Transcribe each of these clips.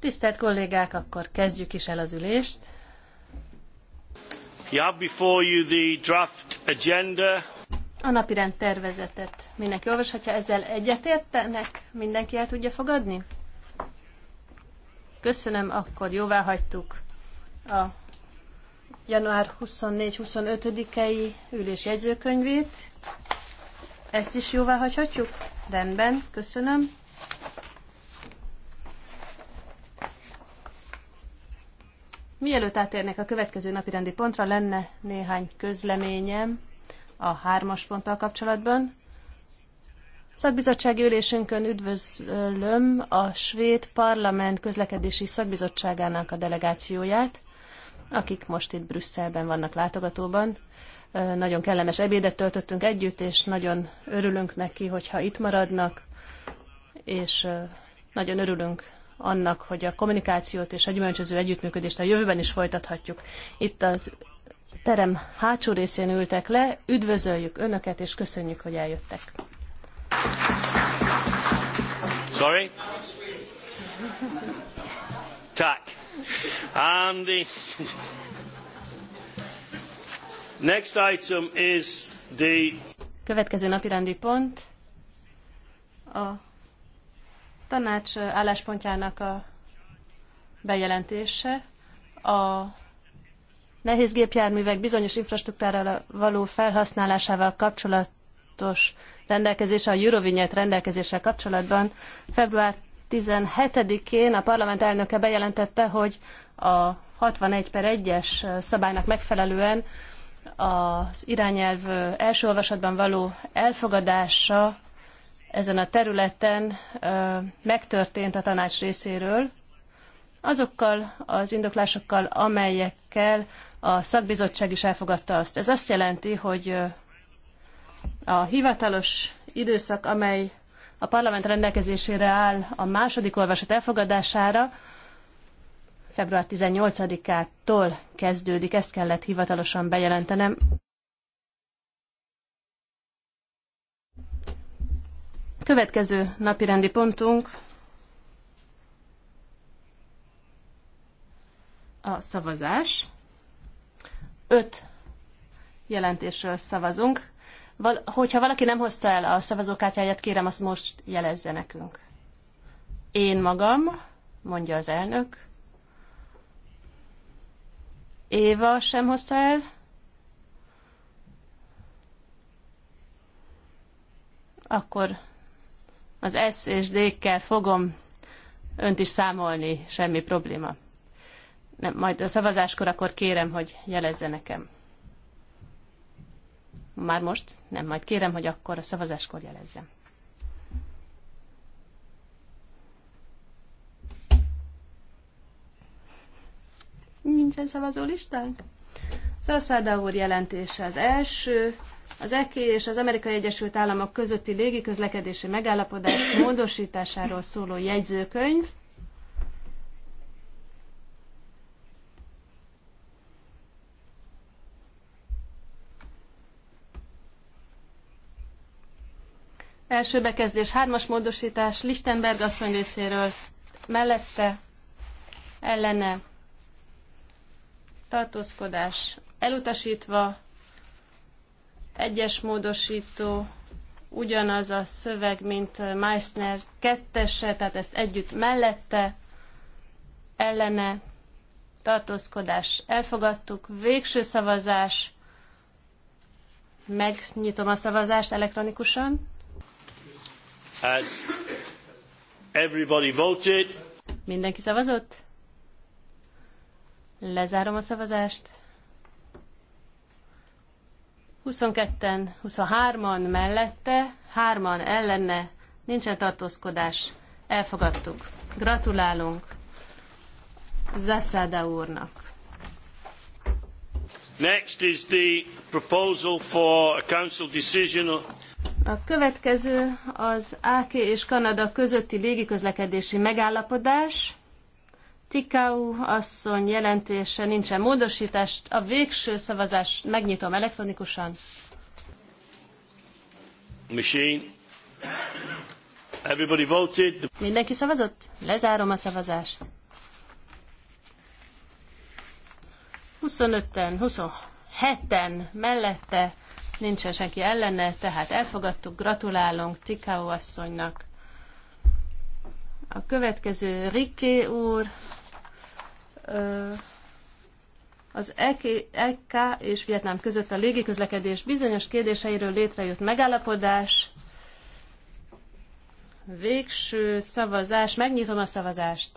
Tisztelt kollégák, akkor kezdjük is el az ülést. You have before you the draft agenda. A napirend tervezetet mindenki olvashatja, ezzel egyetértenek? Mindenki el tudja fogadni? Köszönöm, akkor jóvá hagytuk a január 24-25-i ülés jegyzőkönyvét. Ezt is jóvá hagyhatjuk? Rendben, köszönöm. Mielőtt átérnek a következő napi rendi pontra, lenne néhány közleményem a hármas ponttal kapcsolatban. Szakbizottsági ülésünkön üdvözlöm a svéd parlament közlekedési szakbizottságának a delegációját, akik most itt Brüsszelben vannak látogatóban. Nagyon kellemes ebédet töltöttünk együtt, és nagyon örülünk neki, hogyha itt maradnak, és nagyon örülünk annak, hogy a kommunikációt és a gyümölcsöző együttműködést a jövőben is folytathatjuk. Itt az terem hátsó részén ültek le, üdvözöljük Önöket, és köszönjük, hogy eljöttek. Sorry? Tak. And the next item is the Következő napirendi pont a tanács álláspontjának a bejelentése a nehéz gépjárművek bizonyos infrastruktúrára való felhasználásával kapcsolatos rendelkezése, a Eurovinyet rendelkezéssel kapcsolatban február 17-én a parlament elnöke bejelentette, hogy a 61 per 1-es szabálynak megfelelően az irányelv első olvasatban való elfogadása ezen a területen megtörtént a tanács részéről, azokkal az indoklásokkal, amelyekkel a szakbizottság is elfogadta azt. Ez azt jelenti, hogy a hivatalos időszak, amely a parlament rendelkezésére áll a második olvasat elfogadására, február 18-ától kezdődik, ezt kellett hivatalosan bejelentenem. Következő napirendi pontunk a szavazás. Öt jelentésről szavazunk. Val- hogyha valaki nem hozta el a szavazókártyáját, kérem azt most jelezze nekünk. Én magam, mondja az elnök. Éva sem hozta el. Akkor az S és D-kkel fogom önt is számolni, semmi probléma. Nem, majd a szavazáskor akkor kérem, hogy jelezze nekem. Már most? Nem, majd kérem, hogy akkor a szavazáskor jelezzem. Nincsen szavazó listánk? Szaszáda úr jelentése az első, az EKI és az Amerikai Egyesült Államok közötti légiközlekedési megállapodás módosításáról szóló jegyzőkönyv, Első bekezdés, hármas módosítás, Lichtenberg asszony részéről, mellette, ellene, tartózkodás, elutasítva, egyes módosító ugyanaz a szöveg, mint Meissner kettese, tehát ezt együtt mellette, ellene, tartózkodás elfogadtuk, végső szavazás, megnyitom a szavazást elektronikusan. Has everybody voted? Mindenki szavazott? Lezárom a szavazást. 22-en, 23-an mellette, 3-an ellenne, nincsen tartózkodás. Elfogadtuk. Gratulálunk Zasada úrnak. Next is the proposal for a council decision a következő az AK és Kanada közötti légiközlekedési megállapodás. Tikau asszony jelentése, nincsen módosítás. A végső szavazást megnyitom elektronikusan. Machine. Everybody voted. Mindenki szavazott? Lezárom a szavazást. 25-en, 27-en mellette, nincsen senki ellene, tehát elfogadtuk, gratulálunk Tikau asszonynak. A következő Riké úr, az EK e és Vietnám között a légiközlekedés bizonyos kérdéseiről létrejött megállapodás. Végső szavazás. Megnyitom a szavazást.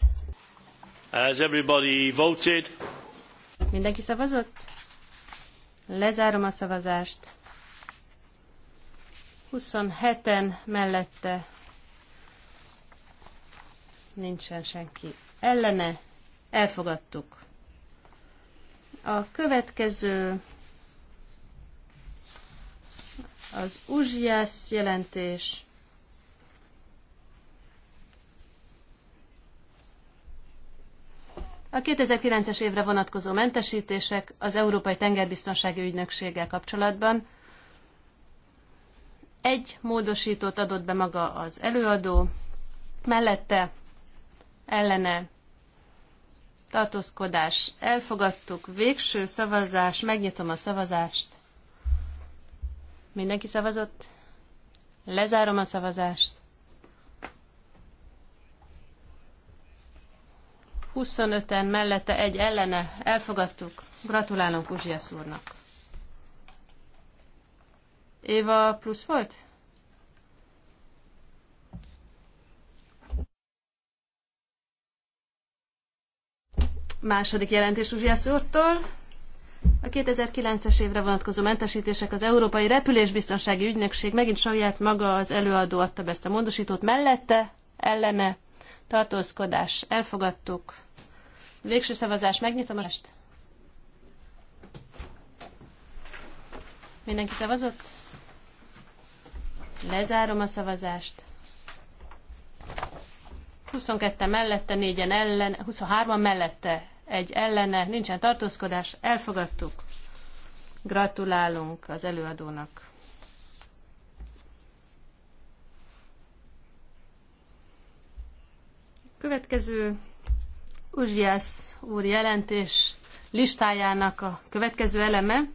Has everybody voted? Mindenki szavazott? Lezárom a szavazást. 27-en mellette nincsen senki ellene, elfogadtuk. A következő az Uzsiász jelentés. A 2009-es évre vonatkozó mentesítések az Európai Tengerbiztonsági Ügynökséggel kapcsolatban. Egy módosítót adott be maga az előadó, mellette ellene tartózkodás elfogadtuk, végső szavazás, megnyitom a szavazást. Mindenki szavazott? Lezárom a szavazást. 25-en mellette egy ellene elfogadtuk. Gratulálunk Uzsiasz úrnak. Éva plusz volt? Második jelentés Uzsiász úrtól. A 2009-es évre vonatkozó mentesítések az Európai Repülésbiztonsági Ügynökség megint saját maga az előadó adta be ezt a módosítót. Mellette, ellene, tartózkodás, elfogadtuk. Végső szavazás, megnyitom a most. Mindenki szavazott? Lezárom a szavazást. 22 mellette, 4 ellen, 23 mellette egy ellene, nincsen tartózkodás, elfogadtuk. Gratulálunk az előadónak. Következő Uzsiász úr jelentés listájának a következő eleme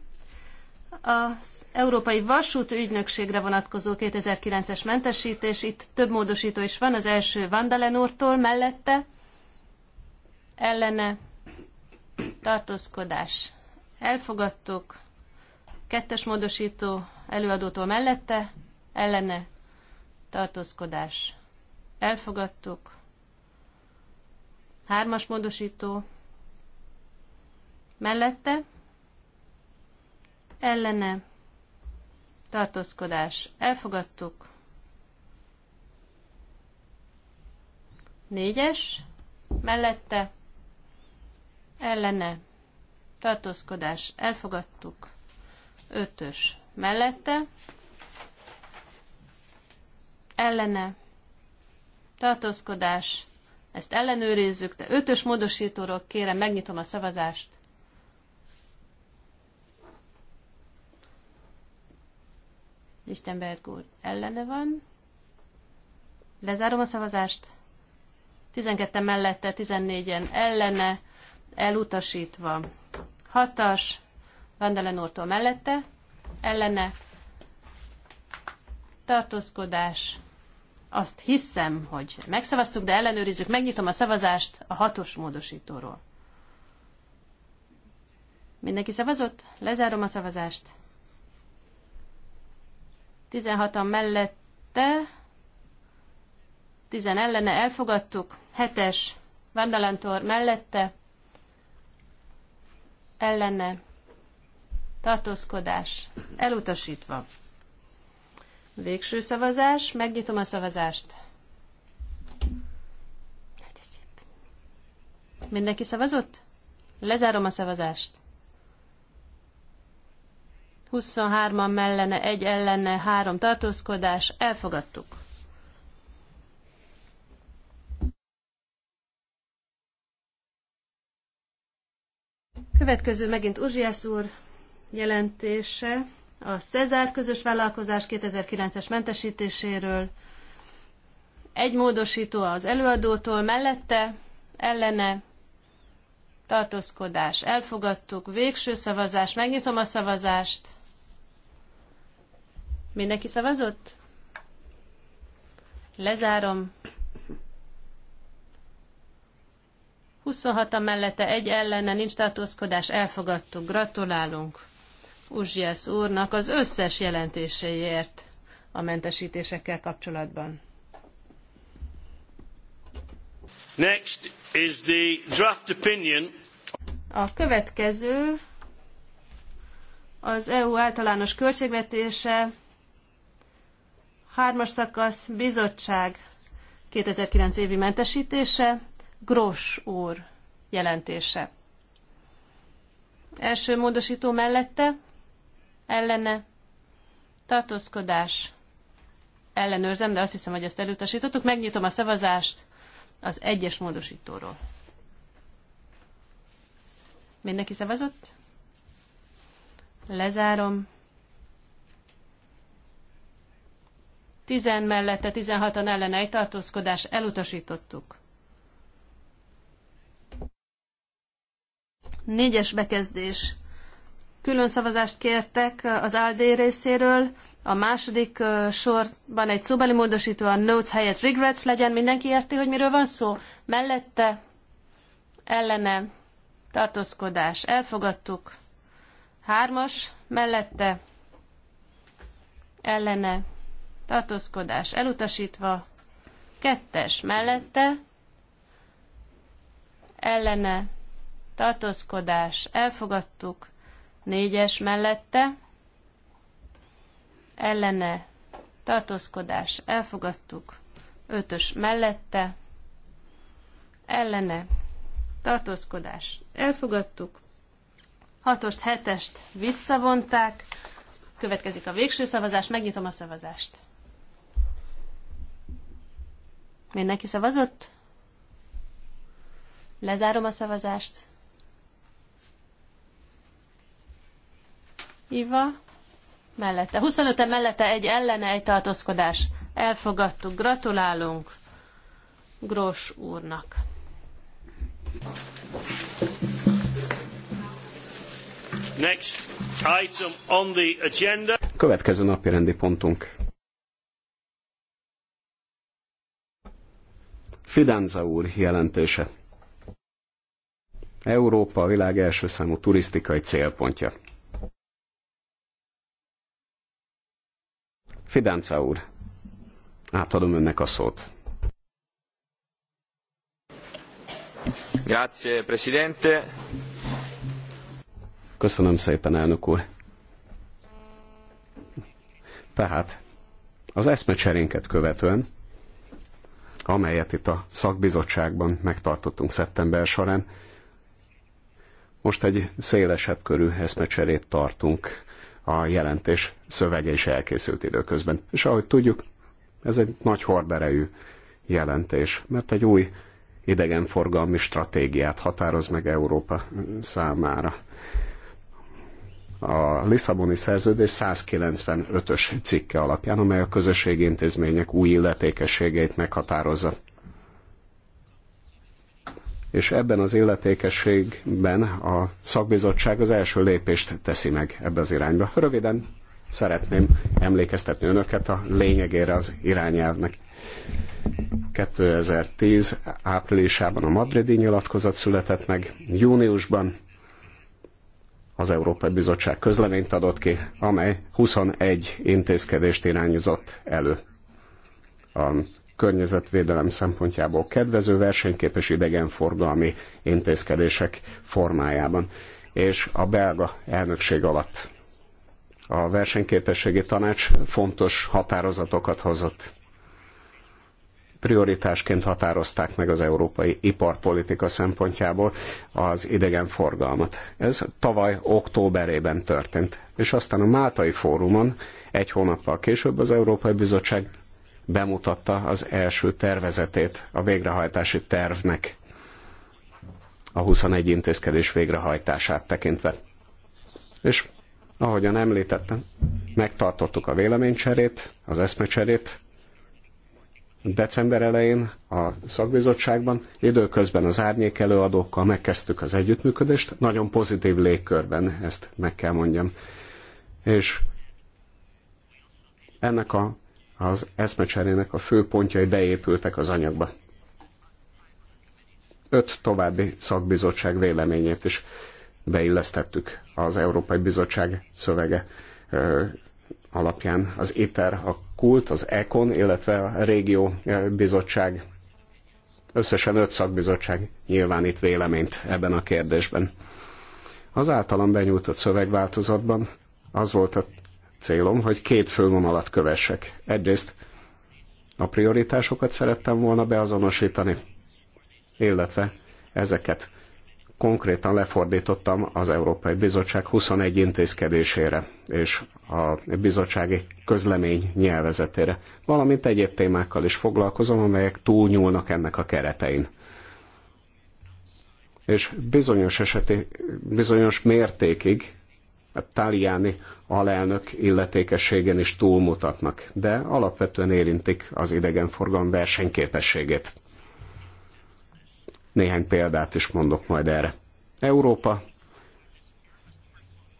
az Európai Vasút Ügynökségre vonatkozó 2009-es mentesítés. Itt több módosító is van, az első Vandalen úrtól mellette, ellene tartózkodás elfogadtuk, kettes módosító előadótól mellette, ellene tartózkodás elfogadtuk, hármas módosító mellette, ellene tartózkodás elfogadtuk, négyes mellette, ellene tartózkodás elfogadtuk, ötös mellette, ellene tartózkodás, ezt ellenőrizzük, de ötös módosítóról kérem, megnyitom a szavazást. Lichtenberg úr ellene van. Lezárom a szavazást. 12 mellette, 14-en ellene elutasítva. Hatas, Vandelen úrtól mellette, ellene, tartózkodás, azt hiszem, hogy megszavaztuk, de ellenőrizzük, megnyitom a szavazást a hatos módosítóról. Mindenki szavazott? Lezárom a szavazást. 16-an mellette, 10 ellene elfogadtuk, 7-es Vandalantor mellette, ellene tartózkodás elutasítva. Végső szavazás, megnyitom a szavazást. Mindenki szavazott? Lezárom a szavazást. 23-an mellene, egy ellene, három tartózkodás, elfogadtuk. Következő megint Uzsiász úr jelentése a Cezár közös vállalkozás 2009-es mentesítéséről. Egy módosító az előadótól, mellette, ellene, tartózkodás. Elfogadtuk, végső szavazás, megnyitom a szavazást. Mindenki szavazott? Lezárom. 26-a mellette egy ellene nincs tartózkodás, elfogadtuk. Gratulálunk Uzsiasz úrnak az összes jelentéséért a mentesítésekkel kapcsolatban. Next is the draft opinion. A következő az EU általános költségvetése, hármas szakasz, bizottság 2009 évi mentesítése. Gros úr jelentése. Első módosító mellette, ellene, tartózkodás, ellenőrzem, de azt hiszem, hogy ezt elutasítottuk. Megnyitom a szavazást az egyes módosítóról. Mindenki szavazott? Lezárom. 10 mellette 16-an ellene egy tartózkodás elutasítottuk. Négyes bekezdés. Külön szavazást kértek az ALD részéről. A második sorban egy szóbeli módosító a notes helyett regrets legyen. Mindenki érti, hogy miről van szó? Mellette, ellene, tartózkodás. Elfogadtuk. Hármas, mellette, ellene, tartózkodás. Elutasítva. Kettes, mellette, ellene, tartózkodás, elfogadtuk, négyes mellette, ellene, tartózkodás, elfogadtuk, ötös mellette, ellene, tartózkodás, elfogadtuk, hatost, hetest visszavonták, következik a végső szavazás, megnyitom a szavazást. Mindenki szavazott? Lezárom a szavazást. Iva, mellette. 25-en mellette egy ellene, egy tartózkodás. Elfogadtuk. Gratulálunk Gros úrnak. Next item on the agenda. Következő napi rendi pontunk. Fidanza úr jelentése. Európa a világ első számú turisztikai célpontja. Fidenca úr, átadom önnek a szót. Grazie, Presidente. Köszönöm szépen, elnök úr. Tehát az eszmecserénket követően, amelyet itt a szakbizottságban megtartottunk szeptember során, most egy szélesebb körű eszmecserét tartunk a jelentés szövege is elkészült időközben. És ahogy tudjuk, ez egy nagy horderejű jelentés, mert egy új idegenforgalmi stratégiát határoz meg Európa számára. A Lisszaboni szerződés 195-ös cikke alapján, amely a közösségi intézmények új illetékességeit meghatározza és ebben az illetékességben a szakbizottság az első lépést teszi meg ebbe az irányba. Röviden szeretném emlékeztetni önöket a lényegére az irányelvnek. 2010 áprilisában a madridi nyilatkozat született meg, júniusban az Európai Bizottság közleményt adott ki, amely 21 intézkedést irányozott elő a környezetvédelem szempontjából kedvező versenyképes idegenforgalmi intézkedések formájában. És a belga elnökség alatt a versenyképességi tanács fontos határozatokat hozott. Prioritásként határozták meg az európai iparpolitika szempontjából az idegenforgalmat. Ez tavaly októberében történt. És aztán a Máltai Fórumon egy hónappal később az Európai Bizottság bemutatta az első tervezetét a végrehajtási tervnek a 21 intézkedés végrehajtását tekintve. És ahogyan említettem, megtartottuk a véleménycserét, az eszmecserét, december elején a szakbizottságban, időközben az árnyék előadókkal megkezdtük az együttműködést, nagyon pozitív légkörben, ezt meg kell mondjam. És ennek a az eszmecserének a fő pontjai beépültek az anyagba. Öt további szakbizottság véleményét is beillesztettük az Európai Bizottság szövege alapján. Az ITER, a KULT, az ECON, illetve a Régió Bizottság, összesen öt szakbizottság nyilvánít véleményt ebben a kérdésben. Az általam benyújtott szövegváltozatban az volt a célom, hogy két fővonalat kövessek. Egyrészt a prioritásokat szerettem volna beazonosítani, illetve ezeket konkrétan lefordítottam az Európai Bizottság 21 intézkedésére és a bizottsági közlemény nyelvezetére, valamint egyéb témákkal is foglalkozom, amelyek túlnyúlnak ennek a keretein. És bizonyos, eseti, bizonyos mértékig Taliani alelnök illetékességen is túlmutatnak, de alapvetően érintik az idegenforgalom versenyképességét. Néhány példát is mondok majd erre. Európa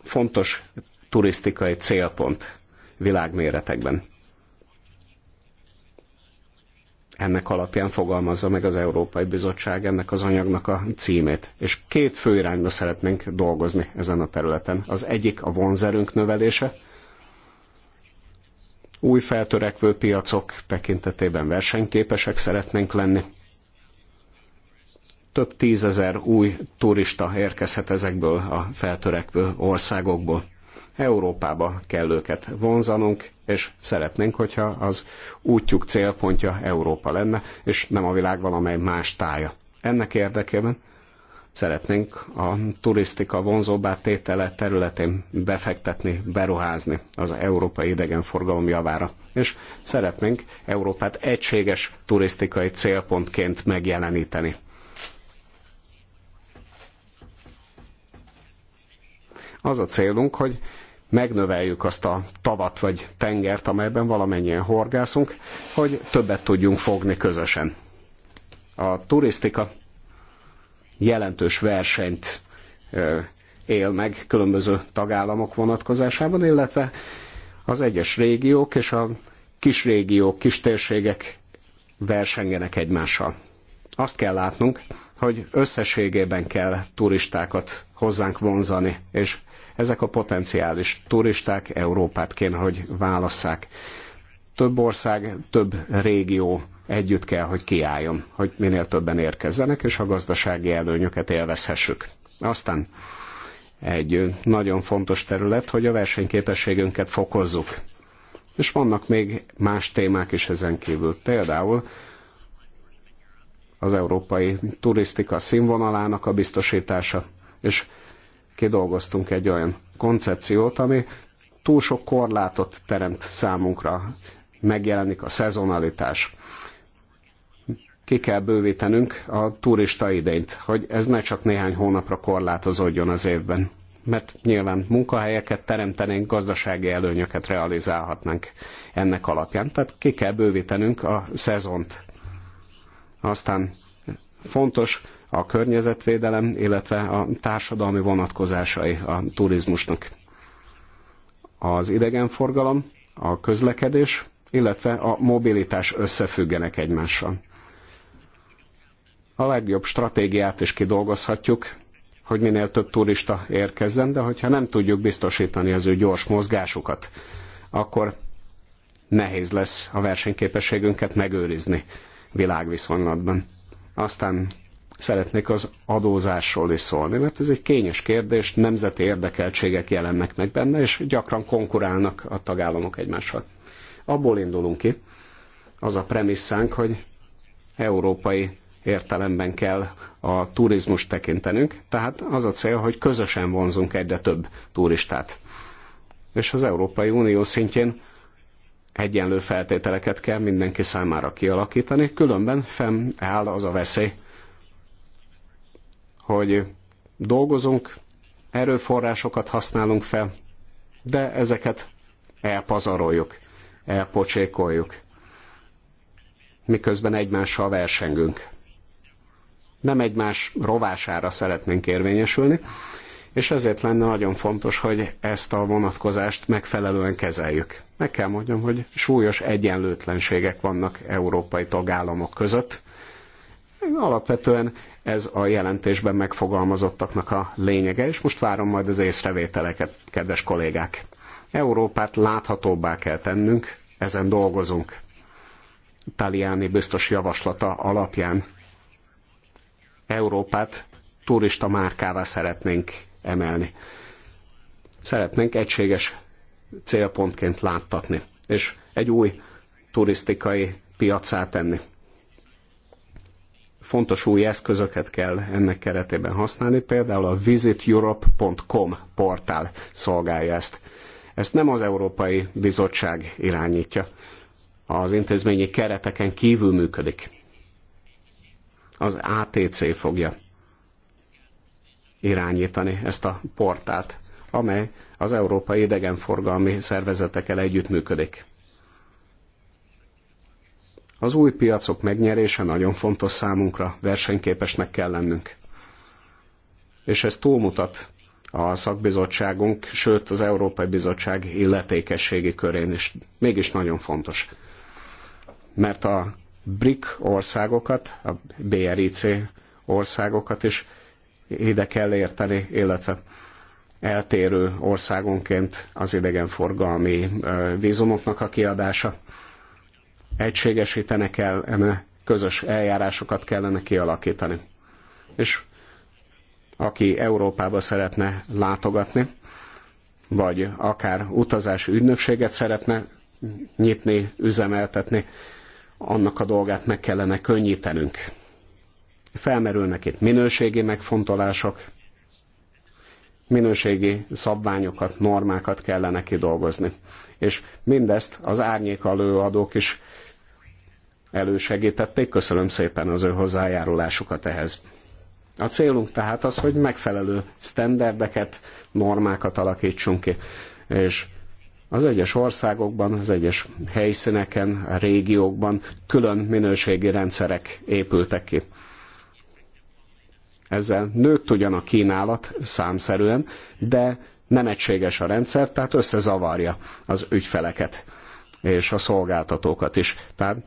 fontos turisztikai célpont világméretekben ennek alapján fogalmazza meg az Európai Bizottság ennek az anyagnak a címét. És két fő irányba szeretnénk dolgozni ezen a területen. Az egyik a vonzerőnk növelése, új feltörekvő piacok tekintetében versenyképesek szeretnénk lenni. Több tízezer új turista érkezhet ezekből a feltörekvő országokból. Európába kell őket vonzanunk, és szeretnénk, hogyha az útjuk célpontja Európa lenne, és nem a világ valamely más tája. Ennek érdekében szeretnénk a turisztika vonzóbbá tétele területén befektetni, beruházni az európai idegenforgalom javára. És szeretnénk Európát egységes turisztikai célpontként megjeleníteni. Az a célunk, hogy megnöveljük azt a tavat vagy tengert, amelyben valamennyien horgászunk, hogy többet tudjunk fogni közösen. A turisztika jelentős versenyt él meg különböző tagállamok vonatkozásában, illetve az egyes régiók és a kis régiók, kis térségek versengenek egymással. Azt kell látnunk, hogy összességében kell turistákat hozzánk vonzani, és ezek a potenciális turisták Európát kéne, hogy válasszák. Több ország, több régió együtt kell, hogy kiálljon, hogy minél többen érkezzenek, és a gazdasági előnyöket élvezhessük. Aztán egy nagyon fontos terület, hogy a versenyképességünket fokozzuk. És vannak még más témák is ezen kívül. Például az európai turisztika színvonalának a biztosítása, és kidolgoztunk egy olyan koncepciót, ami túl sok korlátot teremt számunkra. Megjelenik a szezonalitás. Ki kell bővítenünk a turista idényt, hogy ez ne csak néhány hónapra korlátozódjon az évben. Mert nyilván munkahelyeket teremtenénk, gazdasági előnyöket realizálhatnánk ennek alapján. Tehát ki kell bővítenünk a szezont. Aztán fontos a környezetvédelem, illetve a társadalmi vonatkozásai a turizmusnak. Az idegenforgalom, a közlekedés, illetve a mobilitás összefüggenek egymással. A legjobb stratégiát is kidolgozhatjuk, hogy minél több turista érkezzen, de hogyha nem tudjuk biztosítani az ő gyors mozgásukat, akkor nehéz lesz a versenyképességünket megőrizni világviszonylatban. Aztán szeretnék az adózásról is szólni, mert ez egy kényes kérdés, nemzeti érdekeltségek jelennek meg benne, és gyakran konkurálnak a tagállamok egymással. Abból indulunk ki, az a premisszánk, hogy európai értelemben kell a turizmus tekintenünk, tehát az a cél, hogy közösen vonzunk egyre több turistát. És az Európai Unió szintjén egyenlő feltételeket kell mindenki számára kialakítani, különben fennáll az a veszély, hogy dolgozunk, erőforrásokat használunk fel, de ezeket elpazaroljuk, elpocsékoljuk, miközben egymással versengünk. Nem egymás rovására szeretnénk érvényesülni, és ezért lenne nagyon fontos, hogy ezt a vonatkozást megfelelően kezeljük. Meg kell mondjam, hogy súlyos egyenlőtlenségek vannak európai tagállamok között. Alapvetően ez a jelentésben megfogalmazottaknak a lényege, és most várom majd az észrevételeket, kedves kollégák. Európát láthatóbbá kell tennünk, ezen dolgozunk. Taliani biztos javaslata alapján Európát turista márkává szeretnénk emelni. Szeretnénk egységes célpontként láttatni, és egy új turisztikai piacá tenni fontos új eszközöket kell ennek keretében használni, például a visiteurope.com portál szolgálja ezt. Ezt nem az Európai Bizottság irányítja. Az intézményi kereteken kívül működik. Az ATC fogja irányítani ezt a portált, amely az Európai Idegenforgalmi Szervezetekkel együttműködik. Az új piacok megnyerése nagyon fontos számunkra, versenyképesnek kell lennünk. És ez túlmutat a szakbizottságunk, sőt az Európai Bizottság illetékességi körén is. Mégis nagyon fontos. Mert a BRIC országokat, a BRIC országokat is ide kell érteni, illetve eltérő országonként az idegenforgalmi vízumoknak a kiadása egységesíteni kellene, közös eljárásokat kellene kialakítani. És aki Európába szeretne látogatni, vagy akár utazási ügynökséget szeretne nyitni, üzemeltetni, annak a dolgát meg kellene könnyítenünk. Felmerülnek itt minőségi megfontolások, minőségi szabványokat, normákat kellene kidolgozni. És mindezt az árnyék előadók is elősegítették. Köszönöm szépen az ő hozzájárulásukat ehhez. A célunk tehát az, hogy megfelelő sztenderdeket, normákat alakítsunk ki, és az egyes országokban, az egyes helyszíneken, a régiókban külön minőségi rendszerek épültek ki. Ezzel nőtt ugyan a kínálat számszerűen, de nem egységes a rendszer, tehát összezavarja az ügyfeleket és a szolgáltatókat is. Tehát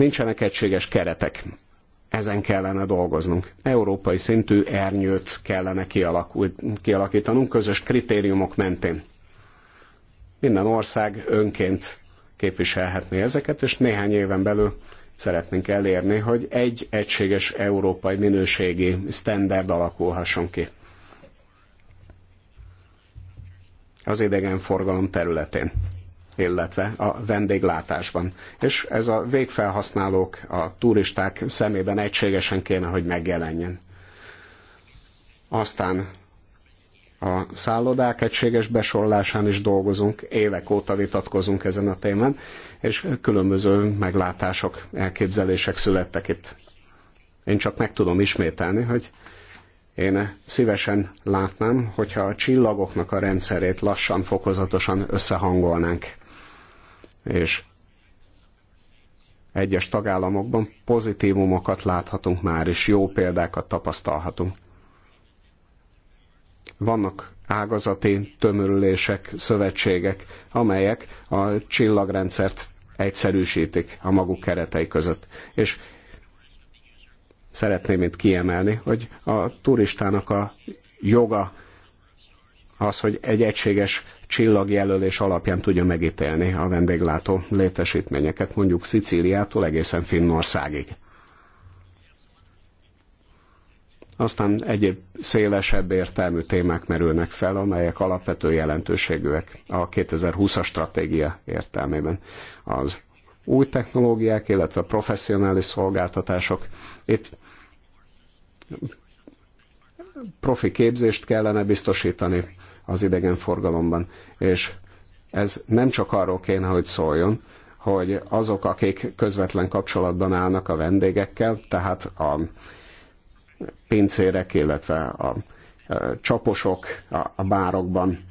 Nincsenek egységes keretek. Ezen kellene dolgoznunk. Európai szintű ernyőt kellene kialakítanunk közös kritériumok mentén. Minden ország önként képviselhetné ezeket, és néhány éven belül szeretnénk elérni, hogy egy egységes európai minőségi standard alakulhasson ki. Az idegenforgalom területén illetve a vendéglátásban. És ez a végfelhasználók, a turisták szemében egységesen kéne, hogy megjelenjen. Aztán a szállodák egységes besorlásán is dolgozunk, évek óta vitatkozunk ezen a témán, és különböző meglátások, elképzelések születtek itt. Én csak meg tudom ismételni, hogy én szívesen látnám, hogyha a csillagoknak a rendszerét lassan, fokozatosan összehangolnánk és egyes tagállamokban pozitívumokat láthatunk már, és jó példákat tapasztalhatunk. Vannak ágazati tömörülések, szövetségek, amelyek a csillagrendszert egyszerűsítik a maguk keretei között. És szeretném itt kiemelni, hogy a turistának a joga az, hogy egy egységes csillagjelölés alapján tudja megítélni a vendéglátó létesítményeket, mondjuk Szicíliától egészen Finnországig. Aztán egyéb szélesebb értelmű témák merülnek fel, amelyek alapvető jelentőségűek a 2020-as stratégia értelmében. Az új technológiák, illetve professzionális szolgáltatások. Itt profi képzést kellene biztosítani az idegenforgalomban. És ez nem csak arról kéne, hogy szóljon, hogy azok, akik közvetlen kapcsolatban állnak a vendégekkel, tehát a pincérek, illetve a csaposok a bárokban,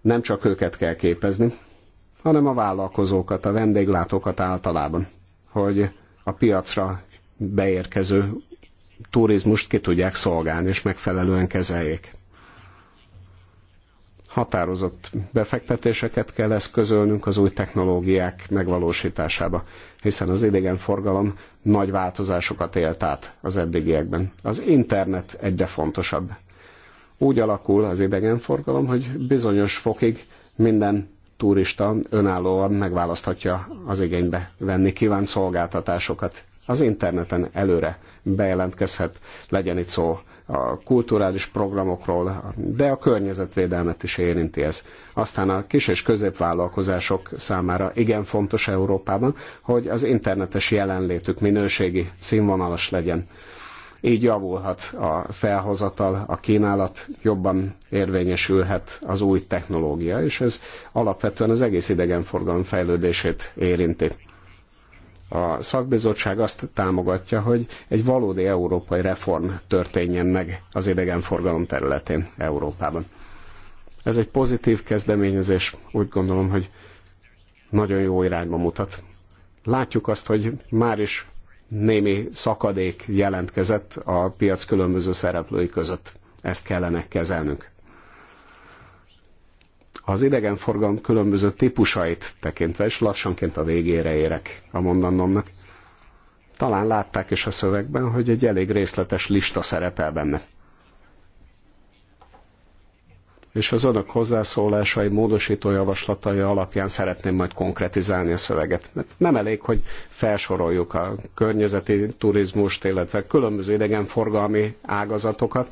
nem csak őket kell képezni, hanem a vállalkozókat, a vendéglátókat általában, hogy a piacra beérkező turizmust ki tudják szolgálni és megfelelően kezeljék határozott befektetéseket kell eszközölnünk az új technológiák megvalósításába, hiszen az idegenforgalom nagy változásokat élt át az eddigiekben. Az internet egyre fontosabb. Úgy alakul az idegenforgalom, hogy bizonyos fokig minden turista önállóan megválaszthatja az igénybe venni kívánt szolgáltatásokat. Az interneten előre bejelentkezhet, legyen itt szó a kulturális programokról, de a környezetvédelmet is érinti ez. Aztán a kis és középvállalkozások számára igen fontos Európában, hogy az internetes jelenlétük minőségi színvonalas legyen. Így javulhat a felhozatal, a kínálat jobban érvényesülhet az új technológia, és ez alapvetően az egész idegenforgalom fejlődését érinti a szakbizottság azt támogatja, hogy egy valódi európai reform történjen meg az idegenforgalom területén Európában. Ez egy pozitív kezdeményezés, úgy gondolom, hogy nagyon jó irányba mutat. Látjuk azt, hogy már is némi szakadék jelentkezett a piac különböző szereplői között. Ezt kellene kezelnünk az idegenforgalom különböző típusait tekintve, és lassanként a végére érek a mondanomnak. Talán látták is a szövegben, hogy egy elég részletes lista szerepel benne. És az önök hozzászólásai, módosító javaslatai alapján szeretném majd konkretizálni a szöveget. Mert nem elég, hogy felsoroljuk a környezeti turizmust, illetve különböző idegenforgalmi ágazatokat,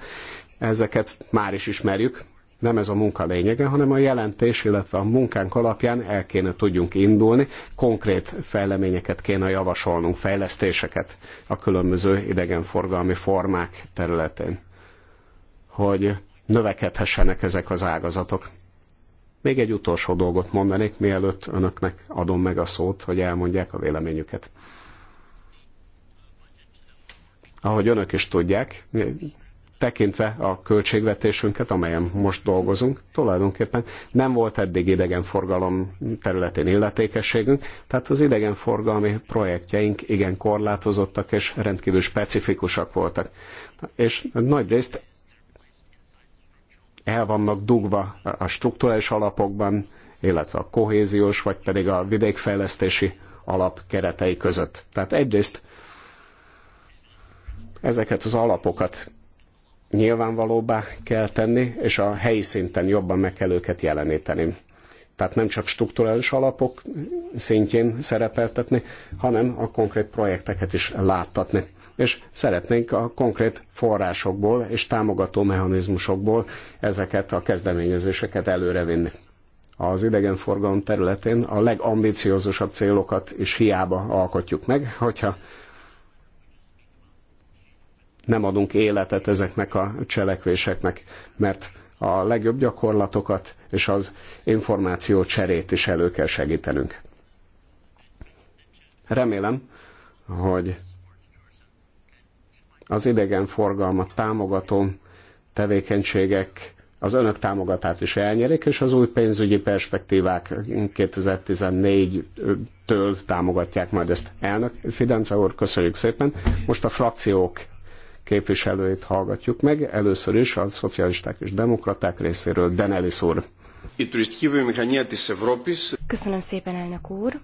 ezeket már is ismerjük, nem ez a munka lényege, hanem a jelentés, illetve a munkánk alapján el kéne tudjunk indulni, konkrét fejleményeket kéne javasolnunk, fejlesztéseket a különböző idegenforgalmi formák területén, hogy növekedhessenek ezek az ágazatok. Még egy utolsó dolgot mondanék, mielőtt önöknek adom meg a szót, hogy elmondják a véleményüket. Ahogy önök is tudják, tekintve a költségvetésünket, amelyen most dolgozunk, tulajdonképpen nem volt eddig idegenforgalom területén illetékességünk, tehát az idegenforgalmi projektjeink igen korlátozottak és rendkívül specifikusak voltak. És részt el vannak dugva a strukturális alapokban, illetve a kohéziós, vagy pedig a vidékfejlesztési alap keretei között. Tehát egyrészt ezeket az alapokat nyilvánvalóbbá kell tenni, és a helyi szinten jobban meg kell őket jeleníteni. Tehát nem csak strukturális alapok szintjén szerepeltetni, hanem a konkrét projekteket is láttatni. És szeretnénk a konkrét forrásokból és támogató mechanizmusokból ezeket a kezdeményezéseket előrevinni. Az idegenforgalom területén a legambiciózusabb célokat is hiába alkotjuk meg, hogyha nem adunk életet ezeknek a cselekvéseknek, mert a legjobb gyakorlatokat és az információ cserét is elő kell segítenünk. Remélem, hogy az idegen forgalmat támogató tevékenységek az önök támogatát is elnyerik, és az új pénzügyi perspektívák 2014-től támogatják majd ezt. Elnök Fidenca úr, köszönjük szépen. Most a frakciók képviselőit hallgatjuk meg. Először is a szocialisták és demokraták részéről Denelis úr. Köszönöm szépen, elnök úr!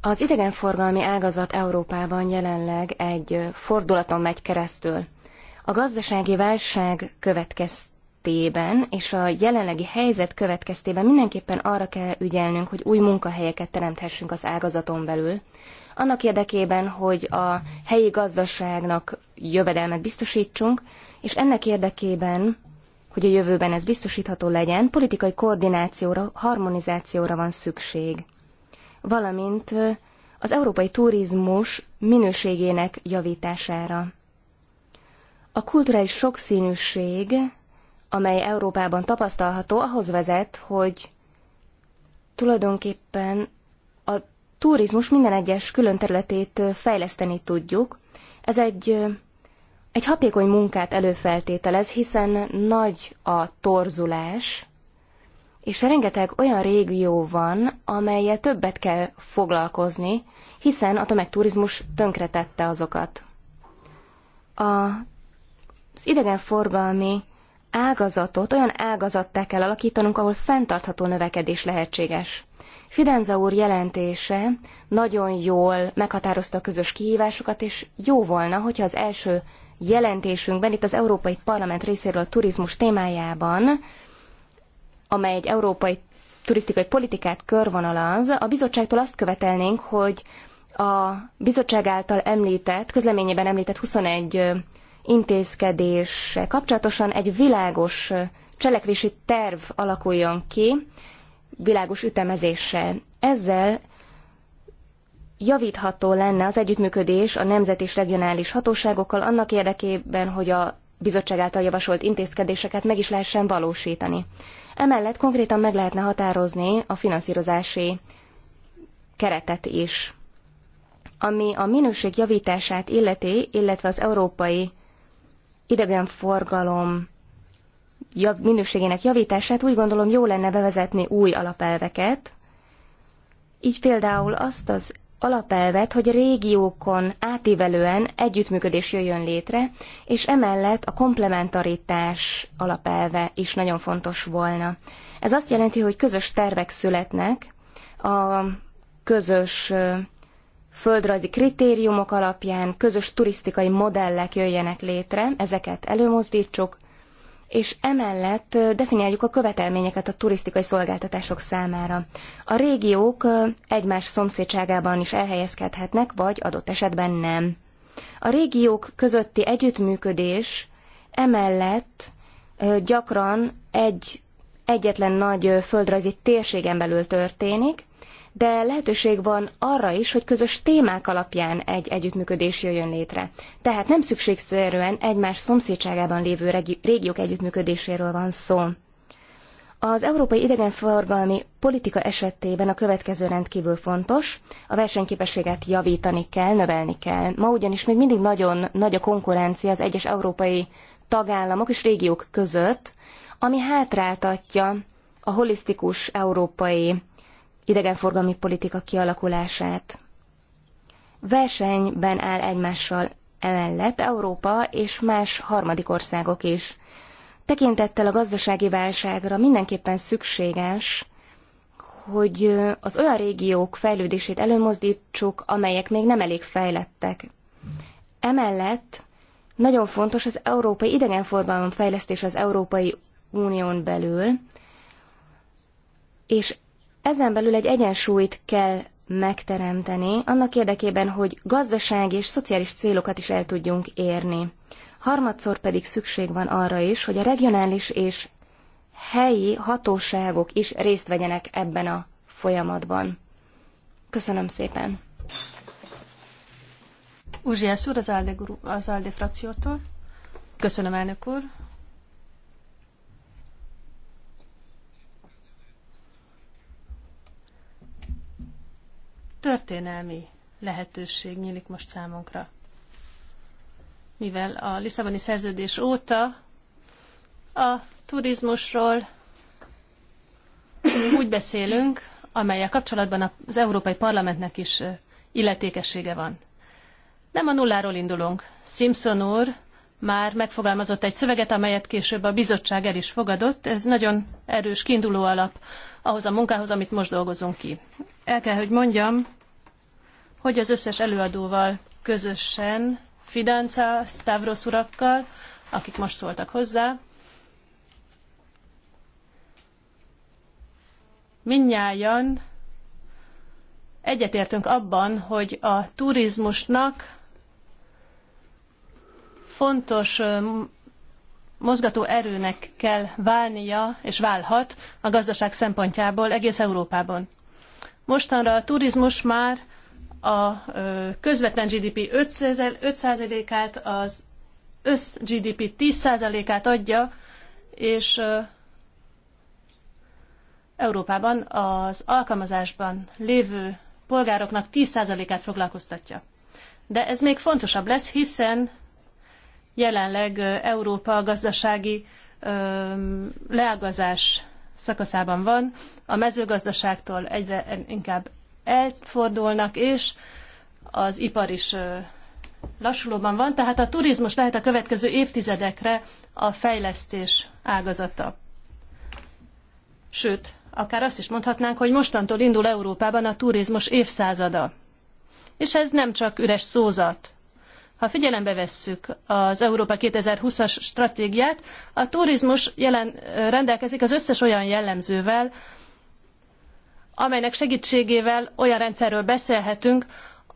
Az idegenforgalmi ágazat Európában jelenleg egy fordulaton megy keresztül. A gazdasági válság következtében és a jelenlegi helyzet következtében mindenképpen arra kell ügyelnünk, hogy új munkahelyeket teremthessünk az ágazaton belül, annak érdekében, hogy a helyi gazdaságnak jövedelmet biztosítsunk, és ennek érdekében, hogy a jövőben ez biztosítható legyen, politikai koordinációra, harmonizációra van szükség. Valamint az európai turizmus minőségének javítására. A kulturális sokszínűség, amely Európában tapasztalható, ahhoz vezet, hogy tulajdonképpen turizmus minden egyes külön területét fejleszteni tudjuk. Ez egy, egy hatékony munkát előfeltételez, hiszen nagy a torzulás, és rengeteg olyan régió van, amelyel többet kell foglalkozni, hiszen a tömegturizmus tönkretette azokat. A, az idegenforgalmi ágazatot olyan ágazattá kell alakítanunk, ahol fenntartható növekedés lehetséges. Fidenza úr jelentése nagyon jól meghatározta a közös kihívásokat, és jó volna, hogyha az első jelentésünkben, itt az Európai Parlament részéről a turizmus témájában, amely egy európai turisztikai politikát körvonalaz, a bizottságtól azt követelnénk, hogy a bizottság által említett, közleményében említett 21 intézkedés kapcsolatosan egy világos cselekvési terv alakuljon ki, világos ütemezéssel. Ezzel javítható lenne az együttműködés a nemzeti és regionális hatóságokkal annak érdekében, hogy a bizottság által javasolt intézkedéseket meg is lehessen valósítani. Emellett konkrétan meg lehetne határozni a finanszírozási keretet is. Ami a minőség javítását illeti, illetve az európai idegenforgalom jav, minőségének javítását úgy gondolom jó lenne bevezetni új alapelveket, így például azt az alapelvet, hogy régiókon átívelően együttműködés jöjjön létre, és emellett a komplementaritás alapelve is nagyon fontos volna. Ez azt jelenti, hogy közös tervek születnek, a közös földrajzi kritériumok alapján közös turisztikai modellek jöjjenek létre, ezeket előmozdítsuk, és emellett definiáljuk a követelményeket a turisztikai szolgáltatások számára. A régiók egymás szomszédságában is elhelyezkedhetnek, vagy adott esetben nem. A régiók közötti együttműködés emellett gyakran egy egyetlen nagy földrajzi térségen belül történik, de lehetőség van arra is, hogy közös témák alapján egy együttműködés jöjjön létre. Tehát nem szükségszerűen egymás szomszédságában lévő régiók együttműködéséről van szó. Az európai idegenforgalmi politika esetében a következő rendkívül fontos, a versenyképességet javítani kell, növelni kell. Ma ugyanis még mindig nagyon nagy a konkurencia az egyes európai tagállamok és régiók között, ami hátráltatja a holisztikus európai idegenforgalmi politika kialakulását. Versenyben áll egymással emellett Európa és más harmadik országok is. Tekintettel a gazdasági válságra mindenképpen szükséges, hogy az olyan régiók fejlődését előmozdítsuk, amelyek még nem elég fejlettek. Emellett nagyon fontos az európai idegenforgalom fejlesztés az Európai Unión belül, és ezen belül egy egyensúlyt kell megteremteni, annak érdekében, hogy gazdasági és szociális célokat is el tudjunk érni. Harmadszor pedig szükség van arra is, hogy a regionális és helyi hatóságok is részt vegyenek ebben a folyamatban. Köszönöm szépen! Uzsiász úr az ALDE, az ALDE frakciótól. Köszönöm, elnök úr! történelmi lehetőség nyílik most számunkra. Mivel a Lisszaboni szerződés óta a turizmusról úgy beszélünk, amelyek kapcsolatban az Európai Parlamentnek is illetékessége van. Nem a nulláról indulunk. Simpson úr már megfogalmazott egy szöveget, amelyet később a bizottság el is fogadott. Ez nagyon erős kiinduló alap ahhoz a munkához, amit most dolgozunk ki. El kell, hogy mondjam, hogy az összes előadóval közösen, Fidanca, Stavros urakkal, akik most szóltak hozzá, minnyáján egyetértünk abban, hogy a turizmusnak fontos mozgató erőnek kell válnia, és válhat a gazdaság szempontjából egész Európában. Mostanra a turizmus már a közvetlen GDP 5%-át, az össz GDP 10%-át adja, és Európában az alkalmazásban lévő polgároknak 10%-át foglalkoztatja. De ez még fontosabb lesz, hiszen jelenleg Európa gazdasági leágazás szakaszában van, a mezőgazdaságtól egyre inkább elfordulnak, és az ipar is lassulóban van, tehát a turizmus lehet a következő évtizedekre a fejlesztés ágazata. Sőt, akár azt is mondhatnánk, hogy mostantól indul Európában a turizmus évszázada. És ez nem csak üres szózat. Ha figyelembe vesszük az Európa 2020-as stratégiát, a turizmus jelen, rendelkezik az összes olyan jellemzővel, amelynek segítségével olyan rendszerről beszélhetünk,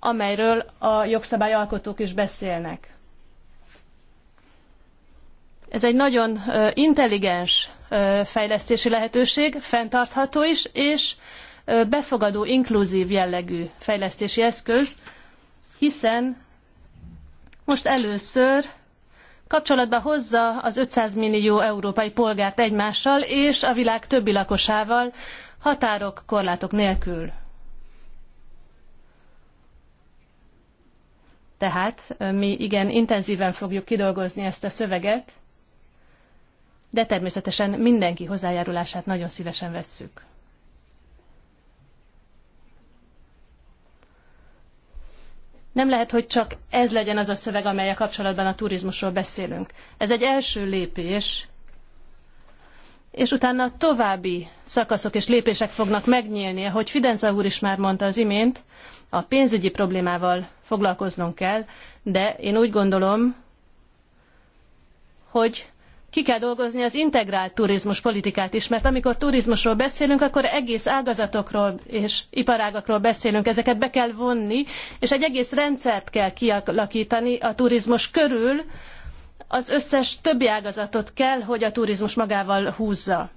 amelyről a jogszabályalkotók is beszélnek. Ez egy nagyon intelligens fejlesztési lehetőség, fenntartható is, és befogadó, inkluzív jellegű fejlesztési eszköz, hiszen most először kapcsolatba hozza az 500 millió európai polgárt egymással és a világ többi lakosával, határok, korlátok nélkül. Tehát mi igen intenzíven fogjuk kidolgozni ezt a szöveget, de természetesen mindenki hozzájárulását nagyon szívesen vesszük. Nem lehet, hogy csak ez legyen az a szöveg, a kapcsolatban a turizmusról beszélünk. Ez egy első lépés, és utána további szakaszok és lépések fognak megnyílni, ahogy Fidenza úr is már mondta az imént, a pénzügyi problémával foglalkoznunk kell, de én úgy gondolom, hogy ki kell dolgozni az integrált turizmus politikát is, mert amikor turizmusról beszélünk, akkor egész ágazatokról és iparágakról beszélünk, ezeket be kell vonni, és egy egész rendszert kell kialakítani a turizmus körül, az összes többi ágazatot kell, hogy a turizmus magával húzza.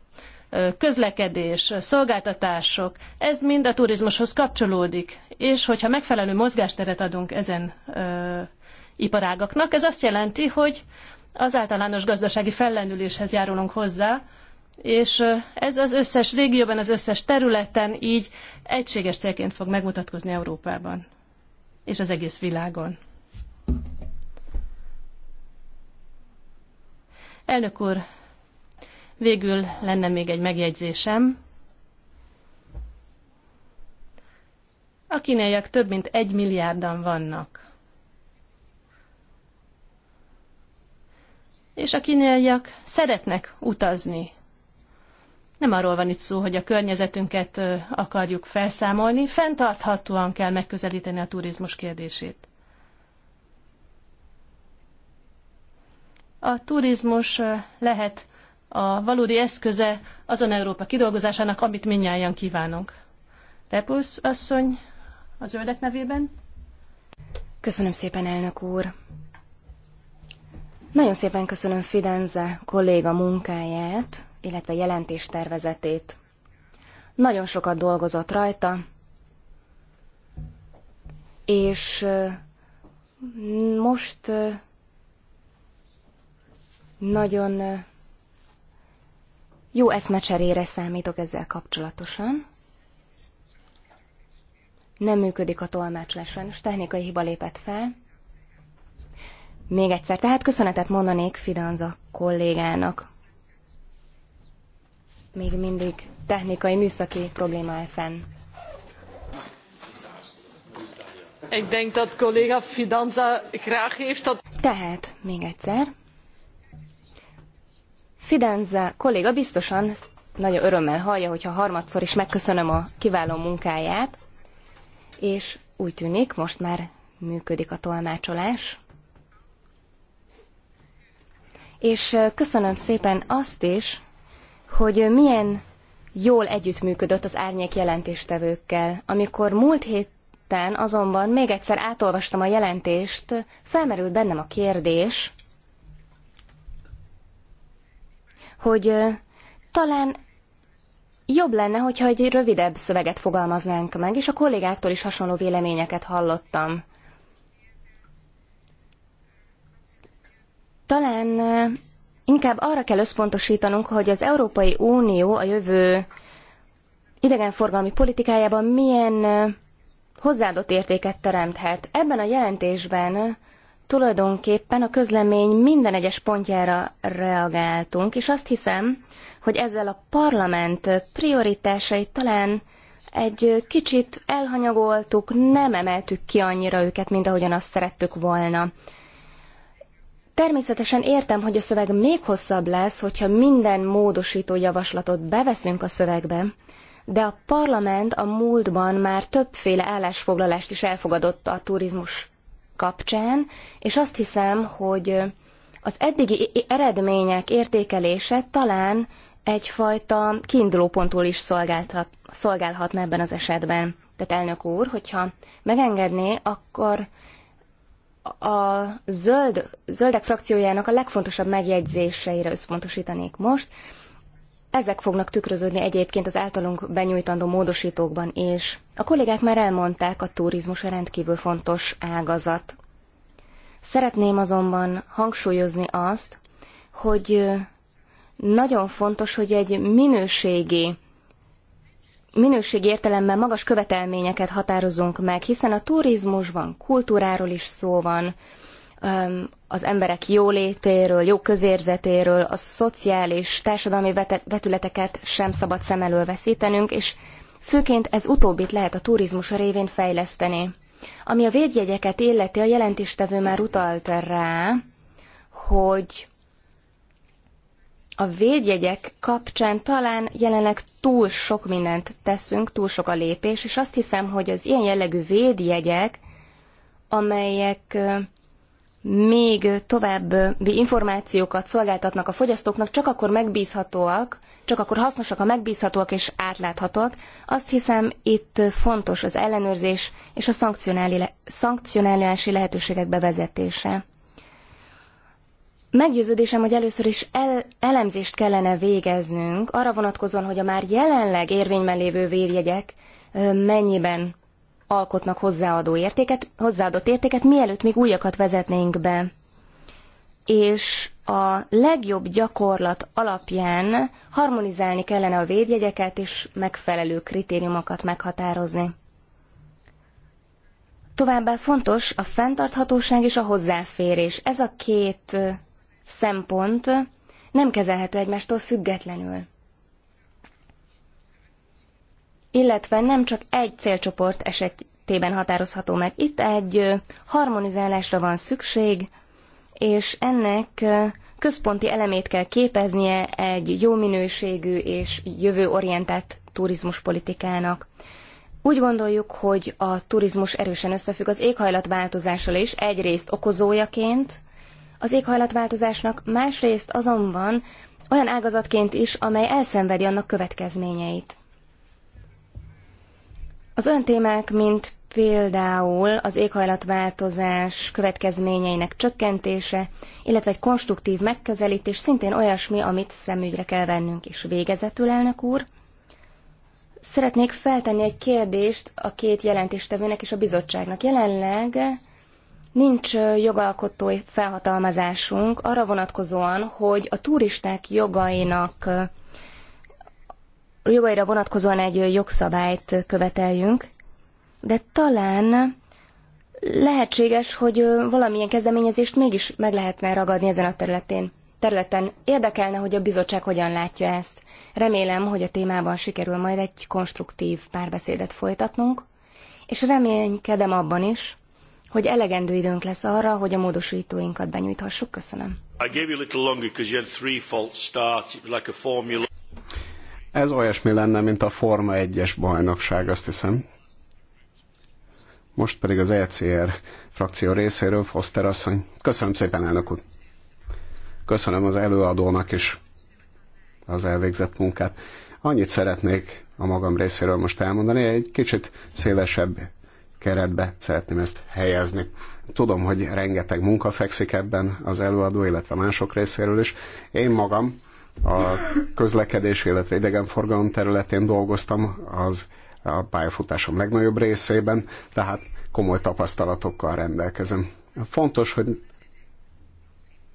Közlekedés, szolgáltatások, ez mind a turizmushoz kapcsolódik. És hogyha megfelelő mozgásteret adunk ezen ö, iparágaknak, ez azt jelenti, hogy az általános gazdasági fellendüléshez járulunk hozzá, és ez az összes régióban, az összes területen így egységes célként fog megmutatkozni Európában és az egész világon. Elnök úr, végül lenne még egy megjegyzésem. A kínaiak több mint egy milliárdan vannak. és a kínaiak szeretnek utazni. Nem arról van itt szó, hogy a környezetünket akarjuk felszámolni, fenntarthatóan kell megközelíteni a turizmus kérdését. A turizmus lehet a valódi eszköze azon Európa kidolgozásának, amit minnyáján kívánunk. Repulsz asszony, az öldek nevében. Köszönöm szépen, elnök úr. Nagyon szépen köszönöm Fidenze kolléga munkáját, illetve jelentéstervezetét. Nagyon sokat dolgozott rajta, és most nagyon jó eszmecserére számítok ezzel kapcsolatosan. Nem működik a lesen, és technikai hiba lépett fel. Még egyszer, tehát köszönetet mondanék Fidanza kollégának. Még mindig technikai, műszaki probléma fenn. Ik denk dat collega Fidanza graag heeft dat... Tehát, még egyszer. Fidanza kolléga biztosan nagyon örömmel hallja, hogyha harmadszor is megköszönöm a kiváló munkáját, és úgy tűnik, most már működik a tolmácsolás és köszönöm szépen azt is, hogy milyen jól együttműködött az árnyék jelentéstevőkkel. Amikor múlt héten azonban még egyszer átolvastam a jelentést, felmerült bennem a kérdés, hogy talán jobb lenne, hogyha egy rövidebb szöveget fogalmaznánk meg, és a kollégáktól is hasonló véleményeket hallottam. Talán inkább arra kell összpontosítanunk, hogy az Európai Unió a jövő idegenforgalmi politikájában milyen hozzáadott értéket teremthet. Ebben a jelentésben tulajdonképpen a közlemény minden egyes pontjára reagáltunk, és azt hiszem, hogy ezzel a parlament prioritásait talán egy kicsit elhanyagoltuk, nem emeltük ki annyira őket, mint ahogyan azt szerettük volna. Természetesen értem, hogy a szöveg még hosszabb lesz, hogyha minden módosító javaslatot beveszünk a szövegbe, de a parlament a múltban már többféle állásfoglalást is elfogadott a turizmus kapcsán, és azt hiszem, hogy az eddigi eredmények értékelése talán egyfajta kiindulópontul is szolgálhat, szolgálhatna ebben az esetben. Tehát elnök úr, hogyha megengedné, akkor a zöld, zöldek frakciójának a legfontosabb megjegyzéseire összpontosítanék most. Ezek fognak tükröződni egyébként az általunk benyújtandó módosítókban is. A kollégák már elmondták, a turizmus rendkívül fontos ágazat. Szeretném azonban hangsúlyozni azt, hogy nagyon fontos, hogy egy minőségi minőségi értelemben magas követelményeket határozunk meg, hiszen a turizmusban kultúráról is szó van, az emberek jólétéről, jó közérzetéről, a szociális, társadalmi vetületeket sem szabad szem elől veszítenünk, és főként ez utóbbit lehet a turizmus révén fejleszteni. Ami a védjegyeket illeti, a jelentéstevő már utalt rá, hogy a védjegyek kapcsán talán jelenleg túl sok mindent teszünk, túl sok a lépés, és azt hiszem, hogy az ilyen jellegű védjegyek, amelyek még további információkat szolgáltatnak a fogyasztóknak, csak akkor megbízhatóak, csak akkor hasznosak a megbízhatóak és átláthatóak. Azt hiszem, itt fontos az ellenőrzés és a szankcionálási lehetőségek bevezetése. Meggyőződésem, hogy először is el, elemzést kellene végeznünk arra vonatkozóan, hogy a már jelenleg érvényben lévő vérjegyek mennyiben alkotnak hozzáadó értéket, hozzáadott értéket, mielőtt még újakat vezetnénk be. És a legjobb gyakorlat alapján harmonizálni kellene a védjegyeket és megfelelő kritériumokat meghatározni. Továbbá fontos a fenntarthatóság és a hozzáférés. Ez a két szempont nem kezelhető egymástól függetlenül. Illetve nem csak egy célcsoport esetében határozható meg. Itt egy harmonizálásra van szükség, és ennek központi elemét kell képeznie egy jó minőségű és jövőorientált turizmuspolitikának. Úgy gondoljuk, hogy a turizmus erősen összefügg az éghajlatváltozással is, egyrészt okozójaként, az éghajlatváltozásnak, másrészt azonban olyan ágazatként is, amely elszenvedi annak következményeit. Az olyan témák, mint például az éghajlatváltozás következményeinek csökkentése, illetve egy konstruktív megközelítés szintén olyasmi, amit szemügyre kell vennünk is. Végezetül, elnök úr, szeretnék feltenni egy kérdést a két jelentéstevőnek és a bizottságnak. Jelenleg Nincs jogalkotói felhatalmazásunk arra vonatkozóan, hogy a turisták jogainak jogaira vonatkozóan egy jogszabályt követeljünk, de talán lehetséges, hogy valamilyen kezdeményezést mégis meg lehetne ragadni ezen a területén. Területen érdekelne, hogy a bizottság hogyan látja ezt. Remélem, hogy a témában sikerül majd egy konstruktív párbeszédet folytatnunk, és reménykedem abban is, hogy elegendő időnk lesz arra, hogy a módosítóinkat benyújthassuk. Köszönöm. Ez olyasmi lenne, mint a Forma 1-es bajnokság, azt hiszem. Most pedig az ECR frakció részéről Foster asszony. Köszönöm szépen, elnök úr. Köszönöm az előadónak is az elvégzett munkát. Annyit szeretnék a magam részéről most elmondani, egy kicsit szélesebb keretbe szeretném ezt helyezni. Tudom, hogy rengeteg munka fekszik ebben az előadó, illetve mások részéről is. Én magam a közlekedés, illetve idegenforgalom területén dolgoztam az a pályafutásom legnagyobb részében, tehát komoly tapasztalatokkal rendelkezem. Fontos, hogy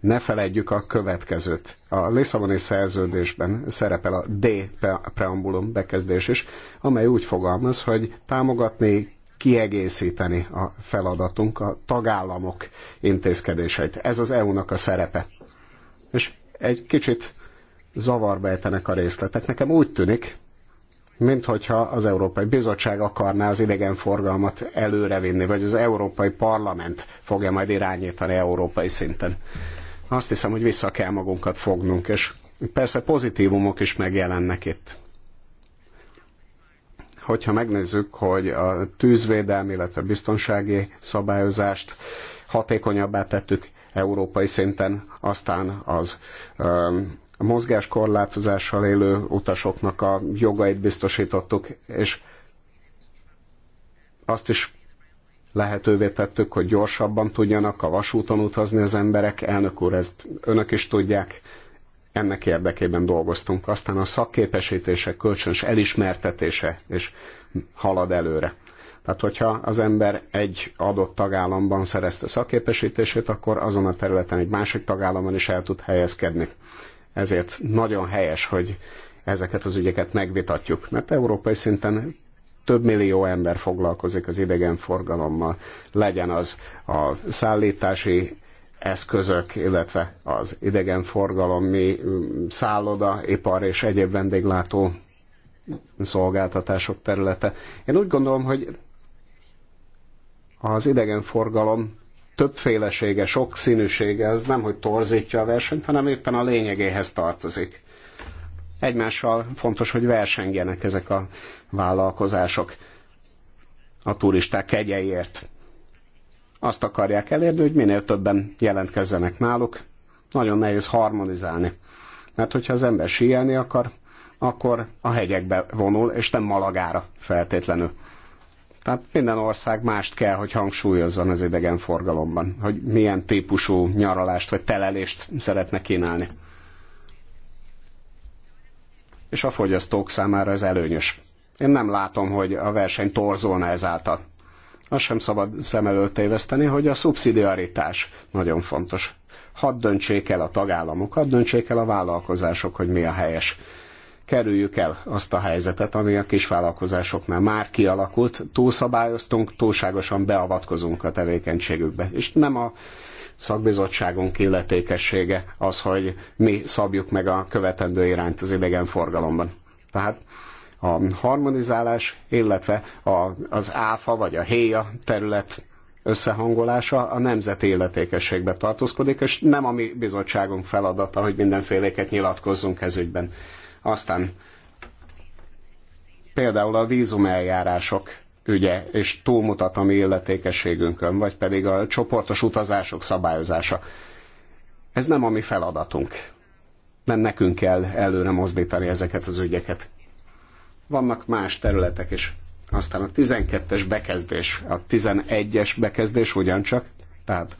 ne feledjük a következőt. A Lisszaboni szerződésben szerepel a D preambulum bekezdés is, amely úgy fogalmaz, hogy támogatni kiegészíteni a feladatunk a tagállamok intézkedéseit. Ez az EU-nak a szerepe. És egy kicsit zavarba ejtenek a részletek. Nekem úgy tűnik, minthogyha az Európai Bizottság akarná az idegenforgalmat előrevinni, vagy az Európai Parlament fogja majd irányítani európai szinten. Azt hiszem, hogy vissza kell magunkat fognunk, és persze pozitívumok is megjelennek itt hogyha megnézzük, hogy a tűzvédelmi, illetve biztonsági szabályozást hatékonyabbá tettük európai szinten, aztán az a mozgáskorlátozással élő utasoknak a jogait biztosítottuk, és azt is lehetővé tettük, hogy gyorsabban tudjanak a vasúton utazni az emberek. Elnök úr, ezt önök is tudják, ennek érdekében dolgoztunk. Aztán a szakképesítése, kölcsönös elismertetése és halad előre. Tehát, hogyha az ember egy adott tagállamban szerezte szakképesítését, akkor azon a területen egy másik tagállamban is el tud helyezkedni. Ezért nagyon helyes, hogy ezeket az ügyeket megvitatjuk, mert európai szinten több millió ember foglalkozik az idegenforgalommal, legyen az a szállítási eszközök, illetve az idegenforgalomi mm, szálloda, ipar és egyéb vendéglátó szolgáltatások területe. Én úgy gondolom, hogy az idegenforgalom többfélesége, sokszínűsége, ez nem, hogy torzítja a versenyt, hanem éppen a lényegéhez tartozik. Egymással fontos, hogy versengjenek ezek a vállalkozások a turisták kegyeiért azt akarják elérni, hogy minél többen jelentkezzenek náluk. Nagyon nehéz harmonizálni. Mert hogyha az ember síelni akar, akkor a hegyekbe vonul, és nem Malagára feltétlenül. Tehát minden ország mást kell, hogy hangsúlyozzon az idegenforgalomban, hogy milyen típusú nyaralást vagy telelést szeretne kínálni. És a fogyasztók számára ez előnyös. Én nem látom, hogy a verseny torzolna ezáltal azt sem szabad szem előtt téveszteni, hogy a szubszidiaritás nagyon fontos. Hadd döntsék el a tagállamok, hadd döntsék el a vállalkozások, hogy mi a helyes. Kerüljük el azt a helyzetet, ami a kisvállalkozásoknál már kialakult, túlszabályoztunk, túlságosan beavatkozunk a tevékenységükbe. És nem a szakbizottságunk illetékessége az, hogy mi szabjuk meg a követendő irányt az idegenforgalomban. Tehát a harmonizálás, illetve a, az áfa vagy a héja terület összehangolása a nemzeti életékességbe tartózkodik, és nem a mi bizottságunk feladata, hogy mindenféléket nyilatkozzunk ez ügyben. Aztán például a vízumeljárások ügye, és túlmutat a mi illetékességünkön, vagy pedig a csoportos utazások szabályozása. Ez nem a mi feladatunk. Nem nekünk kell előre mozdítani ezeket az ügyeket vannak más területek is. Aztán a 12-es bekezdés, a 11-es bekezdés ugyancsak, tehát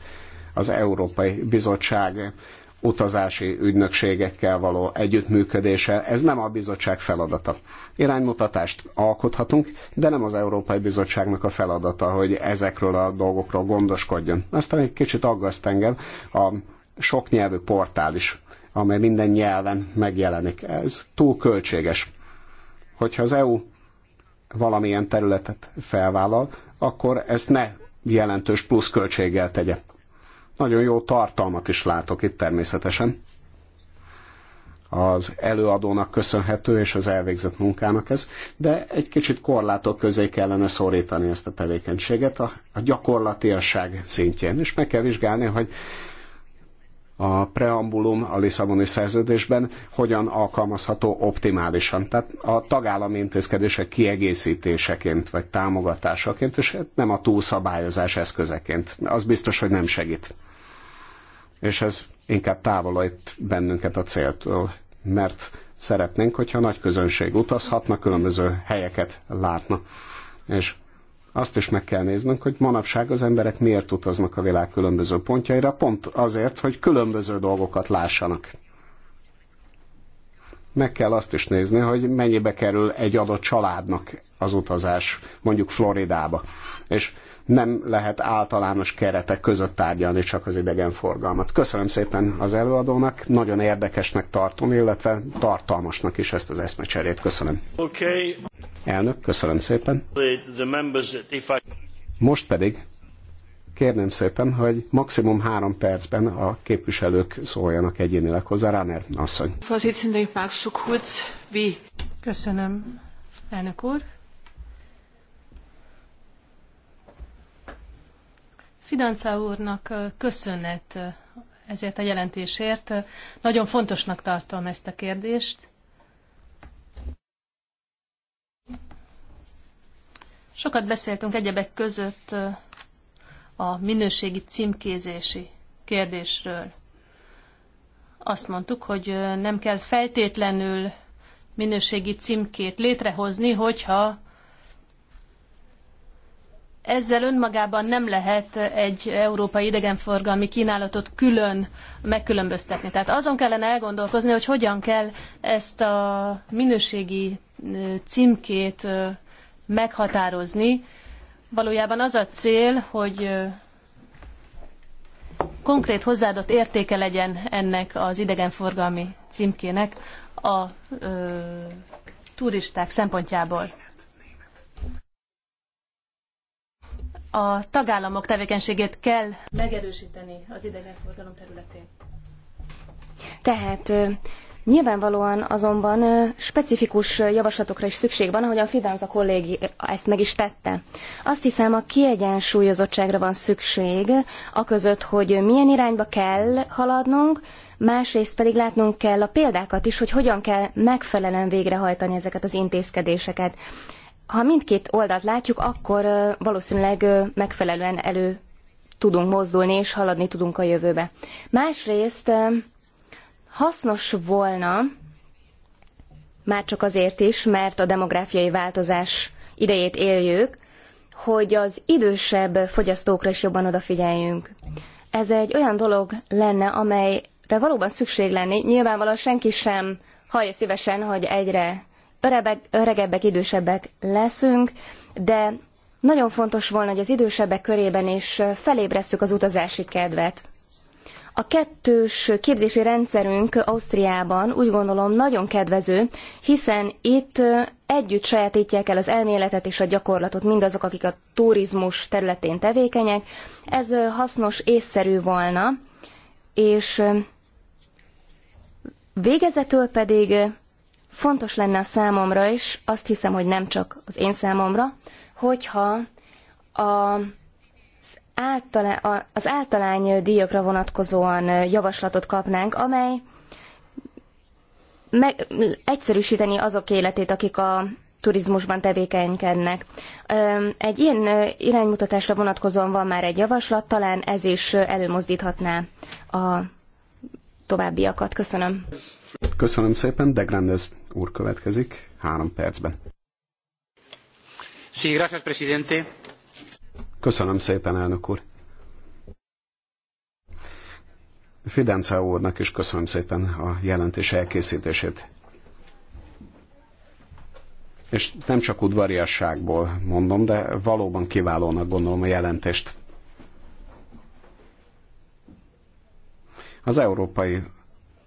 az Európai Bizottság utazási ügynökségekkel való együttműködése, ez nem a bizottság feladata. Iránymutatást alkothatunk, de nem az Európai Bizottságnak a feladata, hogy ezekről a dolgokról gondoskodjon. Aztán egy kicsit aggaszt engem a soknyelvű portál is, amely minden nyelven megjelenik. Ez túl költséges hogyha az EU valamilyen területet felvállal, akkor ezt ne jelentős költséggel tegye. Nagyon jó tartalmat is látok itt természetesen. Az előadónak köszönhető és az elvégzett munkának ez, de egy kicsit korlátok közé kellene szorítani ezt a tevékenységet a, a gyakorlatiasság szintjén, és meg kell vizsgálni, hogy a preambulum a Lisszaboni szerződésben hogyan alkalmazható optimálisan. Tehát a tagállami intézkedések kiegészítéseként vagy támogatásaként, és hát nem a túlszabályozás eszközeként. Az biztos, hogy nem segít. És ez inkább távolít bennünket a céltól, mert szeretnénk, hogyha a nagy közönség utazhatna, különböző helyeket látna. És azt is meg kell néznünk, hogy manapság az emberek miért utaznak a világ különböző pontjaira, pont azért, hogy különböző dolgokat lássanak. Meg kell azt is nézni, hogy mennyibe kerül egy adott családnak az utazás, mondjuk Floridába. És nem lehet általános keretek között tárgyalni csak az idegenforgalmat. Köszönöm szépen az előadónak, nagyon érdekesnek tartom, illetve tartalmasnak is ezt az eszmecserét. Köszönöm. Okay. Elnök, köszönöm szépen. Most pedig kérném szépen, hogy maximum három percben a képviselők szóljanak egyénileg hozzá. Ráner asszony. Köszönöm, elnök úr. Fidanca úrnak köszönet ezért a jelentésért. Nagyon fontosnak tartom ezt a kérdést. Sokat beszéltünk egyebek között a minőségi címkézési kérdésről. Azt mondtuk, hogy nem kell feltétlenül minőségi címkét létrehozni, hogyha ezzel önmagában nem lehet egy európai idegenforgalmi kínálatot külön megkülönböztetni. Tehát azon kellene elgondolkozni, hogy hogyan kell ezt a minőségi címkét meghatározni. Valójában az a cél, hogy konkrét hozzáadott értéke legyen ennek az idegenforgalmi címkének a ö, turisták szempontjából. a tagállamok tevékenységét kell megerősíteni az idegenforgalom területén. Tehát nyilvánvalóan azonban specifikus javaslatokra is szükség van, ahogyan Fidanza kollégi ezt meg is tette. Azt hiszem, a kiegyensúlyozottságra van szükség, aközött, hogy milyen irányba kell haladnunk, másrészt pedig látnunk kell a példákat is, hogy hogyan kell megfelelően végrehajtani ezeket az intézkedéseket ha mindkét oldalt látjuk, akkor valószínűleg megfelelően elő tudunk mozdulni, és haladni tudunk a jövőbe. Másrészt hasznos volna, már csak azért is, mert a demográfiai változás idejét éljük, hogy az idősebb fogyasztókra is jobban odafigyeljünk. Ez egy olyan dolog lenne, amelyre valóban szükség lenni. Nyilvánvalóan senki sem hallja szívesen, hogy egyre öregebbek, öregebbek, idősebbek leszünk, de nagyon fontos volna, hogy az idősebbek körében is felébresszük az utazási kedvet. A kettős képzési rendszerünk Ausztriában úgy gondolom nagyon kedvező, hiszen itt együtt sajátítják el az elméletet és a gyakorlatot mindazok, akik a turizmus területén tevékenyek. Ez hasznos, észszerű volna, és végezetül pedig Fontos lenne a számomra is, azt hiszem, hogy nem csak az én számomra, hogyha a az általány díjakra vonatkozóan javaslatot kapnánk, amely meg, egyszerűsíteni azok életét, akik a turizmusban tevékenykednek. Egy ilyen iránymutatásra vonatkozóan van már egy javaslat, talán ez is előmozdíthatná a továbbiakat. Köszönöm. Köszönöm szépen, de úr következik három percben. Sí, gracias, presidente. Köszönöm szépen, elnök úr. Fidence úrnak is köszönöm szépen a jelentés elkészítését. És nem csak udvariasságból mondom, de valóban kiválónak gondolom a jelentést. Az Európai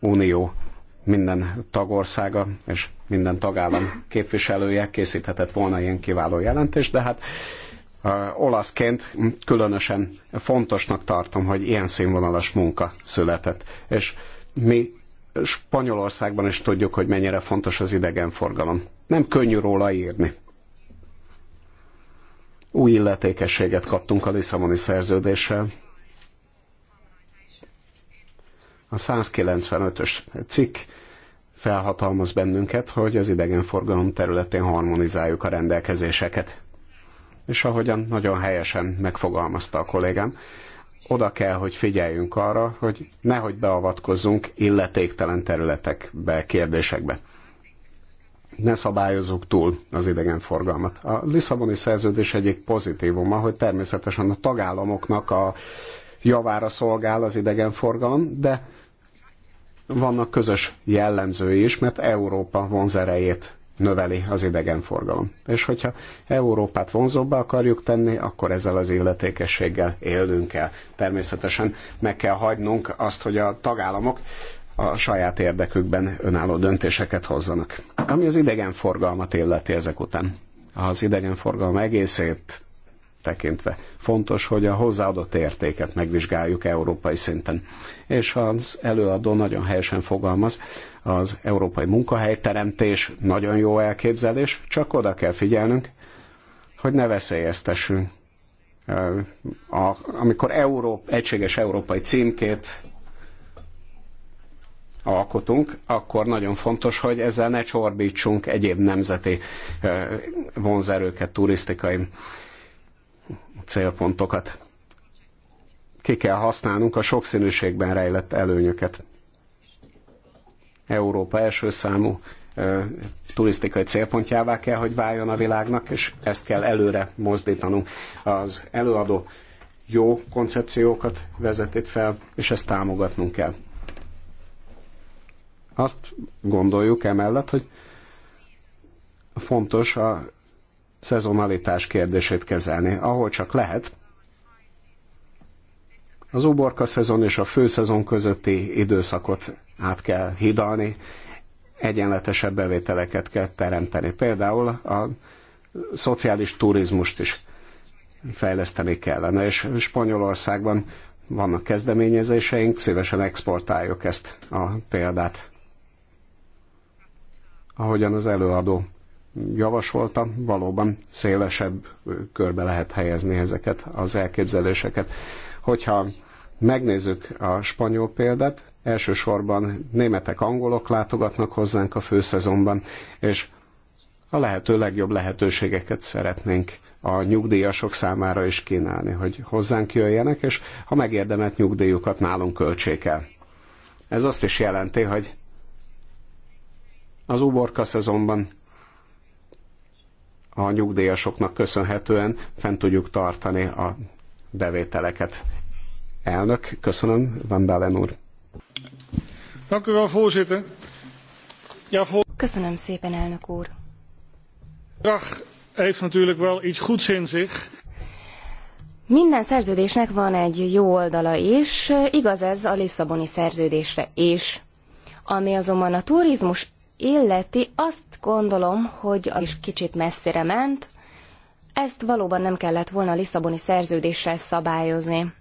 Unió minden tagországa és minden tagállam képviselője készíthetett volna ilyen kiváló jelentést, de hát olaszként különösen fontosnak tartom, hogy ilyen színvonalas munka született. És mi Spanyolországban is tudjuk, hogy mennyire fontos az idegenforgalom. Nem könnyű róla írni. Új illetékességet kaptunk a Lisszaboni szerződéssel, a 195-ös cikk felhatalmaz bennünket, hogy az idegenforgalom területén harmonizáljuk a rendelkezéseket. És ahogyan nagyon helyesen megfogalmazta a kollégám, oda kell, hogy figyeljünk arra, hogy nehogy beavatkozzunk illetéktelen területekbe, kérdésekbe. Ne szabályozzuk túl az idegenforgalmat. A Lisszaboni szerződés egyik pozitívuma, hogy természetesen a tagállamoknak a javára szolgál az idegenforgalom, de vannak közös jellemzői is, mert Európa vonzerejét növeli az idegenforgalom. És hogyha Európát vonzóbbá akarjuk tenni, akkor ezzel az illetékességgel élnünk kell. Természetesen meg kell hagynunk azt, hogy a tagállamok a saját érdekükben önálló döntéseket hozzanak. Ami az idegenforgalmat illeti ezek után. Az idegenforgalom egészét tekintve. Fontos, hogy a hozzáadott értéket megvizsgáljuk európai szinten. És az előadó nagyon helyesen fogalmaz, az európai munkahelyteremtés nagyon jó elképzelés, csak oda kell figyelnünk, hogy ne veszélyeztessünk. A, amikor Európ, egységes európai címkét alkotunk, akkor nagyon fontos, hogy ezzel ne csorbítsunk egyéb nemzeti vonzerőket, turisztikai célpontokat. Ki kell használnunk a sokszínűségben rejlett előnyöket. Európa első számú turisztikai célpontjává kell, hogy váljon a világnak, és ezt kell előre mozdítanunk. Az előadó jó koncepciókat vezetít fel, és ezt támogatnunk kell. Azt gondoljuk emellett, hogy fontos a szezonalitás kérdését kezelni, ahol csak lehet. Az uborka szezon és a főszezon közötti időszakot át kell hidalni, egyenletesebb bevételeket kell teremteni. Például a szociális turizmust is fejleszteni kellene, és Spanyolországban vannak kezdeményezéseink, szívesen exportáljuk ezt a példát. Ahogyan az előadó javasolta, valóban szélesebb körbe lehet helyezni ezeket az elképzeléseket. Hogyha megnézzük a spanyol példát, elsősorban németek, angolok látogatnak hozzánk a főszezonban, és a lehető legjobb lehetőségeket szeretnénk a nyugdíjasok számára is kínálni, hogy hozzánk jöjjenek, és ha megérdemelt nyugdíjukat nálunk költsék el. Ez azt is jelenti, hogy az uborka szezonban a nyugdíjasoknak köszönhetően fent tudjuk tartani a bevételeket. Elnök, köszönöm, Van Balen úr. Köszönöm szépen, elnök úr. Minden szerződésnek van egy jó oldala is, igaz ez a Lisszaboni szerződésre is. Ami azonban a turizmus illeti, azt gondolom, hogy az is kicsit messzire ment, ezt valóban nem kellett volna a Lisszaboni szerződéssel szabályozni.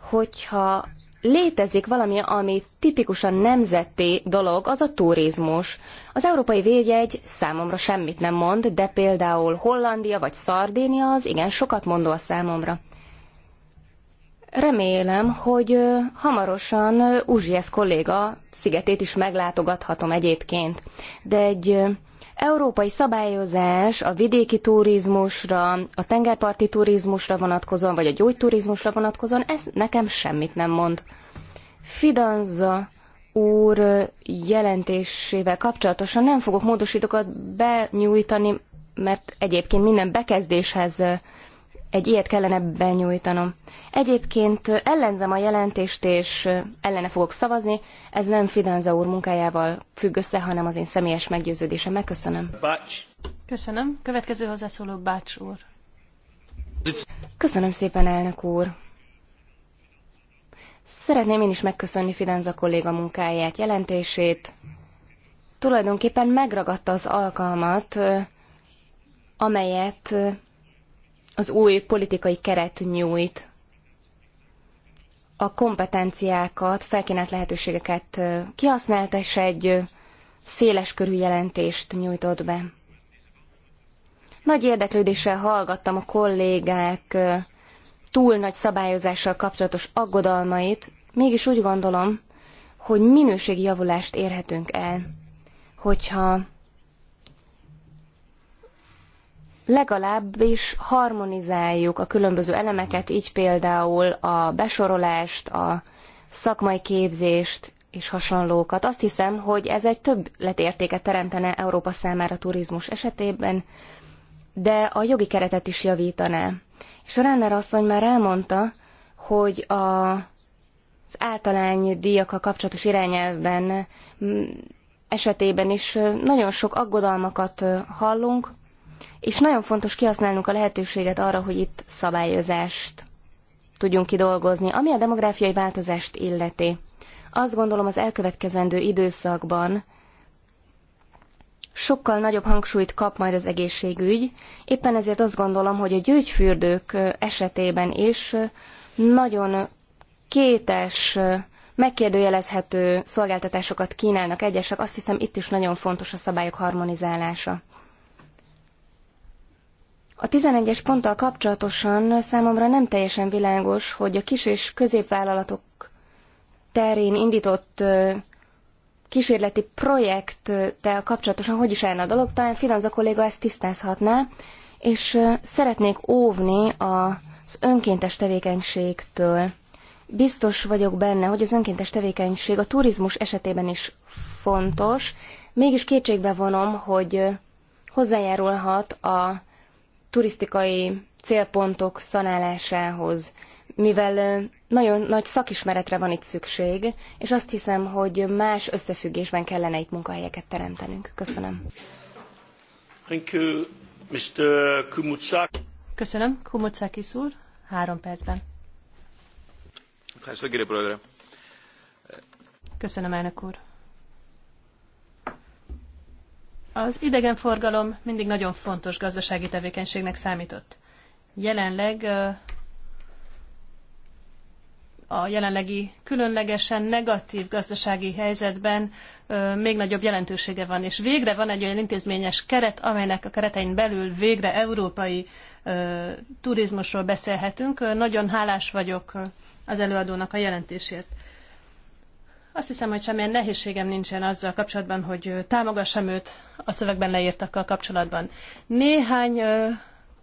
Hogyha létezik valami, ami tipikusan nemzeti dolog, az a turizmus. Az európai védjegy számomra semmit nem mond, de például Hollandia vagy Szardénia az igen sokat mondó a számomra. Remélem, hogy hamarosan Uzsiesz kolléga szigetét is meglátogathatom egyébként. De egy európai szabályozás a vidéki turizmusra, a tengerparti turizmusra vonatkozóan, vagy a gyógyturizmusra vonatkozóan, ez nekem semmit nem mond. Fidanza úr jelentésével kapcsolatosan nem fogok módosítókat benyújtani, mert egyébként minden bekezdéshez egy ilyet kellene benyújtanom. Egyébként ellenzem a jelentést, és ellene fogok szavazni. Ez nem Fidanza úr munkájával függ össze, hanem az én személyes meggyőződésem. Megköszönöm. Bács. Köszönöm. Következő hozzászóló Bács úr. Köszönöm szépen, elnök úr. Szeretném én is megköszönni Fidanza kolléga munkáját, jelentését. Tulajdonképpen megragadta az alkalmat, amelyet az új politikai keret nyújt. A kompetenciákat, felkínált lehetőségeket kihasználta, és egy széles körű jelentést nyújtott be. Nagy érdeklődéssel hallgattam a kollégák túl nagy szabályozással kapcsolatos aggodalmait, mégis úgy gondolom, hogy minőségi javulást érhetünk el, hogyha legalábbis harmonizáljuk a különböző elemeket, így például a besorolást, a szakmai képzést és hasonlókat. Azt hiszem, hogy ez egy több letértéket teremtene Európa számára turizmus esetében, de a jogi keretet is javítaná. És a Renner asszony már elmondta, hogy a, az általány díjakkal kapcsolatos irányelvben mm, esetében is nagyon sok aggodalmakat hallunk, és nagyon fontos kihasználnunk a lehetőséget arra, hogy itt szabályozást tudjunk kidolgozni, ami a demográfiai változást illeti. Azt gondolom az elkövetkezendő időszakban sokkal nagyobb hangsúlyt kap majd az egészségügy, éppen ezért azt gondolom, hogy a gyógyfürdők esetében is nagyon kétes, megkérdőjelezhető szolgáltatásokat kínálnak egyesek, azt hiszem itt is nagyon fontos a szabályok harmonizálása. A 11-es ponttal kapcsolatosan számomra nem teljesen világos, hogy a kis és középvállalatok terén indított kísérleti projekttel kapcsolatosan hogy is állna a dolog, talán Filanza kolléga ezt tisztázhatná, és szeretnék óvni az önkéntes tevékenységtől. Biztos vagyok benne, hogy az önkéntes tevékenység a turizmus esetében is fontos, mégis kétségbe vonom, hogy hozzájárulhat a turisztikai célpontok szanálásához, mivel nagyon nagy szakismeretre van itt szükség, és azt hiszem, hogy más összefüggésben kellene itt munkahelyeket teremtenünk. Köszönöm. Thank you, Mr. Kumutsak. Köszönöm, Kumutsakis úr. Három percben. Köszönöm, elnök úr. Az idegenforgalom mindig nagyon fontos gazdasági tevékenységnek számított. Jelenleg a jelenlegi különlegesen negatív gazdasági helyzetben még nagyobb jelentősége van. És végre van egy olyan intézményes keret, amelynek a keretein belül végre európai turizmusról beszélhetünk. Nagyon hálás vagyok az előadónak a jelentésért. Azt hiszem, hogy semmilyen nehézségem nincsen azzal kapcsolatban, hogy támogassam őt a szövegben leírtakkal kapcsolatban. Néhány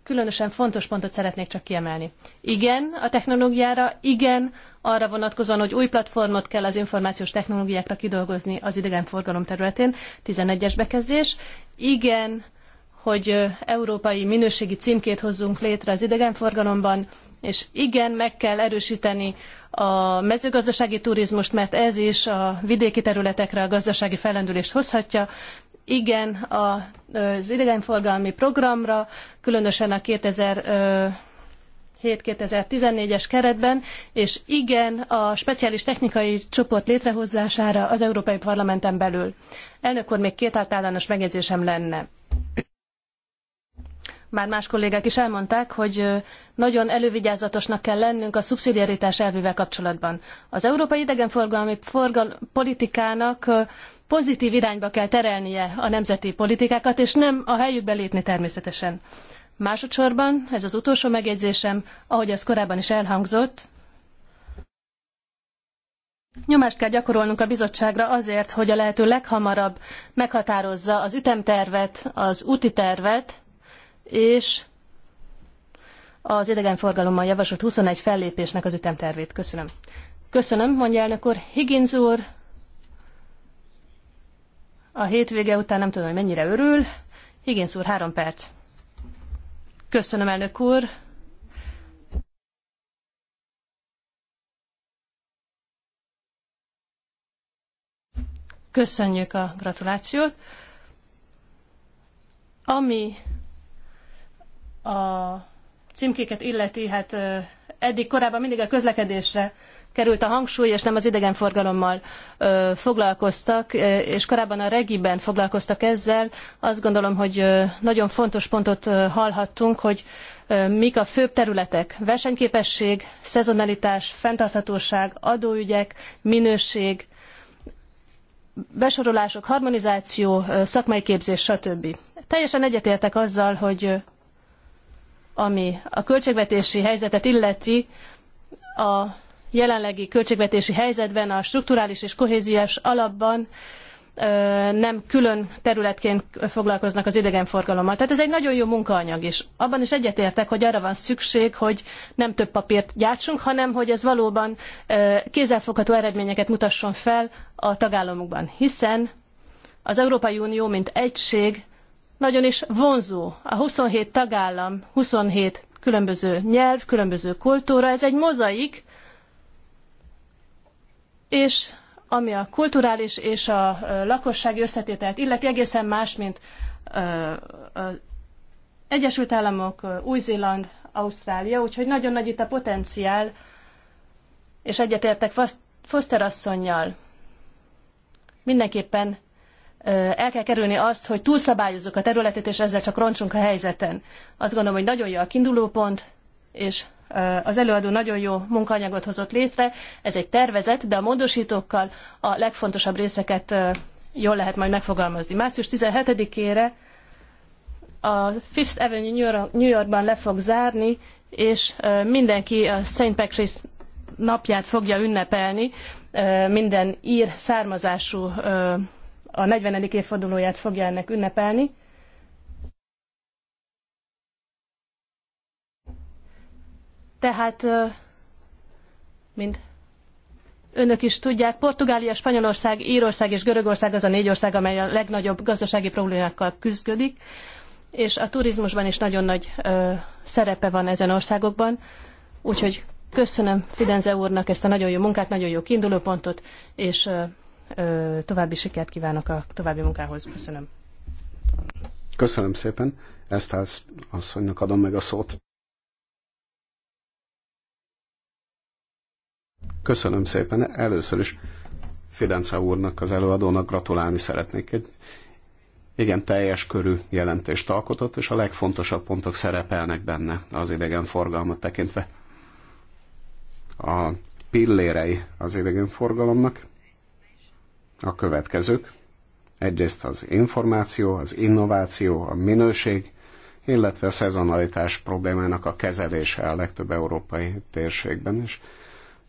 különösen fontos pontot szeretnék csak kiemelni. Igen a technológiára, igen arra vonatkozóan, hogy új platformot kell az információs technológiákra kidolgozni az idegenforgalom területén, 11-es bekezdés. Igen, hogy európai minőségi címkét hozzunk létre az idegenforgalomban, és igen, meg kell erősíteni a mezőgazdasági turizmust, mert ez is a vidéki területekre a gazdasági fellendülést hozhatja. Igen, az idegenforgalmi programra, különösen a 2000 2007-2014-es keretben, és igen a speciális technikai csoport létrehozására az Európai Parlamenten belül. Elnök úr, még két általános megjegyzésem lenne már más kollégák is elmondták, hogy nagyon elővigyázatosnak kell lennünk a szubszidiaritás elvével kapcsolatban. Az európai idegenforgalmi forgal- politikának pozitív irányba kell terelnie a nemzeti politikákat, és nem a helyükbe lépni természetesen. Másodszorban, ez az utolsó megjegyzésem, ahogy az korábban is elhangzott, Nyomást kell gyakorolnunk a bizottságra azért, hogy a lehető leghamarabb meghatározza az ütemtervet, az úti tervet, és az idegenforgalommal javasolt 21 fellépésnek az ütemtervét. Köszönöm. Köszönöm, mondja elnök úr. Higgins úr, a hétvége után nem tudom, hogy mennyire örül. Higgins úr, három perc. Köszönöm, elnök úr. Köszönjük a gratulációt. Ami a címkéket illeti, hát eddig korábban mindig a közlekedésre került a hangsúly, és nem az idegenforgalommal ö, foglalkoztak, ö, és korábban a regiben foglalkoztak ezzel. Azt gondolom, hogy ö, nagyon fontos pontot ö, hallhattunk, hogy ö, mik a főbb területek. Versenyképesség, szezonalitás, fenntarthatóság, adóügyek, minőség, besorolások, harmonizáció, ö, szakmai képzés, stb. Teljesen egyetértek azzal, hogy ami a költségvetési helyzetet illeti, a jelenlegi költségvetési helyzetben a strukturális és kohéziós alapban nem külön területként foglalkoznak az idegenforgalommal. Tehát ez egy nagyon jó munkaanyag is. Abban is egyetértek, hogy arra van szükség, hogy nem több papírt gyártsunk, hanem hogy ez valóban kézzelfogható eredményeket mutasson fel a tagállamokban. Hiszen az Európai Unió, mint egység nagyon is vonzó. A 27 tagállam, 27 különböző nyelv, különböző kultúra, ez egy mozaik, és ami a kulturális és a lakossági összetételt illeti egészen más, mint az Egyesült Államok, Új-Zéland, Ausztrália, úgyhogy nagyon nagy itt a potenciál, és egyetértek Foster asszonynal. Mindenképpen el kell kerülni azt, hogy túlszabályozzuk a területet, és ezzel csak roncsunk a helyzeten. Azt gondolom, hogy nagyon jó a kiindulópont, és az előadó nagyon jó munkaanyagot hozott létre. Ez egy tervezet, de a módosítókkal a legfontosabb részeket jól lehet majd megfogalmazni. Március 17-ére a Fifth Avenue New Yorkban le fog zárni, és mindenki a St. Patrick's napját fogja ünnepelni, minden ír származású a 40. évfordulóját fogja ennek ünnepelni. Tehát, mint önök is tudják, Portugália, Spanyolország, Írország és Görögország az a négy ország, amely a legnagyobb gazdasági problémákkal küzdik, és a turizmusban is nagyon nagy ö, szerepe van ezen országokban. Úgyhogy köszönöm Fidenze úrnak ezt a nagyon jó munkát, nagyon jó kiindulópontot, és további sikert kívánok a további munkához. Köszönöm. Köszönöm szépen. Ezt az asszonynak adom meg a szót. Köszönöm szépen. Először is Fidenca úrnak, az előadónak gratulálni szeretnék. Egy igen teljes körű jelentést alkotott, és a legfontosabb pontok szerepelnek benne az idegenforgalmat tekintve. A pillérei az idegenforgalomnak a következők. Egyrészt az információ, az innováció, a minőség, illetve a szezonalitás problémának a kezelése a legtöbb európai térségben is.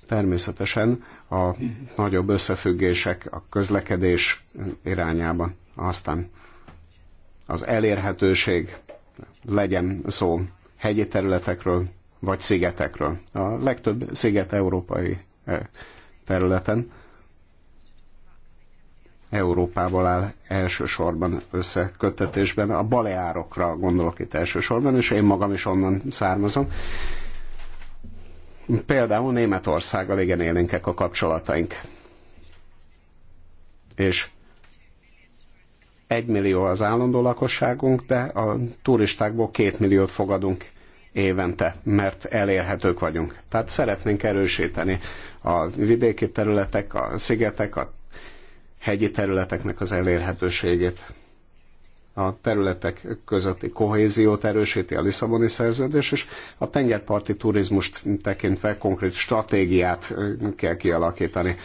Természetesen a nagyobb összefüggések a közlekedés irányába. Aztán az elérhetőség legyen szó hegyi területekről vagy szigetekről. A legtöbb sziget európai eh, területen Európával áll elsősorban összeköttetésben. A Baleárokra gondolok itt elsősorban, és én magam is onnan származom. Például Németországgal igen élénkek a kapcsolataink. És egy millió az állandó lakosságunk, de a turistákból két milliót fogadunk évente, mert elérhetők vagyunk. Tehát szeretnénk erősíteni a vidéki területek, a szigetek, a hegyi területeknek az elérhetőségét. A területek közötti kohéziót erősíti a Lisszaboni szerződés, és a tengerparti turizmust tekintve konkrét stratégiát kell kialakítani.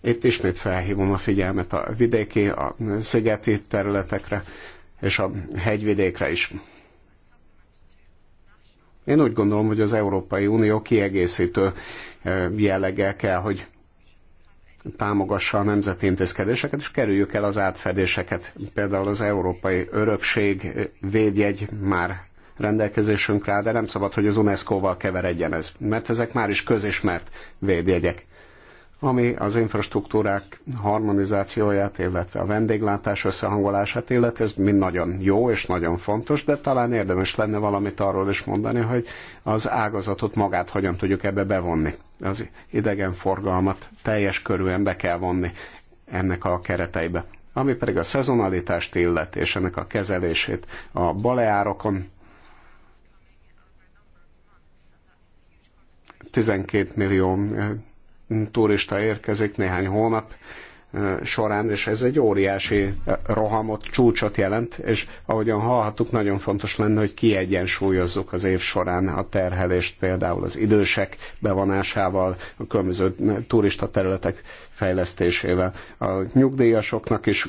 Itt ismét felhívom a figyelmet a vidéki, a szigeti területekre és a hegyvidékre is. Én úgy gondolom, hogy az Európai Unió kiegészítő eh, jellege kell, hogy támogassa a nemzeti intézkedéseket, és kerüljük el az átfedéseket. Például az Európai Örökség védjegy már rendelkezésünkre rá, de nem szabad, hogy az UNESCO-val keveredjen ez, mert ezek már is közismert védjegyek ami az infrastruktúrák harmonizációját, illetve a vendéglátás összehangolását illeti, ez mind nagyon jó és nagyon fontos, de talán érdemes lenne valamit arról is mondani, hogy az ágazatot magát hogyan tudjuk ebbe bevonni. Az idegenforgalmat teljes körűen be kell vonni ennek a kereteibe. Ami pedig a szezonalitást illet és ennek a kezelését a baleárokon 12 millió turista érkezik néhány hónap során, és ez egy óriási rohamot, csúcsot jelent, és ahogyan hallhattuk, nagyon fontos lenne, hogy kiegyensúlyozzuk az év során a terhelést, például az idősek bevonásával, a különböző turista területek fejlesztésével. A nyugdíjasoknak is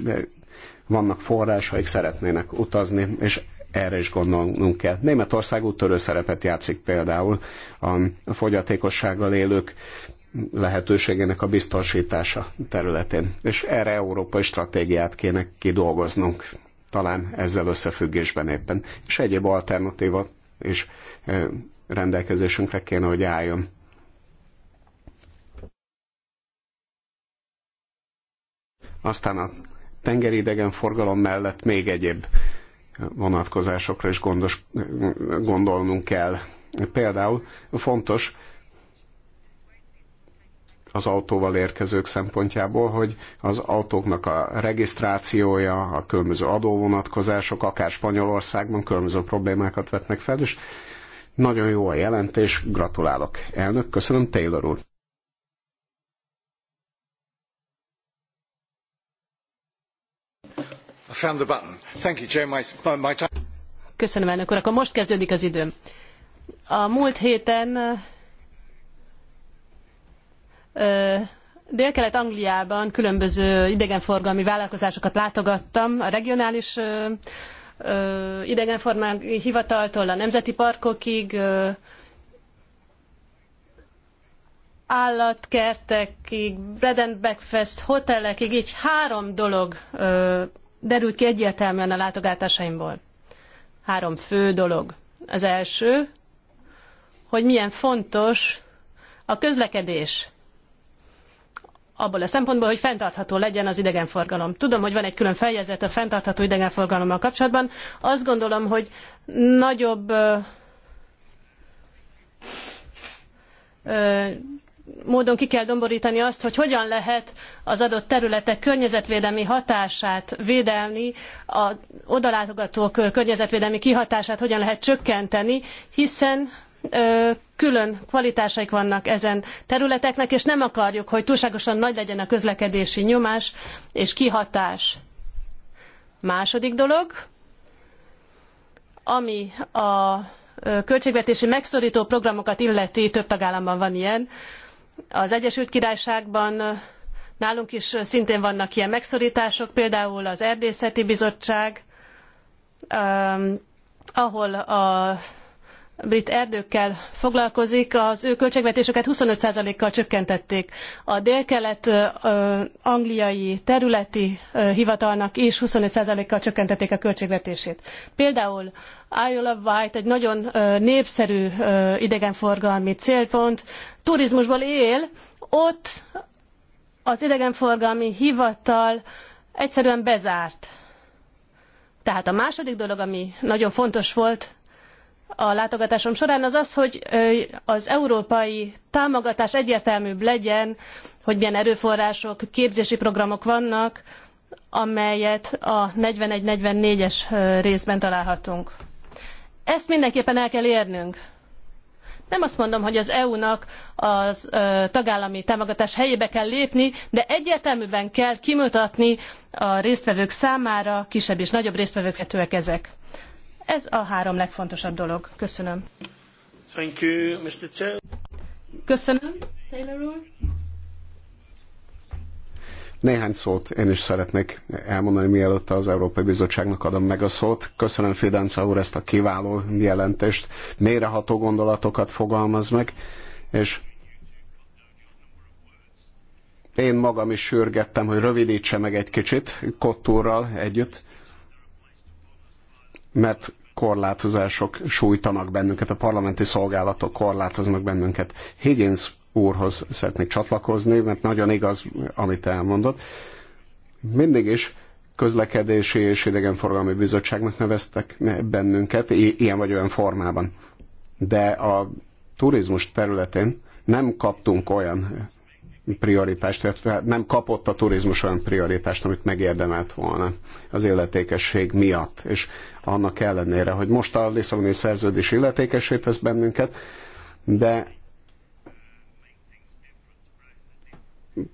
vannak forrásaik, szeretnének utazni, és erre is gondolnunk kell. Németország úttörő szerepet játszik például a fogyatékossággal élők lehetőségének a biztosítása területén. És erre európai stratégiát kéne kidolgoznunk, talán ezzel összefüggésben éppen. És egyéb alternatíva is rendelkezésünkre kéne, hogy álljon. Aztán a tengeri idegen forgalom mellett még egyéb vonatkozásokra is gondos, gondolnunk kell. Például fontos az autóval érkezők szempontjából, hogy az autóknak a regisztrációja, a különböző adóvonatkozások, akár Spanyolországban különböző problémákat vetnek fel, és nagyon jó a jelentés, gratulálok. Elnök, köszönöm, Taylor úr. Köszönöm, elnök úr. Akkor most kezdődik az időm. A múlt héten Dél-Kelet-Angliában különböző idegenforgalmi vállalkozásokat látogattam, a regionális idegenforgalmi hivataltól a nemzeti parkokig, állatkertekig, bread and breakfast hotelekig, így három dolog ö, derült ki egyértelműen a látogatásaimból. Három fő dolog. Az első, hogy milyen fontos a közlekedés abból a szempontból, hogy fenntartható legyen az idegenforgalom. Tudom, hogy van egy külön fejezet a fenntartható idegenforgalommal kapcsolatban. Azt gondolom, hogy nagyobb ö, ö, módon ki kell domborítani azt, hogy hogyan lehet az adott területek környezetvédelmi hatását védelni, a odalátogatók környezetvédelmi kihatását hogyan lehet csökkenteni, hiszen külön kvalitásaik vannak ezen területeknek, és nem akarjuk, hogy túlságosan nagy legyen a közlekedési nyomás és kihatás. Második dolog, ami a költségvetési megszorító programokat illeti, több tagállamban van ilyen. Az Egyesült Királyságban nálunk is szintén vannak ilyen megszorítások, például az Erdészeti Bizottság, ahol a brit erdőkkel foglalkozik, az ő költségvetésüket 25%-kal csökkentették. A délkelet angliai területi hivatalnak is 25%-kal csökkentették a költségvetését. Például Isle of Wight egy nagyon népszerű idegenforgalmi célpont, turizmusból él, ott az idegenforgalmi hivatal egyszerűen bezárt. Tehát a második dolog, ami nagyon fontos volt, a látogatásom során, az az, hogy az európai támogatás egyértelműbb legyen, hogy milyen erőforrások, képzési programok vannak, amelyet a 41-44-es részben találhatunk. Ezt mindenképpen el kell érnünk. Nem azt mondom, hogy az EU-nak az tagállami támogatás helyébe kell lépni, de egyértelműen kell kimutatni a résztvevők számára, kisebb és nagyobb résztvevők ezek. Ez a három legfontosabb dolog. Köszönöm. Thank you, Mr. Chair. Köszönöm, Taylor úr. Néhány szót én is szeretnék elmondani, mielőtt az Európai Bizottságnak adom meg a szót. Köszönöm Fidanca úr ezt a kiváló jelentést, mélyreható gondolatokat fogalmaz meg, és én magam is sürgettem, hogy rövidítse meg egy kicsit Kottúrral együtt, mert korlátozások sújtanak bennünket, a parlamenti szolgálatok korlátoznak bennünket. Higgins úrhoz szeretnék csatlakozni, mert nagyon igaz, amit elmondott. Mindig is közlekedési és idegenforgalmi bizottságnak neveztek bennünket, ilyen vagy olyan formában. De a turizmus területén nem kaptunk olyan prioritást, illetve nem kapott a turizmus olyan prioritást, amit megérdemelt volna az illetékesség miatt. És annak ellenére, hogy most a Lisszaboni szerződés illetékesé tesz bennünket, de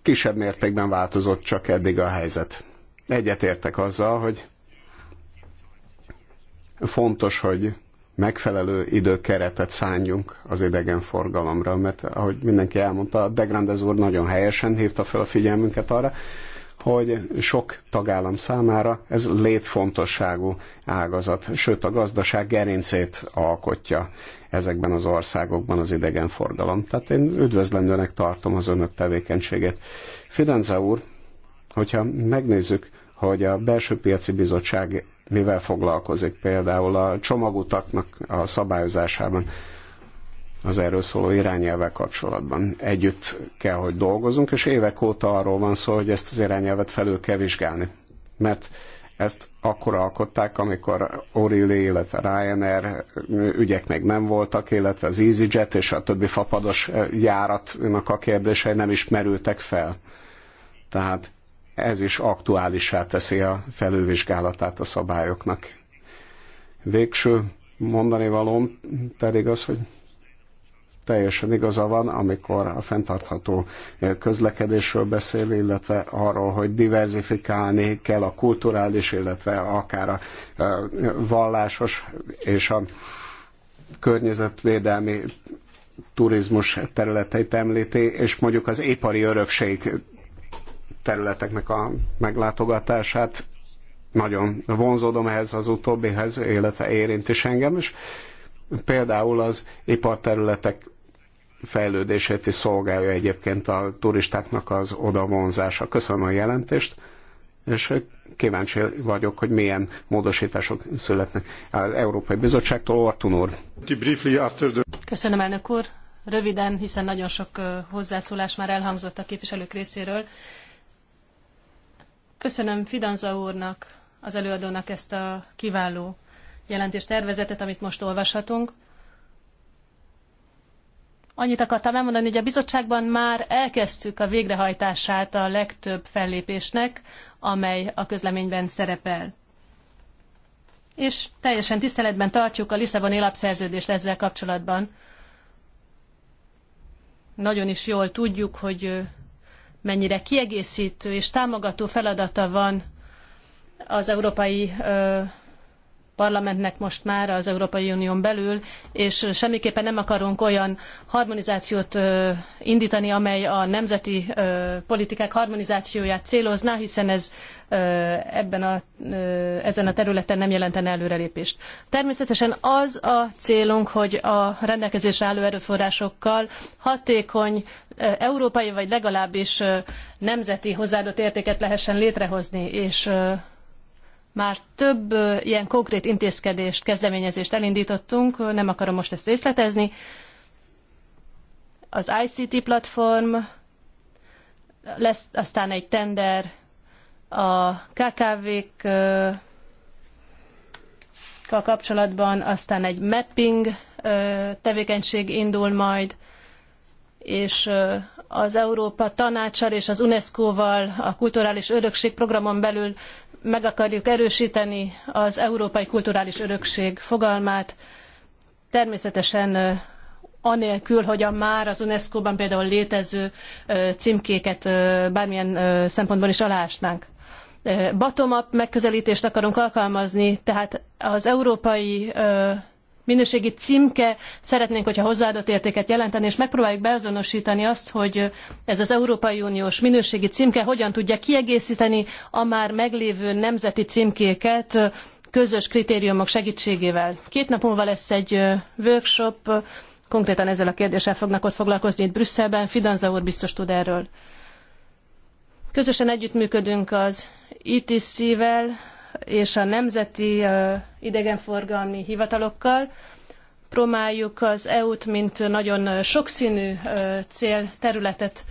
kisebb mértékben változott csak eddig a helyzet. Egyetértek azzal, hogy fontos, hogy megfelelő időkeretet szálljunk az idegenforgalomra, mert ahogy mindenki elmondta, De Degrandez úr nagyon helyesen hívta fel a figyelmünket arra, hogy sok tagállam számára ez létfontosságú ágazat, sőt a gazdaság gerincét alkotja ezekben az országokban az idegenforgalom. Tehát én üdvözlendőnek tartom az önök tevékenységét. Fidenza úr, hogyha megnézzük, hogy a Belső Piaci Bizottság mivel foglalkozik például a csomagutaknak a szabályozásában az erről szóló irányelvek kapcsolatban. Együtt kell, hogy dolgozunk, és évek óta arról van szó, hogy ezt az irányelvet felül kell vizsgálni. Mert ezt akkor alkották, amikor O'Reilly, illetve Ryanair ügyek még nem voltak, illetve az EasyJet és a többi fapados járatnak a kérdései nem is merültek fel. Tehát ez is aktuálissá teszi a felülvizsgálatát a szabályoknak. Végső mondani valóm pedig az, hogy teljesen igaza van, amikor a fenntartható közlekedésről beszél, illetve arról, hogy diverzifikálni kell a kulturális, illetve akár a vallásos és a környezetvédelmi turizmus területeit említi, és mondjuk az ipari örökség területeknek a meglátogatását. Nagyon vonzódom ehhez az utóbbihez, illetve érint is engem is. Például az iparterületek fejlődését is szolgálja egyébként a turistáknak az odavonzása. Köszönöm a jelentést, és kíváncsi vagyok, hogy milyen módosítások születnek az Európai Bizottságtól. Orton úr. Köszönöm, elnök úr. Röviden, hiszen nagyon sok hozzászólás már elhangzott a képviselők részéről. Köszönöm Fidanza úrnak, az előadónak ezt a kiváló jelentés tervezetet, amit most olvashatunk. Annyit akartam elmondani, hogy a bizottságban már elkezdtük a végrehajtását a legtöbb fellépésnek, amely a közleményben szerepel. És teljesen tiszteletben tartjuk a Lisszaboni lapszerződést ezzel kapcsolatban. Nagyon is jól tudjuk, hogy mennyire kiegészítő és támogató feladata van az Európai Parlamentnek most már az Európai Unión belül, és semmiképpen nem akarunk olyan harmonizációt indítani, amely a nemzeti politikák harmonizációját célozná, hiszen ez ebben a, ezen a területen nem jelentene előrelépést. Természetesen az a célunk, hogy a rendelkezésre álló erőforrásokkal hatékony európai vagy legalábbis nemzeti hozzáadott értéket lehessen létrehozni, és már több ilyen konkrét intézkedést, kezdeményezést elindítottunk, nem akarom most ezt részletezni. Az ICT platform, lesz aztán egy tender a KKV-kkal kapcsolatban, aztán egy mapping tevékenység indul majd, és az Európa tanácsal és az UNESCO-val a kulturális örökség programon belül meg akarjuk erősíteni az európai kulturális örökség fogalmát. Természetesen anélkül, hogy a már az UNESCO-ban például létező címkéket bármilyen szempontból is aláásnánk bottom-up megközelítést akarunk alkalmazni, tehát az európai minőségi címke, szeretnénk, hogyha hozzáadott értéket jelenteni, és megpróbáljuk beazonosítani azt, hogy ez az Európai Uniós minőségi címke hogyan tudja kiegészíteni a már meglévő nemzeti címkéket közös kritériumok segítségével. Két nap múlva lesz egy workshop, konkrétan ezzel a kérdéssel fognak ott foglalkozni itt Brüsszelben, Fidanza úr biztos tud erről. Közösen együttműködünk az ITC-vel és a nemzeti idegenforgalmi hivatalokkal próbáljuk az EU-t, mint nagyon sokszínű célterületet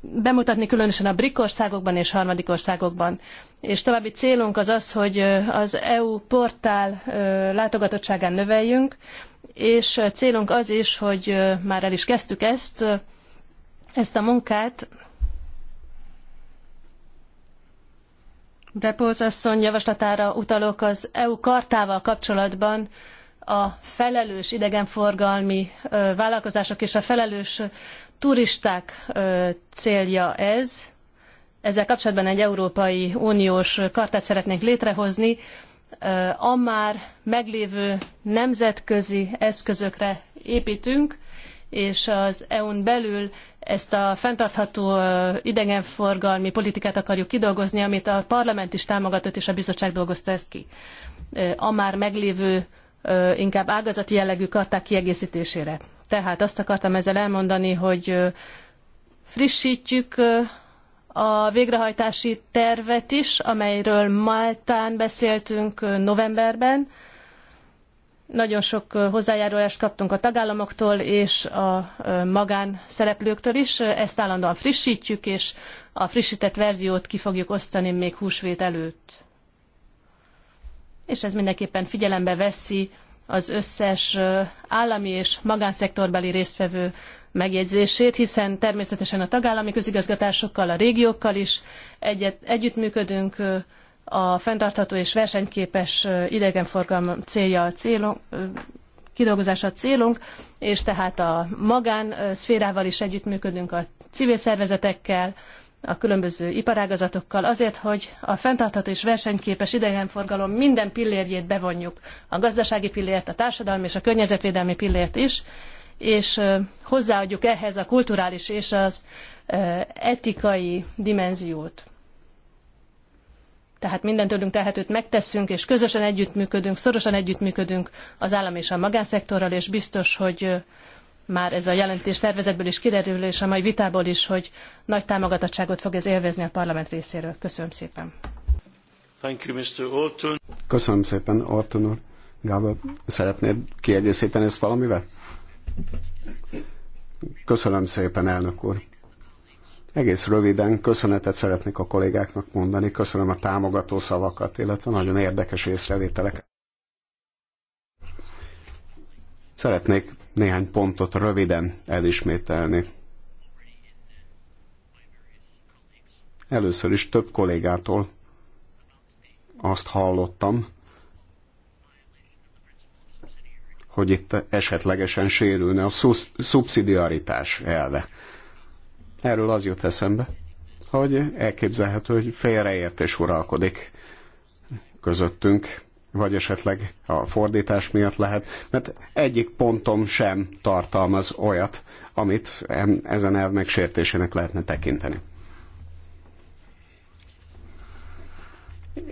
bemutatni, különösen a BRIC országokban és harmadik országokban. És további célunk az az, hogy az EU portál látogatottságán növeljünk, és célunk az is, hogy már el is kezdtük ezt, ezt a munkát, Brepolz asszony javaslatára utalok az EU kartával kapcsolatban a felelős idegenforgalmi vállalkozások és a felelős turisták célja ez. Ezzel kapcsolatban egy Európai Uniós kartát szeretnénk létrehozni, a már meglévő nemzetközi eszközökre építünk, és az EU-n belül ezt a fenntartható idegenforgalmi politikát akarjuk kidolgozni, amit a parlament is támogatott, és a bizottság dolgozta ezt ki. A már meglévő, inkább ágazati jellegű karták kiegészítésére. Tehát azt akartam ezzel elmondani, hogy frissítjük a végrehajtási tervet is, amelyről Máltán beszéltünk novemberben, nagyon sok hozzájárulást kaptunk a tagállamoktól és a magán szereplőktől is. Ezt állandóan frissítjük, és a frissített verziót ki fogjuk osztani még húsvét előtt. És ez mindenképpen figyelembe veszi az összes állami és magánszektorbeli résztvevő megjegyzését, hiszen természetesen a tagállami közigazgatásokkal, a régiókkal is egyet, együttműködünk, a fenntartható és versenyképes idegenforgalom célja a célunk, kidolgozása a célunk, és tehát a magán szférával is együttműködünk a civil szervezetekkel, a különböző iparágazatokkal azért, hogy a fenntartható és versenyképes idegenforgalom minden pillérjét bevonjuk, a gazdasági pillért, a társadalmi és a környezetvédelmi pillért is, és hozzáadjuk ehhez a kulturális és az etikai dimenziót tehát minden tőlünk tehetőt megteszünk, és közösen együttműködünk, szorosan együttműködünk az állam és a magánszektorral, és biztos, hogy már ez a jelentés tervezetből is kiderül, és a mai vitából is, hogy nagy támogatottságot fog ez élvezni a parlament részéről. Köszönöm szépen. Thank you, Mr. Orton. Köszönöm szépen, Orton úr. Gábor, szeretnéd kiegészíteni ezt valamivel? Köszönöm szépen, elnök úr. Egész röviden köszönetet szeretnék a kollégáknak mondani, köszönöm a támogató szavakat, illetve nagyon érdekes észrevételeket. Szeretnék néhány pontot röviden elismételni. Először is több kollégától azt hallottam, hogy itt esetlegesen sérülne a szubszidiaritás elve. Erről az jut eszembe, hogy elképzelhető, hogy félreértés uralkodik közöttünk, vagy esetleg a fordítás miatt lehet, mert egyik pontom sem tartalmaz olyat, amit ezen elv megsértésének lehetne tekinteni.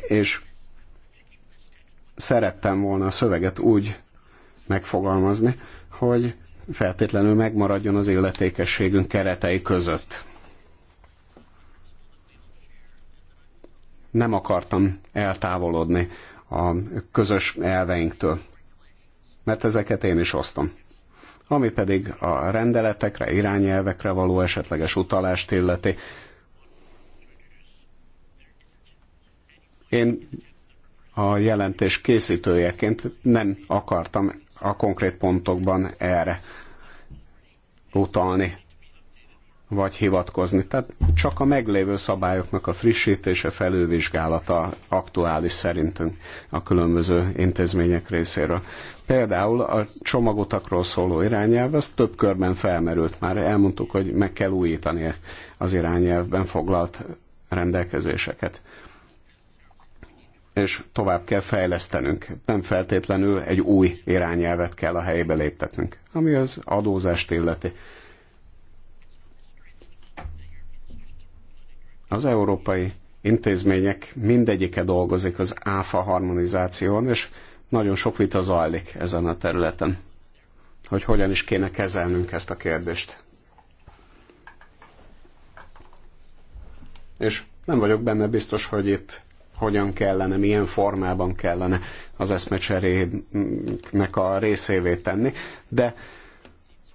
És szerettem volna a szöveget úgy megfogalmazni, hogy feltétlenül megmaradjon az illetékességünk keretei között. Nem akartam eltávolodni a közös elveinktől, mert ezeket én is osztom. Ami pedig a rendeletekre, irányelvekre való esetleges utalást illeti. Én a jelentés készítőjeként nem akartam a konkrét pontokban erre utalni, vagy hivatkozni. Tehát csak a meglévő szabályoknak a frissítése, felülvizsgálata aktuális szerintünk a különböző intézmények részéről. Például a csomagotakról szóló irányelv, ez több körben felmerült már. Elmondtuk, hogy meg kell újítani az irányelvben foglalt rendelkezéseket és tovább kell fejlesztenünk. Nem feltétlenül egy új irányelvet kell a helyébe léptetnünk, ami az adózást illeti. Az európai intézmények mindegyike dolgozik az áfa harmonizáción, és nagyon sok vita zajlik ezen a területen, hogy hogyan is kéne kezelnünk ezt a kérdést. És nem vagyok benne biztos, hogy itt hogyan kellene, milyen formában kellene az eszmecserének a részévé tenni, de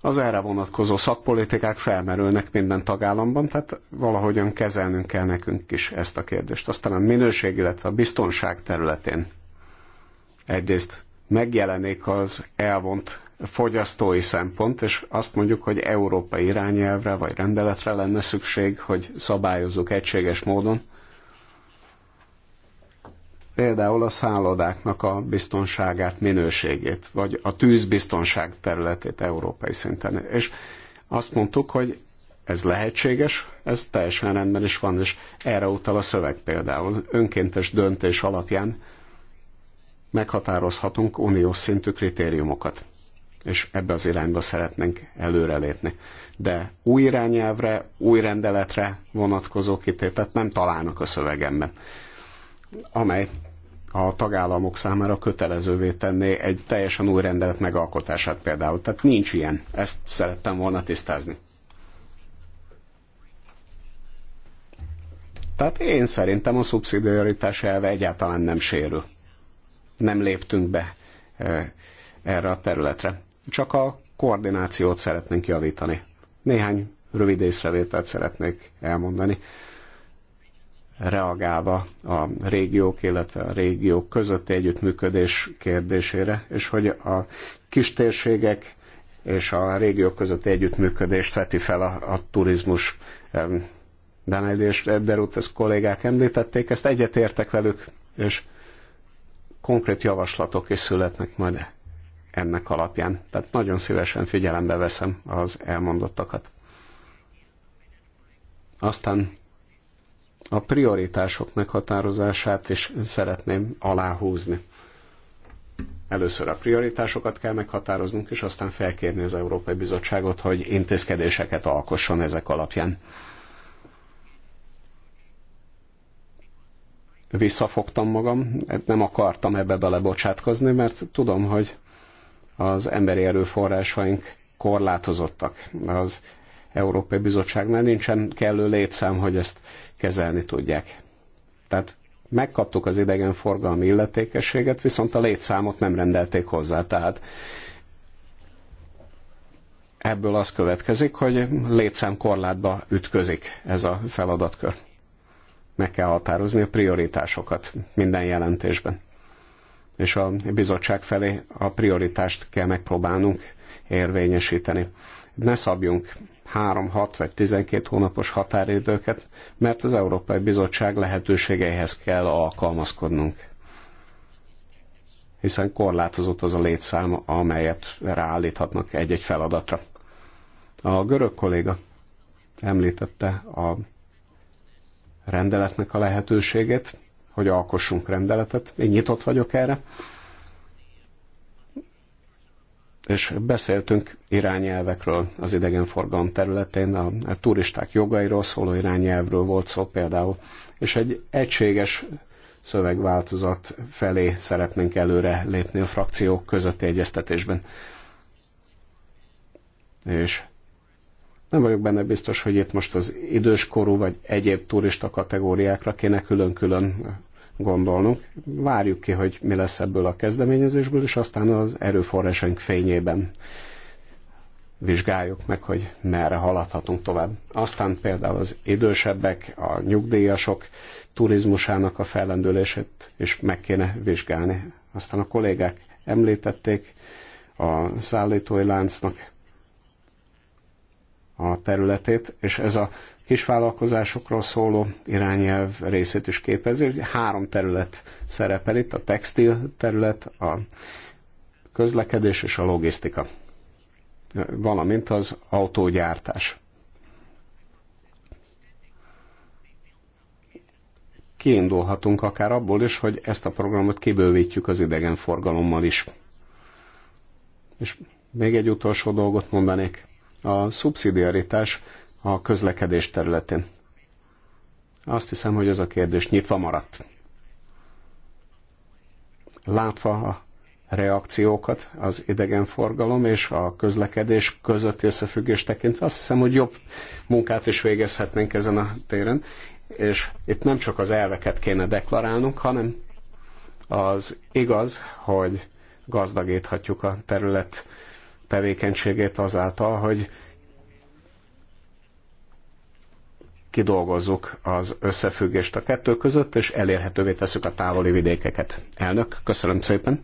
az erre vonatkozó szakpolitikák felmerülnek minden tagállamban, tehát valahogyan kezelnünk kell nekünk is ezt a kérdést. Aztán a minőség, illetve a biztonság területén egyrészt megjelenik az elvont fogyasztói szempont, és azt mondjuk, hogy európai irányelvre vagy rendeletre lenne szükség, hogy szabályozzuk egységes módon például a szállodáknak a biztonságát, minőségét, vagy a tűzbiztonság területét európai szinten. És azt mondtuk, hogy ez lehetséges, ez teljesen rendben is van, és erre utal a szöveg például. Önkéntes döntés alapján meghatározhatunk uniós szintű kritériumokat, és ebbe az irányba szeretnénk előrelépni. De új irányelvre, új rendeletre vonatkozó kitétet nem találnak a szövegemben amely a tagállamok számára kötelezővé tenné egy teljesen új rendelet megalkotását például. Tehát nincs ilyen. Ezt szerettem volna tisztázni. Tehát én szerintem a szubszidiaritás elve egyáltalán nem sérül. Nem léptünk be e, erre a területre. Csak a koordinációt szeretnénk javítani. Néhány rövid észrevételt szeretnék elmondani reagálva a régiók, illetve a régiók közötti együttműködés kérdésére, és hogy a térségek és a régiók közötti együttműködést veti fel a, a turizmus. Daniel és ezt kollégák említették, ezt egyetértek velük, és konkrét javaslatok is születnek majd ennek alapján. Tehát nagyon szívesen figyelembe veszem az elmondottakat. Aztán a prioritások meghatározását is szeretném aláhúzni. Először a prioritásokat kell meghatároznunk, és aztán felkérni az Európai Bizottságot, hogy intézkedéseket alkosson ezek alapján. Visszafogtam magam, nem akartam ebbe belebocsátkozni, mert tudom, hogy az emberi erőforrásaink korlátozottak. Az Európai Bizottságnál nincsen kellő létszám, hogy ezt kezelni tudják. Tehát megkaptuk az idegenforgalmi illetékességet, viszont a létszámot nem rendelték hozzá. Tehát ebből az következik, hogy létszám korlátba ütközik ez a feladatkör. Meg kell határozni a prioritásokat minden jelentésben és a bizottság felé a prioritást kell megpróbálnunk érvényesíteni. Ne szabjunk 3, 6 vagy 12 hónapos határidőket, mert az Európai Bizottság lehetőségeihez kell alkalmazkodnunk. Hiszen korlátozott az a létszám, amelyet ráállíthatnak egy-egy feladatra. A görög kolléga említette a rendeletnek a lehetőségét, hogy alkossunk rendeletet. Én nyitott vagyok erre. És beszéltünk irányelvekről az idegenforgalom területén, a, a turisták jogairól szóló irányelvről volt szó például, és egy egységes szövegváltozat felé szeretnénk előre lépni a frakciók közötti egyeztetésben. És nem vagyok benne biztos, hogy itt most az időskorú vagy egyéb turista kategóriákra kéne külön-külön gondolnunk. Várjuk ki, hogy mi lesz ebből a kezdeményezésből, és aztán az erőforrásaink fényében vizsgáljuk meg, hogy merre haladhatunk tovább. Aztán például az idősebbek, a nyugdíjasok turizmusának a fellendülését is meg kéne vizsgálni. Aztán a kollégák említették a szállítói láncnak a területét, és ez a kisvállalkozásokról szóló irányelv részét is képezi, hogy három terület szerepel itt, a textil terület, a közlekedés és a logisztika, valamint az autógyártás. Kiindulhatunk akár abból is, hogy ezt a programot kibővítjük az idegenforgalommal is. És még egy utolsó dolgot mondanék a szubszidiaritás a közlekedés területén? Azt hiszem, hogy ez a kérdés nyitva maradt. Látva a reakciókat az idegenforgalom és a közlekedés közötti összefüggés tekintve, azt hiszem, hogy jobb munkát is végezhetnénk ezen a téren, és itt nem csak az elveket kéne deklarálnunk, hanem az igaz, hogy gazdagíthatjuk a terület tevékenységét azáltal, hogy kidolgozzuk az összefüggést a kettő között, és elérhetővé tesszük a távoli vidékeket. Elnök, köszönöm szépen!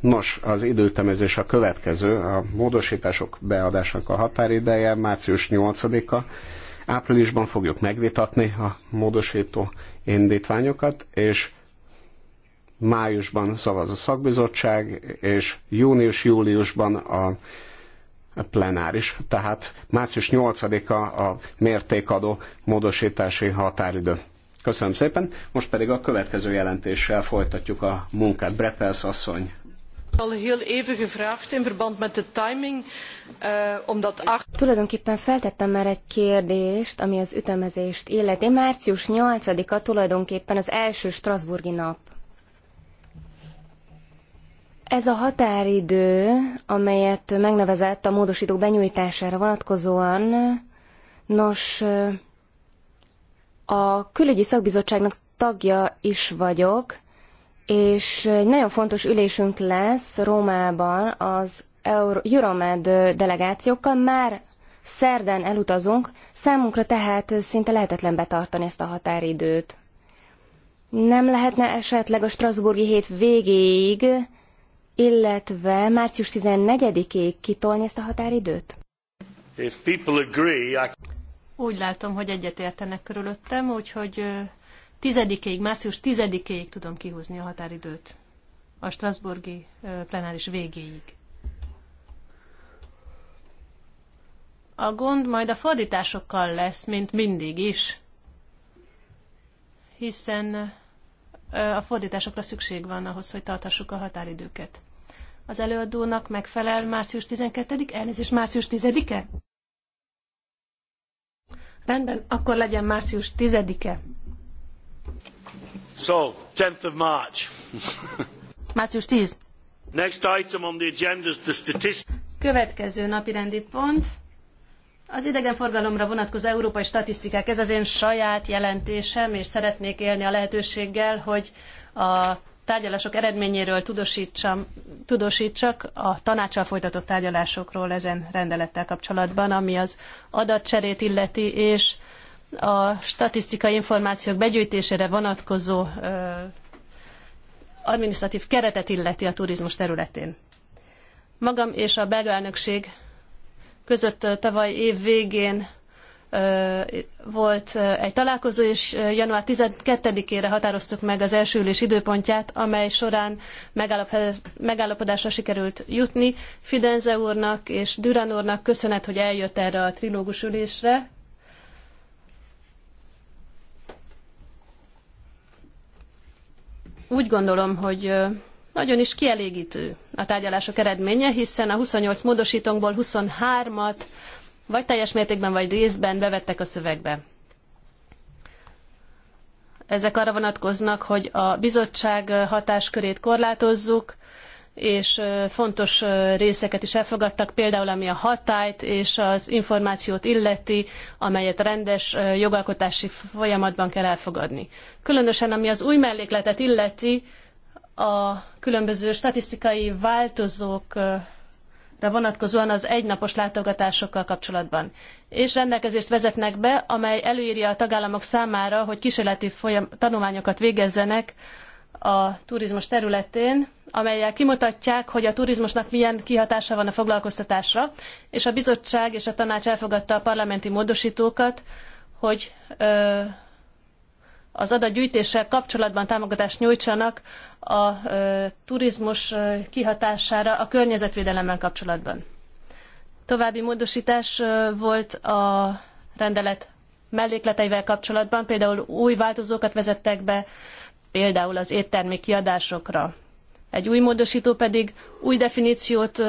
Nos, az időtemezés a következő, a módosítások beadásának a határideje március 8-a. Áprilisban fogjuk megvitatni a módosító indítványokat, és májusban szavaz a szakbizottság, és június-júliusban a plenáris. Tehát március 8-a a mértékadó módosítási határidő. Köszönöm szépen. Most pedig a következő jelentéssel folytatjuk a munkát. Brepels asszony. Eh, tulajdonképpen feltettem már egy kérdést, ami az ütemezést illeti. Március 8-a tulajdonképpen az első Strasburgi nap ez a határidő, amelyet megnevezett a módosítók benyújtására vonatkozóan, nos, a külügyi szakbizottságnak tagja is vagyok, és egy nagyon fontos ülésünk lesz Rómában az Euromed delegációkkal. Már szerdán elutazunk, számunkra tehát szinte lehetetlen betartani ezt a határidőt. Nem lehetne esetleg a Strasburgi hét végéig illetve március 14-ig kitolni ezt a határidőt? If people agree, I... Úgy látom, hogy egyetértenek körülöttem, úgyhogy tizedikéig, március tizedikéig tudom kihúzni a határidőt. A Strasburgi plenáris végéig. A gond majd a fordításokkal lesz, mint mindig is, hiszen a fordításokra szükség van ahhoz, hogy tartassuk a határidőket az előadónak megfelel március 12 elnézést március 10-e? Rendben, akkor legyen március 10-e. So, 10th of March. március 10. Next item on the agenda is the statistics. Következő napirendi pont. Az idegenforgalomra vonatkozó európai statisztikák, ez az én saját jelentésem, és szeretnék élni a lehetőséggel, hogy a tárgyalások eredményéről tudosítsam, tudosítsak a tanácsal folytatott tárgyalásokról ezen rendelettel kapcsolatban, ami az adatcserét illeti, és a statisztikai információk begyűjtésére vonatkozó ö, administratív keretet illeti a turizmus területén. Magam és a belga között tavaly év végén volt egy találkozó, és január 12-ére határoztuk meg az első ülés időpontját, amely során megállapodásra sikerült jutni. Fidenze úrnak és Durán úrnak köszönet, hogy eljött erre a trilógus ülésre. Úgy gondolom, hogy nagyon is kielégítő a tárgyalások eredménye, hiszen a 28 módosítónkból 23-at vagy teljes mértékben, vagy részben bevettek a szövegbe. Ezek arra vonatkoznak, hogy a bizottság hatáskörét korlátozzuk, és fontos részeket is elfogadtak, például ami a hatályt és az információt illeti, amelyet rendes jogalkotási folyamatban kell elfogadni. Különösen ami az új mellékletet illeti, a különböző statisztikai változók Ra vonatkozóan az egynapos látogatásokkal kapcsolatban. És rendelkezést vezetnek be, amely előírja a tagállamok számára, hogy kísérleti folyam- tanulmányokat végezzenek a turizmus területén, amelyel kimutatják, hogy a turizmusnak milyen kihatása van a foglalkoztatásra, és a bizottság és a tanács elfogadta a parlamenti módosítókat, hogy ö- az adatgyűjtéssel kapcsolatban támogatást nyújtsanak a turizmus kihatására a környezetvédelemmel kapcsolatban. További módosítás volt a rendelet mellékleteivel kapcsolatban, például új változókat vezettek be, például az éttermi kiadásokra. Egy új módosító pedig új definíciót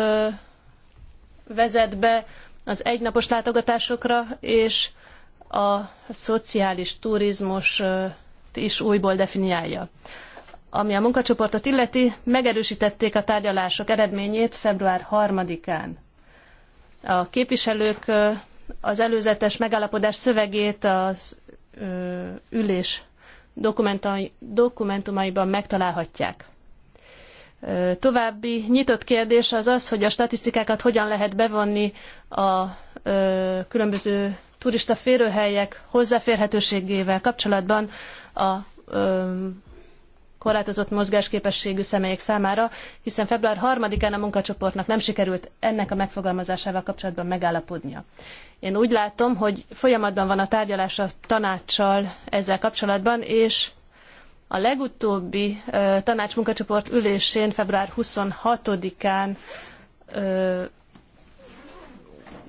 vezet be az egynapos látogatásokra, és a szociális turizmus is újból definiálja. Ami a munkacsoportot illeti, megerősítették a tárgyalások eredményét február 3-án. A képviselők az előzetes megállapodás szövegét az ülés dokumentumaiban megtalálhatják. További nyitott kérdés az az, hogy a statisztikákat hogyan lehet bevonni a különböző turista férőhelyek hozzáférhetőségével kapcsolatban a ö, korlátozott mozgásképességű személyek számára, hiszen február 3-án a munkacsoportnak nem sikerült ennek a megfogalmazásával kapcsolatban megállapodnia. Én úgy látom, hogy folyamatban van a tárgyalás a tanácssal ezzel kapcsolatban, és a legutóbbi tanácsmunkacsoport ülésén február 26-án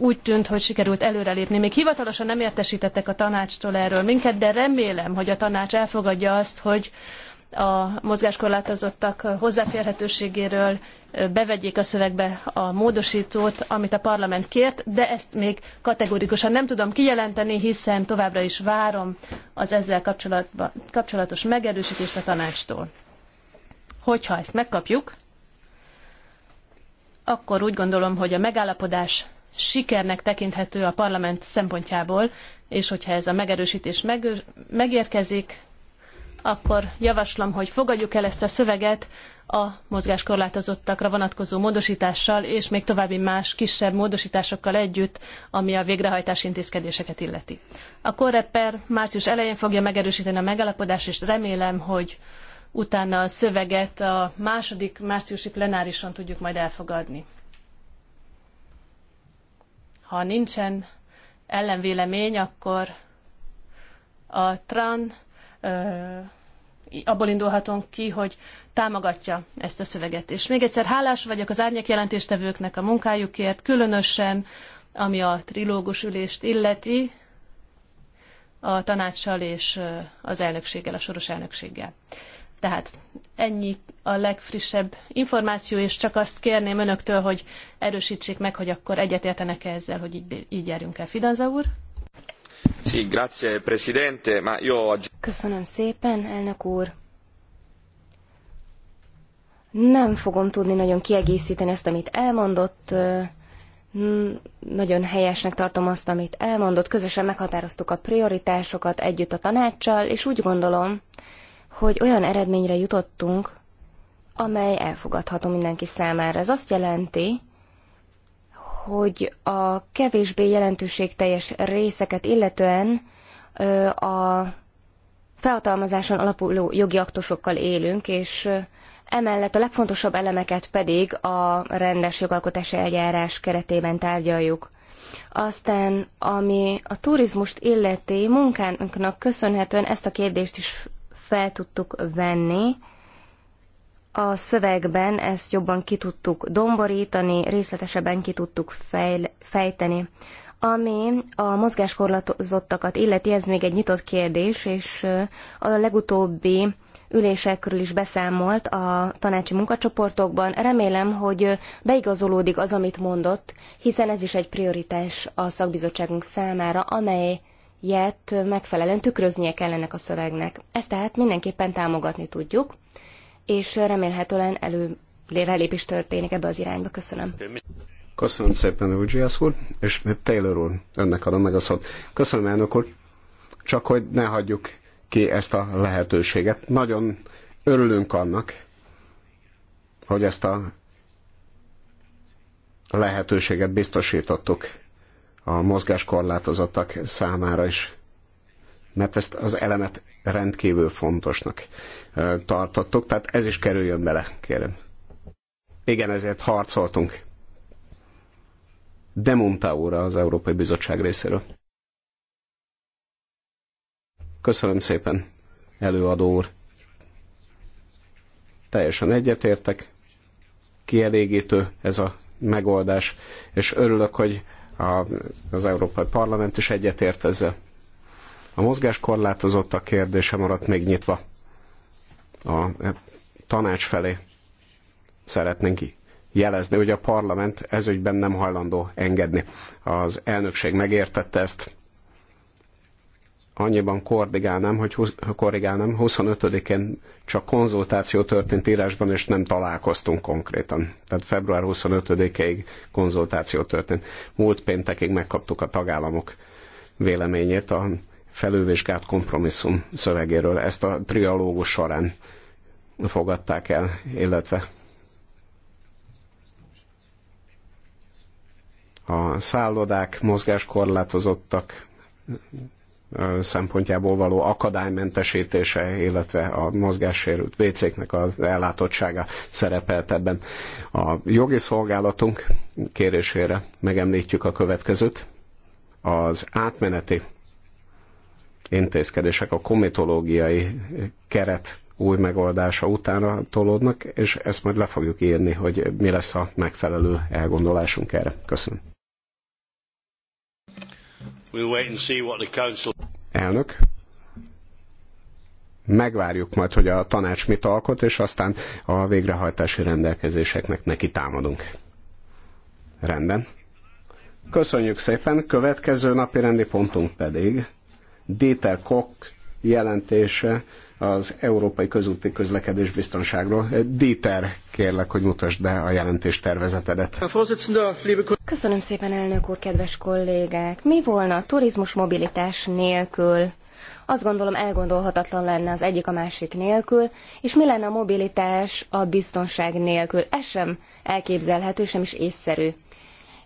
úgy tűnt, hogy sikerült előrelépni. Még hivatalosan nem értesítettek a tanácstól erről minket, de remélem, hogy a tanács elfogadja azt, hogy a mozgáskorlátozottak hozzáférhetőségéről bevegyék a szövegbe a módosítót, amit a parlament kért, de ezt még kategórikusan nem tudom kijelenteni, hiszen továbbra is várom az ezzel kapcsolatos megerősítést a tanácstól. Hogyha ezt megkapjuk, akkor úgy gondolom, hogy a megállapodás sikernek tekinthető a parlament szempontjából, és hogyha ez a megerősítés meg, megérkezik, akkor javaslom, hogy fogadjuk el ezt a szöveget a mozgáskorlátozottakra vonatkozó módosítással, és még további más kisebb módosításokkal együtt, ami a végrehajtási intézkedéseket illeti. A Korreper március elején fogja megerősíteni a megállapodást, és remélem, hogy utána a szöveget a második márciusi plenárison tudjuk majd elfogadni. Ha nincsen ellenvélemény, akkor a TRAN abból indulhatunk ki, hogy támogatja ezt a szöveget. És még egyszer hálás vagyok az árnyék jelentéstevőknek a munkájukért, különösen ami a trilógus ülést illeti, a tanácssal és az elnökséggel, a soros elnökséggel. Tehát ennyi a legfrissebb információ, és csak azt kérném önöktől, hogy erősítsék meg, hogy akkor egyetértenek-e ezzel, hogy így, így járjunk el. Fidanza úr? Köszönöm szépen, elnök úr. Nem fogom tudni nagyon kiegészíteni ezt, amit elmondott. Nagyon helyesnek tartom azt, amit elmondott. Közösen meghatároztuk a prioritásokat együtt a tanácssal, és úgy gondolom, hogy olyan eredményre jutottunk, amely elfogadható mindenki számára. Ez azt jelenti, hogy a kevésbé jelentőségteljes részeket illetően a felhatalmazáson alapuló jogi aktusokkal élünk, és emellett a legfontosabb elemeket pedig a rendes jogalkotási eljárás keretében tárgyaljuk. Aztán, ami a turizmust illeti, munkánknak köszönhetően ezt a kérdést is fel tudtuk venni. A szövegben ezt jobban ki tudtuk domborítani, részletesebben ki tudtuk fejl- fejteni. Ami a mozgáskorlátozottakat illeti, ez még egy nyitott kérdés, és a legutóbbi ülésekről is beszámolt a tanácsi munkacsoportokban. Remélem, hogy beigazolódik az, amit mondott, hiszen ez is egy prioritás a szakbizottságunk számára, amely jet megfelelően tükröznie kell ennek a szövegnek. Ezt tehát mindenképpen támogatni tudjuk, és remélhetően elő lépés történik ebbe az irányba. Köszönöm. Köszönöm szépen, Ugyiász úr, és Taylor úr, önnek adom meg a szót. Köszönöm, elnök úr, csak hogy ne hagyjuk ki ezt a lehetőséget. Nagyon örülünk annak, hogy ezt a lehetőséget biztosítottuk a mozgáskorlátozottak számára is. Mert ezt az elemet rendkívül fontosnak tartottuk, tehát ez is kerüljön bele, kérem. Igen, ezért harcoltunk. Demonta óra az Európai Bizottság részéről. Köszönöm szépen, előadó úr. Teljesen egyetértek, kielégítő ez a megoldás, és örülök, hogy a, az Európai Parlament is egyetért ezzel. A mozgás a kérdése maradt még nyitva. A tanács felé szeretnénk jelezni, hogy a parlament ezügyben nem hajlandó engedni. Az elnökség megértette ezt, annyiban korrigálnám, hogy korrigálnám, 25-én csak konzultáció történt írásban, és nem találkoztunk konkrétan. Tehát február 25-ig konzultáció történt. Múlt péntekig megkaptuk a tagállamok véleményét a felülvizsgált kompromisszum szövegéről. Ezt a trialógus során fogadták el, illetve a szállodák, mozgáskorlátozottak, szempontjából való akadálymentesítése, illetve a mozgássérült vécéknek az ellátottsága szerepelt ebben. A jogi szolgálatunk kérésére megemlítjük a következőt. Az átmeneti intézkedések, a komitológiai keret új megoldása utána tolódnak, és ezt majd le fogjuk írni, hogy mi lesz a megfelelő elgondolásunk erre. Köszönöm. Elnök, megvárjuk majd, hogy a tanács mit alkot, és aztán a végrehajtási rendelkezéseknek neki támadunk. Rendben. Köszönjük szépen. Következő napi rendi pontunk pedig Dieter Koch jelentése az Európai Közúti Közlekedés Biztonságról. Dieter, kérlek, hogy mutasd be a jelentés tervezetedet. Köszönöm szépen, elnök úr, kedves kollégák! Mi volna a turizmus mobilitás nélkül? Azt gondolom elgondolhatatlan lenne az egyik a másik nélkül, és mi lenne a mobilitás a biztonság nélkül? Ez sem elképzelhető, sem is észszerű.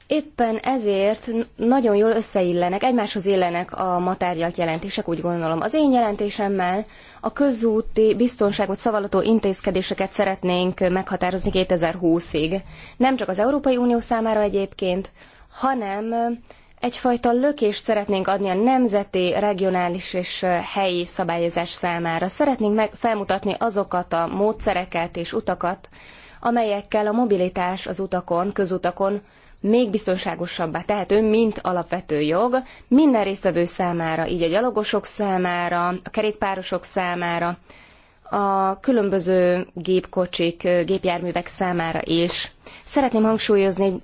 Éppen ezért nagyon jól összeillenek, egymáshoz illenek a matárgyalt jelentések, úgy gondolom. Az én jelentésemmel a közúti biztonságot szavalató intézkedéseket szeretnénk meghatározni 2020-ig. Nem csak az Európai Unió számára egyébként, hanem egyfajta lökést szeretnénk adni a nemzeti, regionális és helyi szabályozás számára. Szeretnénk meg felmutatni azokat a módszereket és utakat, amelyekkel a mobilitás az utakon, közutakon még biztonságosabbá tehető, mint alapvető jog minden résztvevő számára, így a gyalogosok számára, a kerékpárosok számára, a különböző gépkocsik, gépjárművek számára is. Szeretném hangsúlyozni, hogy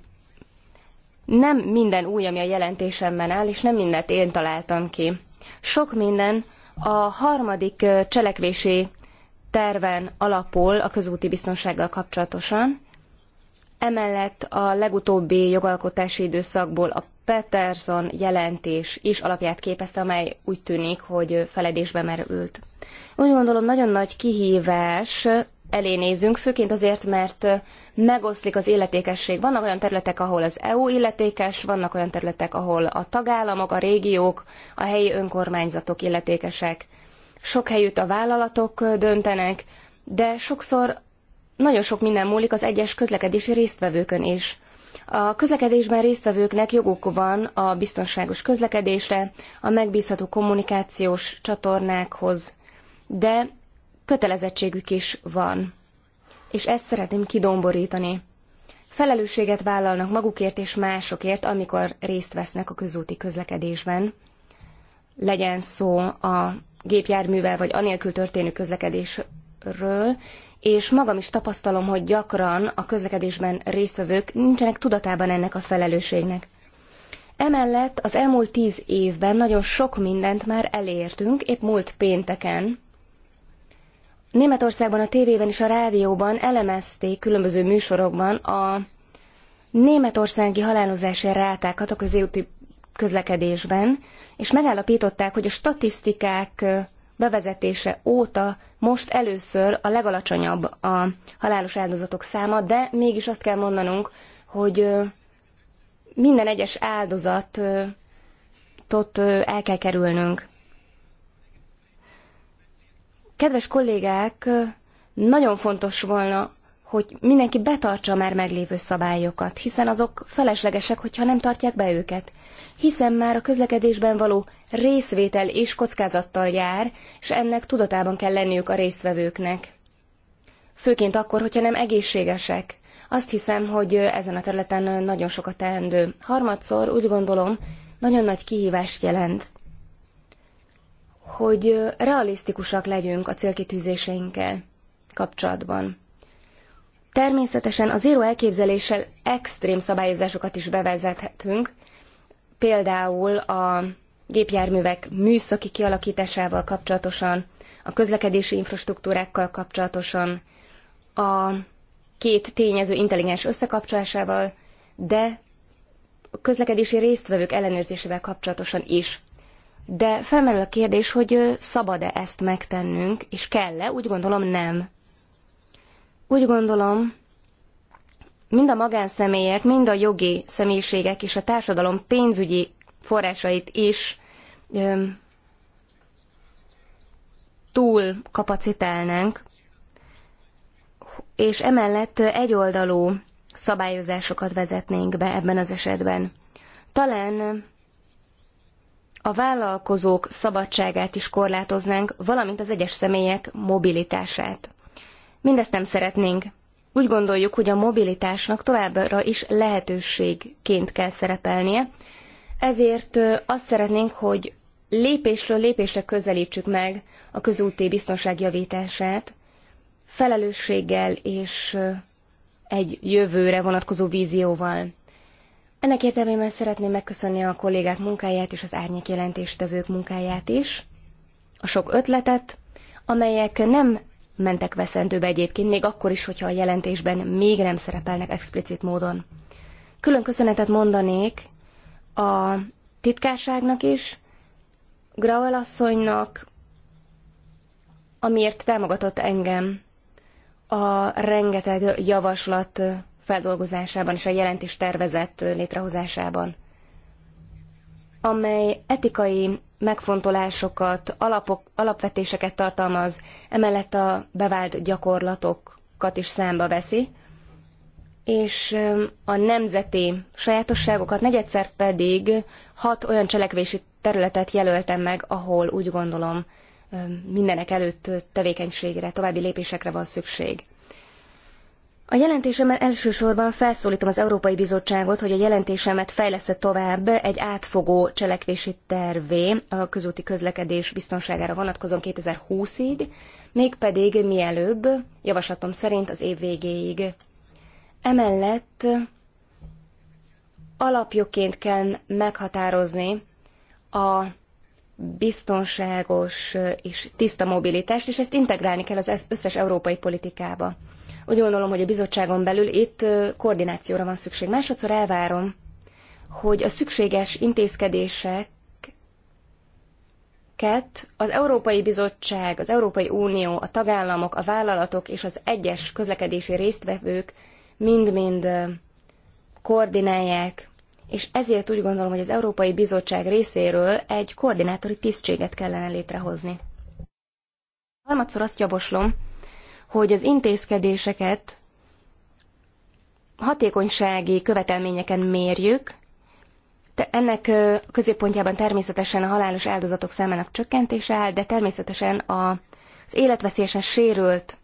nem minden új, ami a jelentésemben áll, és nem mindent én találtam ki. Sok minden a harmadik cselekvési terven alapul a közúti biztonsággal kapcsolatosan, Emellett a legutóbbi jogalkotási időszakból a Peterson jelentés is alapját képezte, amely úgy tűnik, hogy feledésbe merült. Úgy gondolom, nagyon nagy kihívás elé nézünk, főként azért, mert megoszlik az illetékesség. Vannak olyan területek, ahol az EU illetékes, vannak olyan területek, ahol a tagállamok, a régiók, a helyi önkormányzatok illetékesek. Sok helyütt a vállalatok döntenek, de sokszor nagyon sok minden múlik az egyes közlekedési résztvevőkön is. A közlekedésben résztvevőknek joguk van a biztonságos közlekedésre, a megbízható kommunikációs csatornákhoz, de kötelezettségük is van. És ezt szeretném kidomborítani. Felelősséget vállalnak magukért és másokért, amikor részt vesznek a közúti közlekedésben. Legyen szó a gépjárművel vagy anélkül történő közlekedésről, és magam is tapasztalom, hogy gyakran a közlekedésben résztvevők nincsenek tudatában ennek a felelősségnek. Emellett az elmúlt tíz évben nagyon sok mindent már elértünk, épp múlt pénteken. Németországban a tévében és a rádióban elemezték különböző műsorokban a németországi halálozási rátákat a közúti közlekedésben, és megállapították, hogy a statisztikák bevezetése óta most először a legalacsonyabb a halálos áldozatok száma, de mégis azt kell mondanunk, hogy minden egyes áldozatot el kell kerülnünk. Kedves kollégák, nagyon fontos volna hogy mindenki betartsa már meglévő szabályokat, hiszen azok feleslegesek, hogyha nem tartják be őket. Hiszen már a közlekedésben való részvétel és kockázattal jár, és ennek tudatában kell lenniük a résztvevőknek. Főként akkor, hogyha nem egészségesek. Azt hiszem, hogy ezen a területen nagyon sokat teendő. Harmadszor úgy gondolom, nagyon nagy kihívást jelent, hogy realisztikusak legyünk a célkitűzéseinkkel kapcsolatban. Természetesen a zéró elképzeléssel extrém szabályozásokat is bevezethetünk, például a gépjárművek műszaki kialakításával kapcsolatosan, a közlekedési infrastruktúrákkal kapcsolatosan, a két tényező intelligens összekapcsolásával, de a közlekedési résztvevők ellenőrzésével kapcsolatosan is. De felmerül a kérdés, hogy szabad-e ezt megtennünk, és kell-e? Úgy gondolom nem. Úgy gondolom, mind a magánszemélyek, mind a jogi személyiségek és a társadalom pénzügyi forrásait is öm, túl kapacitálnánk, és emellett egyoldalú szabályozásokat vezetnénk be ebben az esetben. Talán a vállalkozók szabadságát is korlátoznánk, valamint az egyes személyek mobilitását. Mindezt nem szeretnénk. Úgy gondoljuk, hogy a mobilitásnak továbbra is lehetőségként kell szerepelnie, ezért azt szeretnénk, hogy lépésről lépésre közelítsük meg a közúti biztonság javítását, felelősséggel és egy jövőre vonatkozó vízióval. Ennek értelmében szeretném megköszönni a kollégák munkáját és az árnyék jelentéstevők munkáját is, a sok ötletet, amelyek nem mentek veszendőbe egyébként, még akkor is, hogyha a jelentésben még nem szerepelnek explicit módon. Külön köszönetet mondanék a titkárságnak is, Grauel asszonynak, amiért támogatott engem a rengeteg javaslat feldolgozásában és a jelentés tervezett létrehozásában, amely etikai megfontolásokat, alapok, alapvetéseket tartalmaz, emellett a bevált gyakorlatokat is számba veszi, és a nemzeti sajátosságokat, negyedszer pedig hat olyan cselekvési területet jelöltem meg, ahol úgy gondolom mindenek előtt tevékenységre, további lépésekre van szükség. A jelentésemmel elsősorban felszólítom az Európai Bizottságot, hogy a jelentésemet fejleszte tovább egy átfogó cselekvési tervé a közúti közlekedés biztonságára vonatkozóan 2020-ig, mégpedig mielőbb, javaslatom szerint az év végéig. Emellett alapjogként kell meghatározni a biztonságos és tiszta mobilitást, és ezt integrálni kell az összes európai politikába úgy gondolom, hogy a bizottságon belül itt koordinációra van szükség. Másodszor elvárom, hogy a szükséges intézkedések az Európai Bizottság, az Európai Unió, a tagállamok, a vállalatok és az egyes közlekedési résztvevők mind-mind koordinálják, és ezért úgy gondolom, hogy az Európai Bizottság részéről egy koordinátori tisztséget kellene létrehozni. Harmadszor azt javaslom, hogy az intézkedéseket hatékonysági követelményeken mérjük, de ennek középpontjában természetesen a halálos áldozatok számának csökkentése áll, de természetesen az életveszélyesen sérült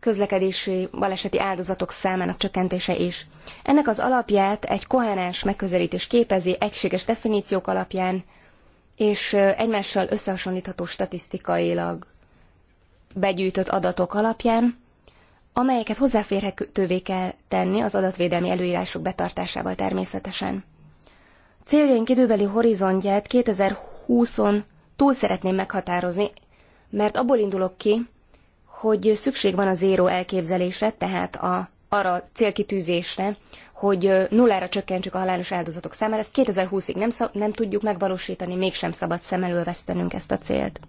közlekedési baleseti áldozatok számának csökkentése is. Ennek az alapját egy koherens megközelítés képezi egységes definíciók alapján, és egymással összehasonlítható statisztikailag begyűjtött adatok alapján, amelyeket hozzáférhetővé kell tenni az adatvédelmi előírások betartásával természetesen. Céljaink időbeli horizontját 2020-on túl szeretném meghatározni, mert abból indulok ki, hogy szükség van a zéró elképzelésre, tehát a, arra célkitűzésre, hogy nullára csökkentsük a halálos áldozatok számát. Ezt 2020-ig nem, nem tudjuk megvalósítani, mégsem szabad szem elől vesztenünk ezt a célt.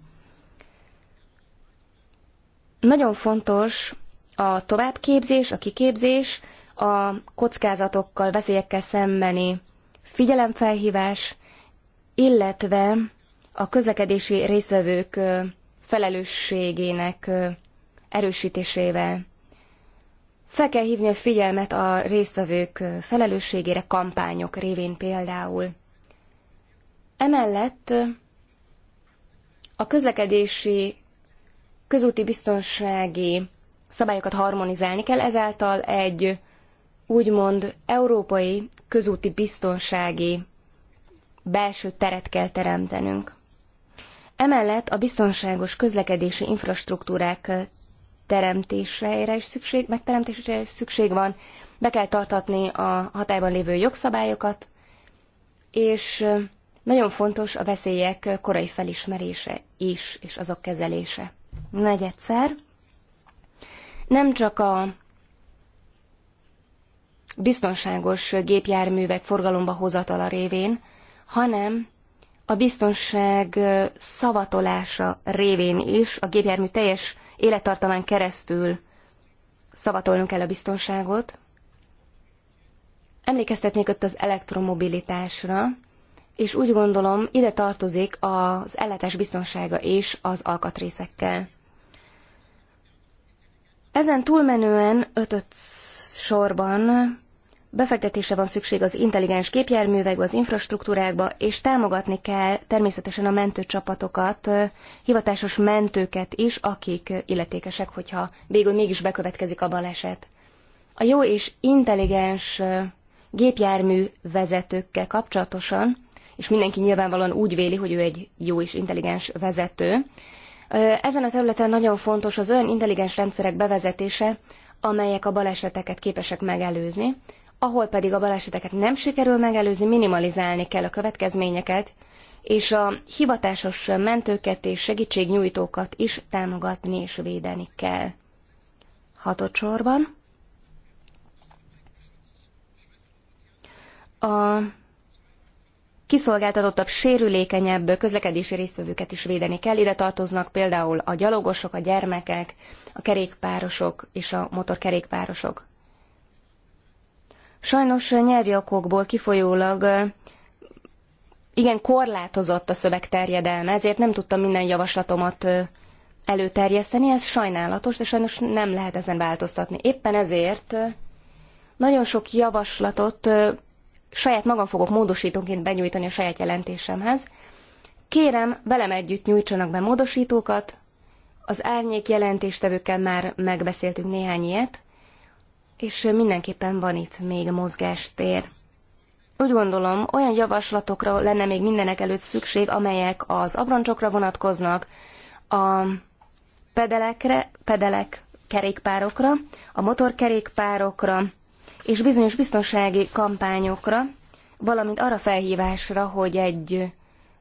Nagyon fontos a továbbképzés, a kiképzés, a kockázatokkal, veszélyekkel szembeni figyelemfelhívás, illetve a közlekedési részvevők felelősségének erősítésével. Fel kell hívni a figyelmet a résztvevők felelősségére kampányok révén például. Emellett a közlekedési közúti biztonsági szabályokat harmonizálni kell, ezáltal egy úgymond európai közúti biztonsági belső teret kell teremtenünk. Emellett a biztonságos közlekedési infrastruktúrák teremtésére is szükség, megteremtésére is szükség van, be kell tartatni a hatályban lévő jogszabályokat, és nagyon fontos a veszélyek korai felismerése is, és azok kezelése negyedszer. Nem csak a biztonságos gépjárművek forgalomba hozatala révén, hanem a biztonság szavatolása révén is, a gépjármű teljes élettartamán keresztül szavatolnunk kell a biztonságot. Emlékeztetnék ott az elektromobilitásra, és úgy gondolom, ide tartozik az ellátás biztonsága és az alkatrészekkel ezen túlmenően ötöt sorban befektetésre van szükség az intelligens képjárművekbe, az infrastruktúrákba, és támogatni kell természetesen a mentőcsapatokat, hivatásos mentőket is, akik illetékesek, hogyha végül mégis bekövetkezik a baleset. A jó és intelligens gépjármű vezetőkkel kapcsolatosan, és mindenki nyilvánvalóan úgy véli, hogy ő egy jó és intelligens vezető, ezen a területen nagyon fontos az olyan intelligens rendszerek bevezetése, amelyek a baleseteket képesek megelőzni, ahol pedig a baleseteket nem sikerül megelőzni, minimalizálni kell a következményeket, és a hivatásos mentőket és segítségnyújtókat is támogatni és védeni kell. Hatott sorban. A kiszolgáltatottabb, sérülékenyebb közlekedési résztvevőket is védeni kell. Ide tartoznak például a gyalogosok, a gyermekek, a kerékpárosok és a motorkerékpárosok. Sajnos nyelvi okokból kifolyólag igen korlátozott a szöveg terjedelme, ezért nem tudtam minden javaslatomat előterjeszteni, ez sajnálatos, de sajnos nem lehet ezen változtatni. Éppen ezért nagyon sok javaslatot saját magam fogok módosítóként benyújtani a saját jelentésemhez. Kérem, velem együtt nyújtsanak be módosítókat, az árnyék jelentéstevőkkel már megbeszéltünk néhány ilyet, és mindenképpen van itt még mozgástér. Úgy gondolom, olyan javaslatokra lenne még mindenek előtt szükség, amelyek az abroncsokra vonatkoznak, a pedelekre, pedelek kerékpárokra, a motorkerékpárokra, és bizonyos biztonsági kampányokra, valamint arra felhívásra, hogy egy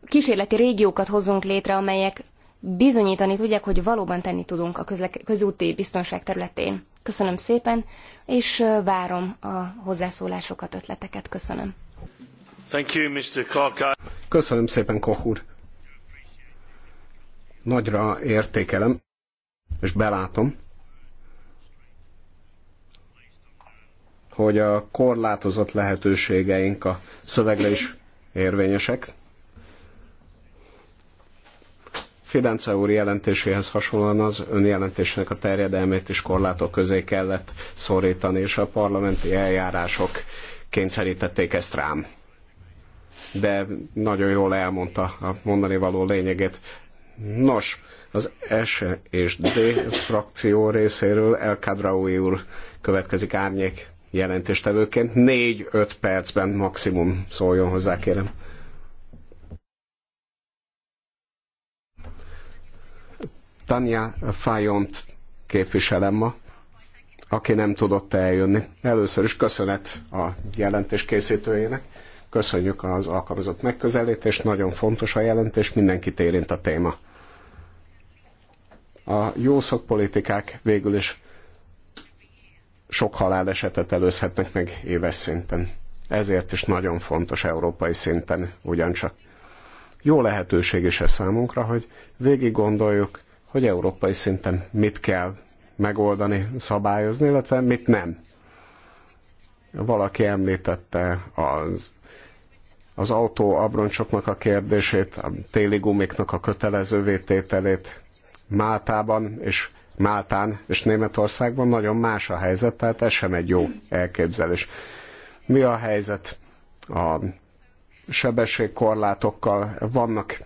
kísérleti régiókat hozzunk létre, amelyek bizonyítani tudják, hogy valóban tenni tudunk a közúti biztonság területén. Köszönöm szépen, és várom a hozzászólásokat, ötleteket. Köszönöm. Thank you, Mr. Köszönöm szépen, Koch úr. Nagyra értékelem, és belátom, hogy a korlátozott lehetőségeink a szövegre is érvényesek. Fidence úr jelentéséhez hasonlóan az önjelentésnek a terjedelmét is korlátok közé kellett szorítani, és a parlamenti eljárások kényszerítették ezt rám. De nagyon jól elmondta a mondani való lényegét. Nos, az S és D frakció részéről El Kadraui úr következik árnyék jelentéstevőként. Négy-öt percben maximum szóljon hozzá, kérem. Tanya Fajont képviselem ma, aki nem tudott eljönni. Először is köszönet a jelentés készítőjének. Köszönjük az alkalmazott megközelítést, nagyon fontos a jelentés, mindenkit érint a téma. A jó szakpolitikák végül is sok halálesetet előzhetnek meg éves szinten. Ezért is nagyon fontos európai szinten ugyancsak. Jó lehetőség is ez számunkra, hogy végig gondoljuk, hogy európai szinten mit kell megoldani, szabályozni, illetve mit nem. Valaki említette az, az autó abroncsoknak a kérdését, a téli gumiknak a kötelező vétételét Máltában, és Máltán és Németországban nagyon más a helyzet, tehát ez sem egy jó elképzelés. Mi a helyzet a sebességkorlátokkal? Vannak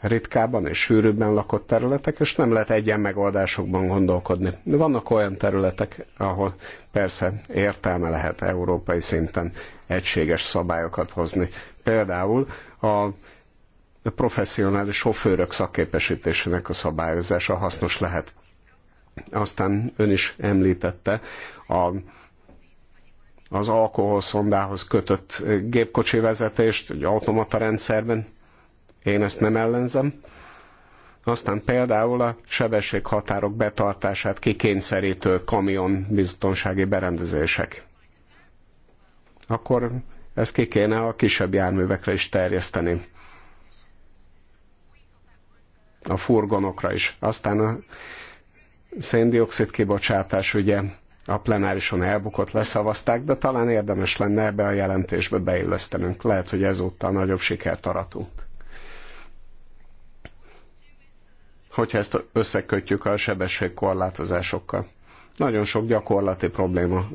ritkábban és sűrűbben lakott területek, és nem lehet egyen megoldásokban gondolkodni. Vannak olyan területek, ahol persze értelme lehet európai szinten egységes szabályokat hozni. Például a professzionális sofőrök szakképesítésének a szabályozása hasznos lehet. Aztán ön is említette a, az alkoholszondához kötött gépkocsi vezetést, egy automata rendszerben. Én ezt nem ellenzem. Aztán például a sebességhatárok betartását kikényszerítő kamion biztonsági berendezések. Akkor ezt ki kéne a kisebb járművekre is terjeszteni. A furgonokra is. Aztán a széndiokszid kibocsátás ugye a plenárison elbukott, leszavazták, de talán érdemes lenne ebbe a jelentésbe beillesztenünk. Lehet, hogy ezúttal nagyobb sikert aratunk. Hogyha ezt összekötjük a sebességkorlátozásokkal. Nagyon sok gyakorlati probléma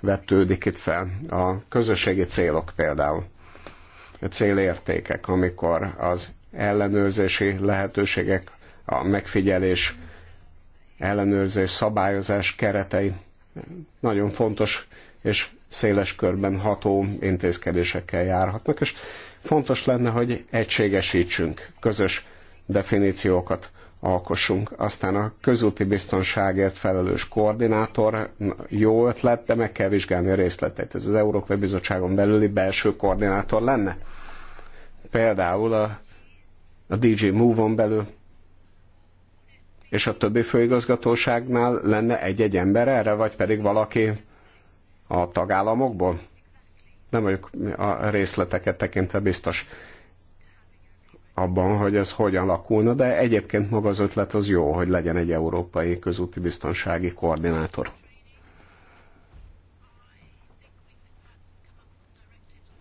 vetődik itt fel. A közösségi célok például. A célértékek, amikor az ellenőrzési lehetőségek, a megfigyelés ellenőrzés, szabályozás keretei nagyon fontos és széles körben ható intézkedésekkel járhatnak, és fontos lenne, hogy egységesítsünk, közös definíciókat alkossunk. Aztán a közúti biztonságért felelős koordinátor jó ötlet, de meg kell vizsgálni a részleteit. Ez az Európai Bizottságon belüli belső koordinátor lenne. Például a, a DG Move-on belül és a többi főigazgatóságnál lenne egy-egy ember erre, vagy pedig valaki a tagállamokból? Nem vagyok a részleteket tekintve biztos abban, hogy ez hogyan lakulna, de egyébként maga az ötlet az jó, hogy legyen egy európai közúti biztonsági koordinátor.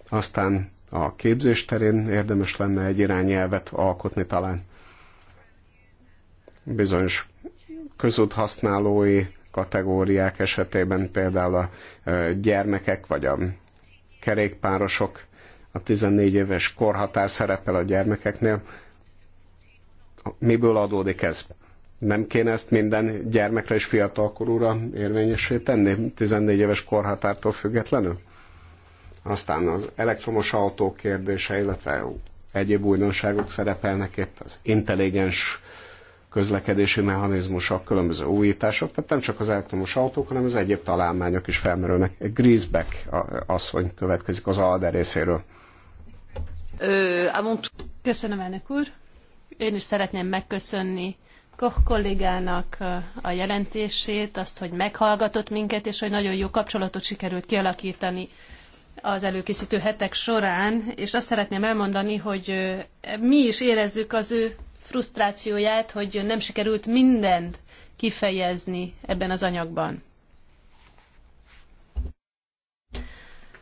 Aztán a képzés terén érdemes lenne egy irányelvet alkotni talán bizonyos közúthasználói kategóriák esetében, például a gyermekek vagy a kerékpárosok, a 14 éves korhatár szerepel a gyermekeknél. Miből adódik ez? Nem kéne ezt minden gyermekre és fiatalkorúra érvényesé tenni, 14 éves korhatártól függetlenül? Aztán az elektromos autók kérdése, illetve egyéb újdonságok szerepelnek itt, az intelligens közlekedési mechanizmusok, különböző újítások, tehát nem csak az elektromos autók, hanem az egyéb találmányok is felmerülnek. Griesbeck asszony következik az ALDE részéről. Köszönöm, elnök úr. Én is szeretném megköszönni Koch kollégának a jelentését, azt, hogy meghallgatott minket, és hogy nagyon jó kapcsolatot sikerült kialakítani az előkészítő hetek során, és azt szeretném elmondani, hogy mi is érezzük az ő frusztrációját, hogy nem sikerült mindent kifejezni ebben az anyagban.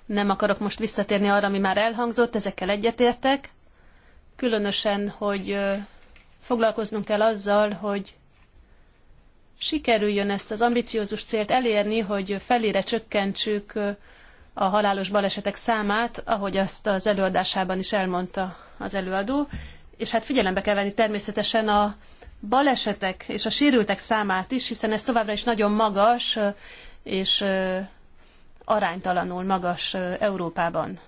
Nem akarok most visszatérni arra, ami már elhangzott, ezekkel egyetértek. Különösen, hogy foglalkoznunk kell azzal, hogy sikerüljön ezt az ambiciózus célt elérni, hogy felére csökkentsük a halálos balesetek számát, ahogy azt az előadásában is elmondta az előadó, és hát figyelembe kell venni természetesen a balesetek és a sérültek számát is, hiszen ez továbbra is nagyon magas és aránytalanul magas Európában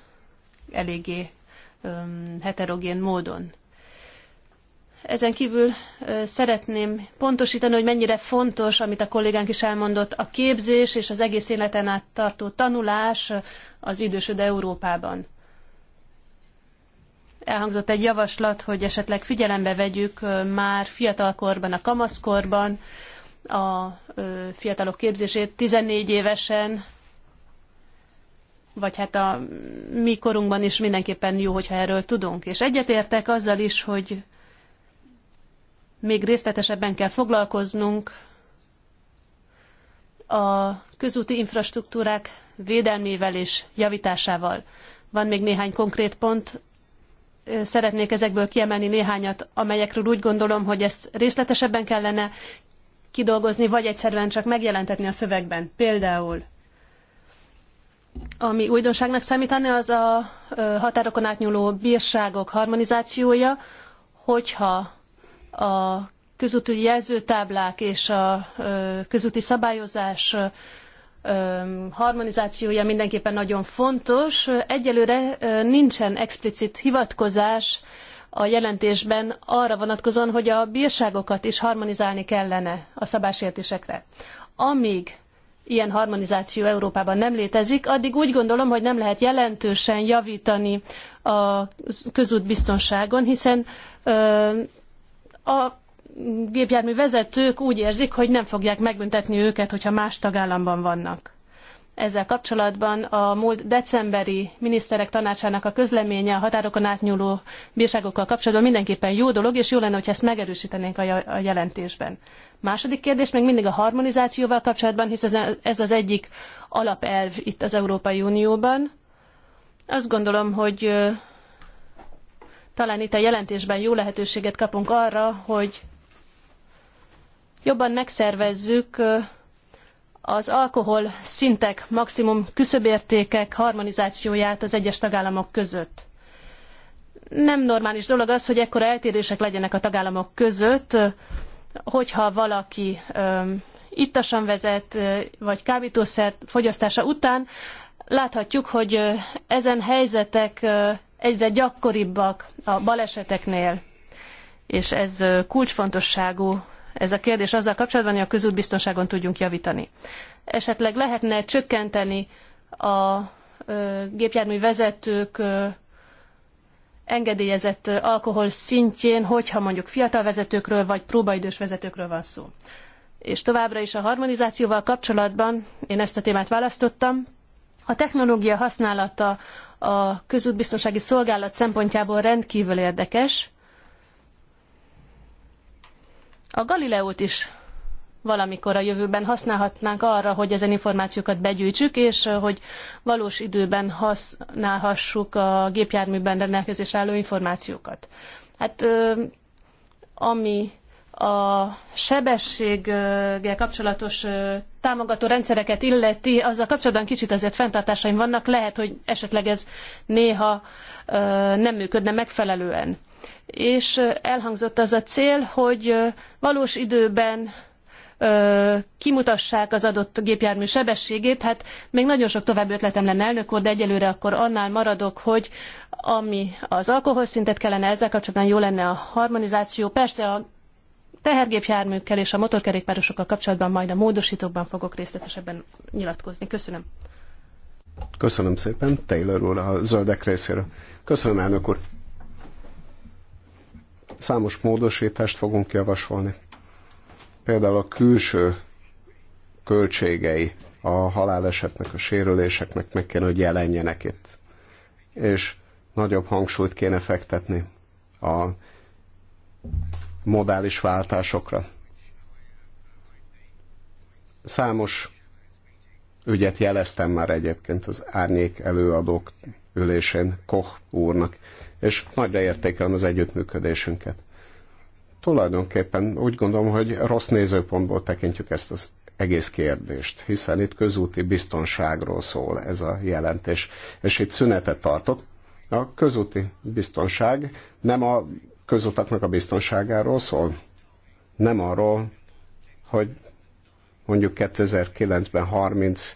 eléggé heterogén módon. Ezen kívül szeretném pontosítani, hogy mennyire fontos, amit a kollégánk is elmondott, a képzés és az egész életen át tartó tanulás az idősöd Európában elhangzott egy javaslat, hogy esetleg figyelembe vegyük már fiatalkorban, a kamaszkorban a fiatalok képzését 14 évesen, vagy hát a mi korunkban is mindenképpen jó, hogyha erről tudunk. És egyetértek azzal is, hogy még részletesebben kell foglalkoznunk a közúti infrastruktúrák védelmével és javításával. Van még néhány konkrét pont, szeretnék ezekből kiemelni néhányat, amelyekről úgy gondolom, hogy ezt részletesebben kellene kidolgozni, vagy egyszerűen csak megjelentetni a szövegben. Például, ami újdonságnak számítani, az a határokon átnyúló bírságok harmonizációja, hogyha a közúti jelzőtáblák és a közúti szabályozás harmonizációja mindenképpen nagyon fontos. Egyelőre nincsen explicit hivatkozás a jelentésben arra vonatkozóan, hogy a bírságokat is harmonizálni kellene a szabásértésekre. Amíg ilyen harmonizáció Európában nem létezik, addig úgy gondolom, hogy nem lehet jelentősen javítani a közút biztonságon, hiszen a gépjármű vezetők úgy érzik, hogy nem fogják megbüntetni őket, hogyha más tagállamban vannak. Ezzel kapcsolatban a múlt decemberi miniszterek tanácsának a közleménye a határokon átnyúló bírságokkal kapcsolatban mindenképpen jó dolog, és jó lenne, hogyha ezt megerősítenénk a jelentésben. Második kérdés még mindig a harmonizációval kapcsolatban, hisz ez az egyik alapelv itt az Európai Unióban. Azt gondolom, hogy talán itt a jelentésben jó lehetőséget kapunk arra, hogy jobban megszervezzük az alkohol szintek maximum küszöbértékek harmonizációját az egyes tagállamok között. Nem normális dolog az, hogy ekkora eltérések legyenek a tagállamok között, hogyha valaki ittasan vezet, vagy kábítószer fogyasztása után, láthatjuk, hogy ezen helyzetek egyre gyakoribbak a baleseteknél, és ez kulcsfontosságú ez a kérdés azzal kapcsolatban, hogy a közútbiztonságon tudjunk javítani. Esetleg lehetne csökkenteni a gépjármű vezetők engedélyezett alkohol szintjén, hogyha mondjuk fiatal vezetőkről vagy próbaidős vezetőkről van szó. És továbbra is a harmonizációval kapcsolatban, én ezt a témát választottam, a technológia használata a közútbiztonsági szolgálat szempontjából rendkívül érdekes, a Galileót is valamikor a jövőben használhatnánk arra, hogy ezen információkat begyűjtsük, és hogy valós időben használhassuk a gépjárműben rendelkezésre álló információkat. Hát ami a sebességgel kapcsolatos támogató rendszereket illeti, azzal kapcsolatban kicsit azért fenntartásaim vannak, lehet, hogy esetleg ez néha nem működne megfelelően és elhangzott az a cél, hogy valós időben kimutassák az adott gépjármű sebességét. Hát még nagyon sok további ötletem lenne elnök úr, de egyelőre akkor annál maradok, hogy ami az alkoholszintet kellene ezzel kapcsolatban jó lenne a harmonizáció. Persze a tehergépjárműkkel és a motorkerékpárosokkal kapcsolatban majd a módosítókban fogok részletesebben nyilatkozni. Köszönöm. Köszönöm szépen, Taylor úr, a zöldek részéről. Köszönöm, elnök úr. Számos módosítást fogunk javasolni. Például a külső költségei a halálesetnek, a sérüléseknek meg kell, hogy jelenjenek itt. És nagyobb hangsúlyt kéne fektetni a modális váltásokra. Számos ügyet jeleztem már egyébként az árnyék előadók ülésén Koch úrnak, és nagyra értékelem az együttműködésünket. Tulajdonképpen úgy gondolom, hogy rossz nézőpontból tekintjük ezt az egész kérdést, hiszen itt közúti biztonságról szól ez a jelentés, és itt szünetet tartott. A közúti biztonság nem a közutaknak a biztonságáról szól, nem arról, hogy mondjuk 2009-ben 30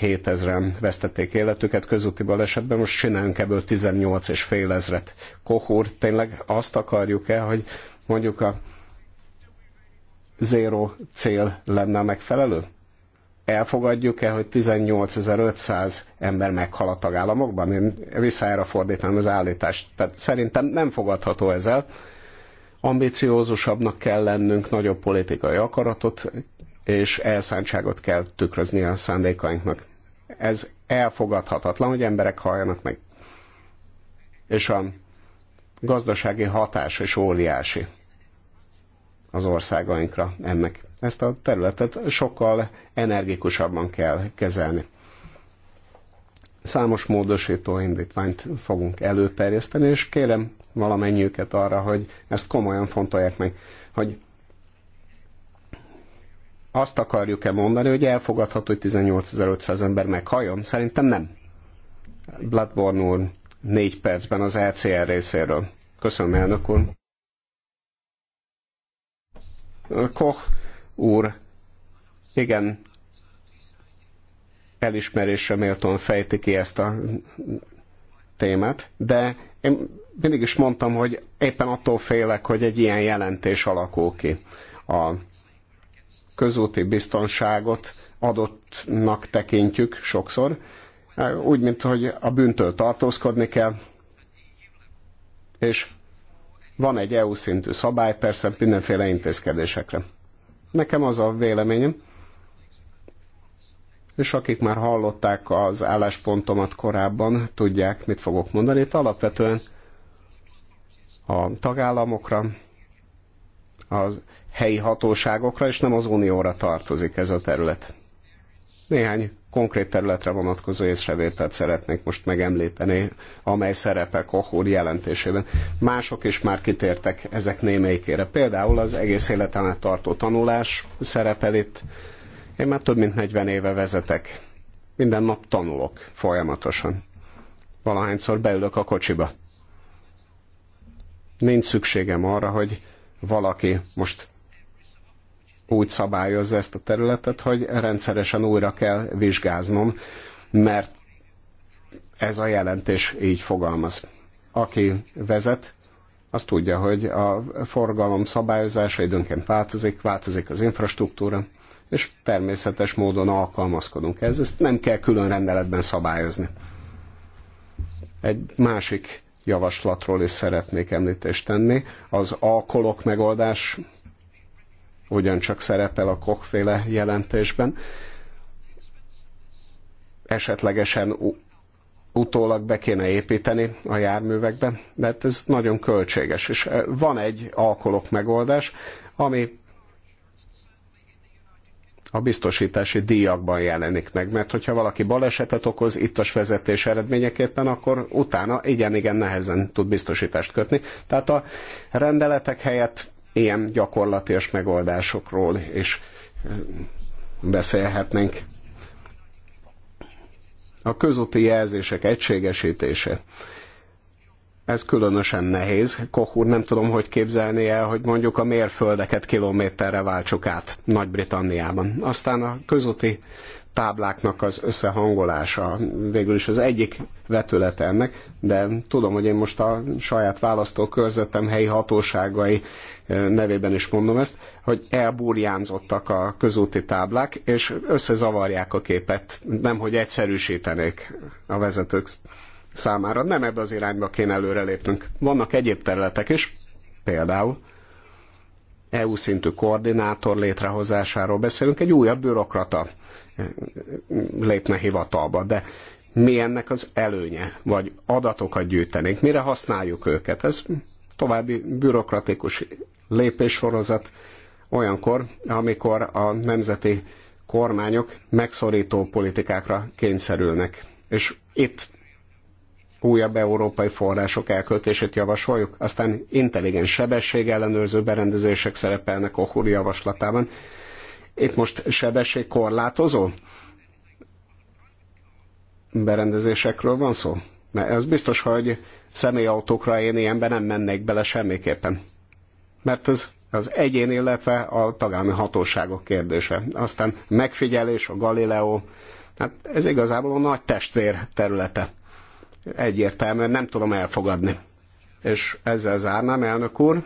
7000-en vesztették életüket közúti balesetben, most csinálunk ebből 18 és fél ezret. Kohúr, tényleg azt akarjuk-e, hogy mondjuk a zéro cél lenne a megfelelő? Elfogadjuk-e, hogy 18.500 ember meghal a tagállamokban? Én erre fordítanám az állítást. Tehát szerintem nem fogadható ezzel ambiciózusabbnak kell lennünk, nagyobb politikai akaratot és elszántságot kell tükrözni a szándékainknak. Ez elfogadhatatlan, hogy emberek halljanak meg. És a gazdasági hatás és óriási az országainkra ennek. Ezt a területet sokkal energikusabban kell kezelni. Számos módosító indítványt fogunk előterjeszteni, és kérem valamennyiüket arra, hogy ezt komolyan fontolják meg, hogy azt akarjuk-e mondani, hogy elfogadható, hogy 18.500 ember meghalljon? Szerintem nem. Bloodborne úr, négy percben az ECR részéről. Köszönöm, elnök úr. Koch úr, igen, elismerésre méltóan fejti ki ezt a témát, de én mindig is mondtam, hogy éppen attól félek, hogy egy ilyen jelentés alakul ki a közúti biztonságot adottnak tekintjük sokszor, úgy, mint hogy a bűntől tartózkodni kell, és van egy EU szintű szabály, persze mindenféle intézkedésekre. Nekem az a véleményem, és akik már hallották az álláspontomat korábban, tudják, mit fogok mondani. Itt alapvetően a tagállamokra, a helyi hatóságokra, és nem az unióra tartozik ez a terület. Néhány konkrét területre vonatkozó észrevételt szeretnék most megemlíteni, amely szerepel Kohúr jelentésében. Mások is már kitértek ezek némelyikére. Például az egész életen át tartó tanulás szerepel itt. Én már több mint 40 éve vezetek. Minden nap tanulok folyamatosan. Valahányszor beülök a kocsiba. Nincs szükségem arra, hogy valaki most úgy szabályozza ezt a területet, hogy rendszeresen újra kell vizsgáznom, mert ez a jelentés így fogalmaz. Aki vezet, az tudja, hogy a forgalom szabályozása időnként változik, változik az infrastruktúra, és természetes módon alkalmazkodunk ez. Ezt nem kell külön rendeletben szabályozni. Egy másik javaslatról is szeretnék említést tenni. Az alkolok megoldás ugyancsak szerepel a kokféle jelentésben. Esetlegesen utólag be kéne építeni a járművekbe, mert hát ez nagyon költséges. És e, van egy alkolok megoldás, ami a biztosítási díjakban jelenik meg, mert hogyha valaki balesetet okoz ittas vezetés eredményeképpen, akkor utána igen-igen nehezen tud biztosítást kötni. Tehát a rendeletek helyett ilyen gyakorlatias megoldásokról is beszélhetnénk. A közúti jelzések egységesítése ez különösen nehéz. Koch úr, nem tudom, hogy képzelni el, hogy mondjuk a mérföldeket kilométerre váltsuk át Nagy-Britanniában. Aztán a közúti tábláknak az összehangolása végül is az egyik vetülete ennek, de tudom, hogy én most a saját választókörzetem helyi hatóságai eh, nevében is mondom ezt, hogy elbúrjánzottak a közúti táblák, és összezavarják a képet, nem hogy egyszerűsítenék a vezetők számára. Nem ebbe az irányba kéne előrelépnünk. Vannak egyéb területek is, például EU szintű koordinátor létrehozásáról beszélünk, egy újabb bürokrata eh, lépne hivatalba, de mi ennek az előnye, vagy adatokat gyűjtenénk, mire használjuk őket. Ez további bürokratikus lépéssorozat olyankor, amikor a nemzeti kormányok megszorító politikákra kényszerülnek. És itt újabb európai források elköltését javasoljuk, aztán intelligens sebesség ellenőrző berendezések szerepelnek a húri javaslatában. Itt most sebesség korlátozó berendezésekről van szó? Mert ez biztos, hogy személyautókra én ilyenben nem mennék bele semmiképpen. Mert ez az egyén, illetve a tagállami hatóságok kérdése. Aztán megfigyelés, a Galileo, hát ez igazából a nagy testvér területe egyértelműen nem tudom elfogadni. És ezzel zárnám, elnök úr.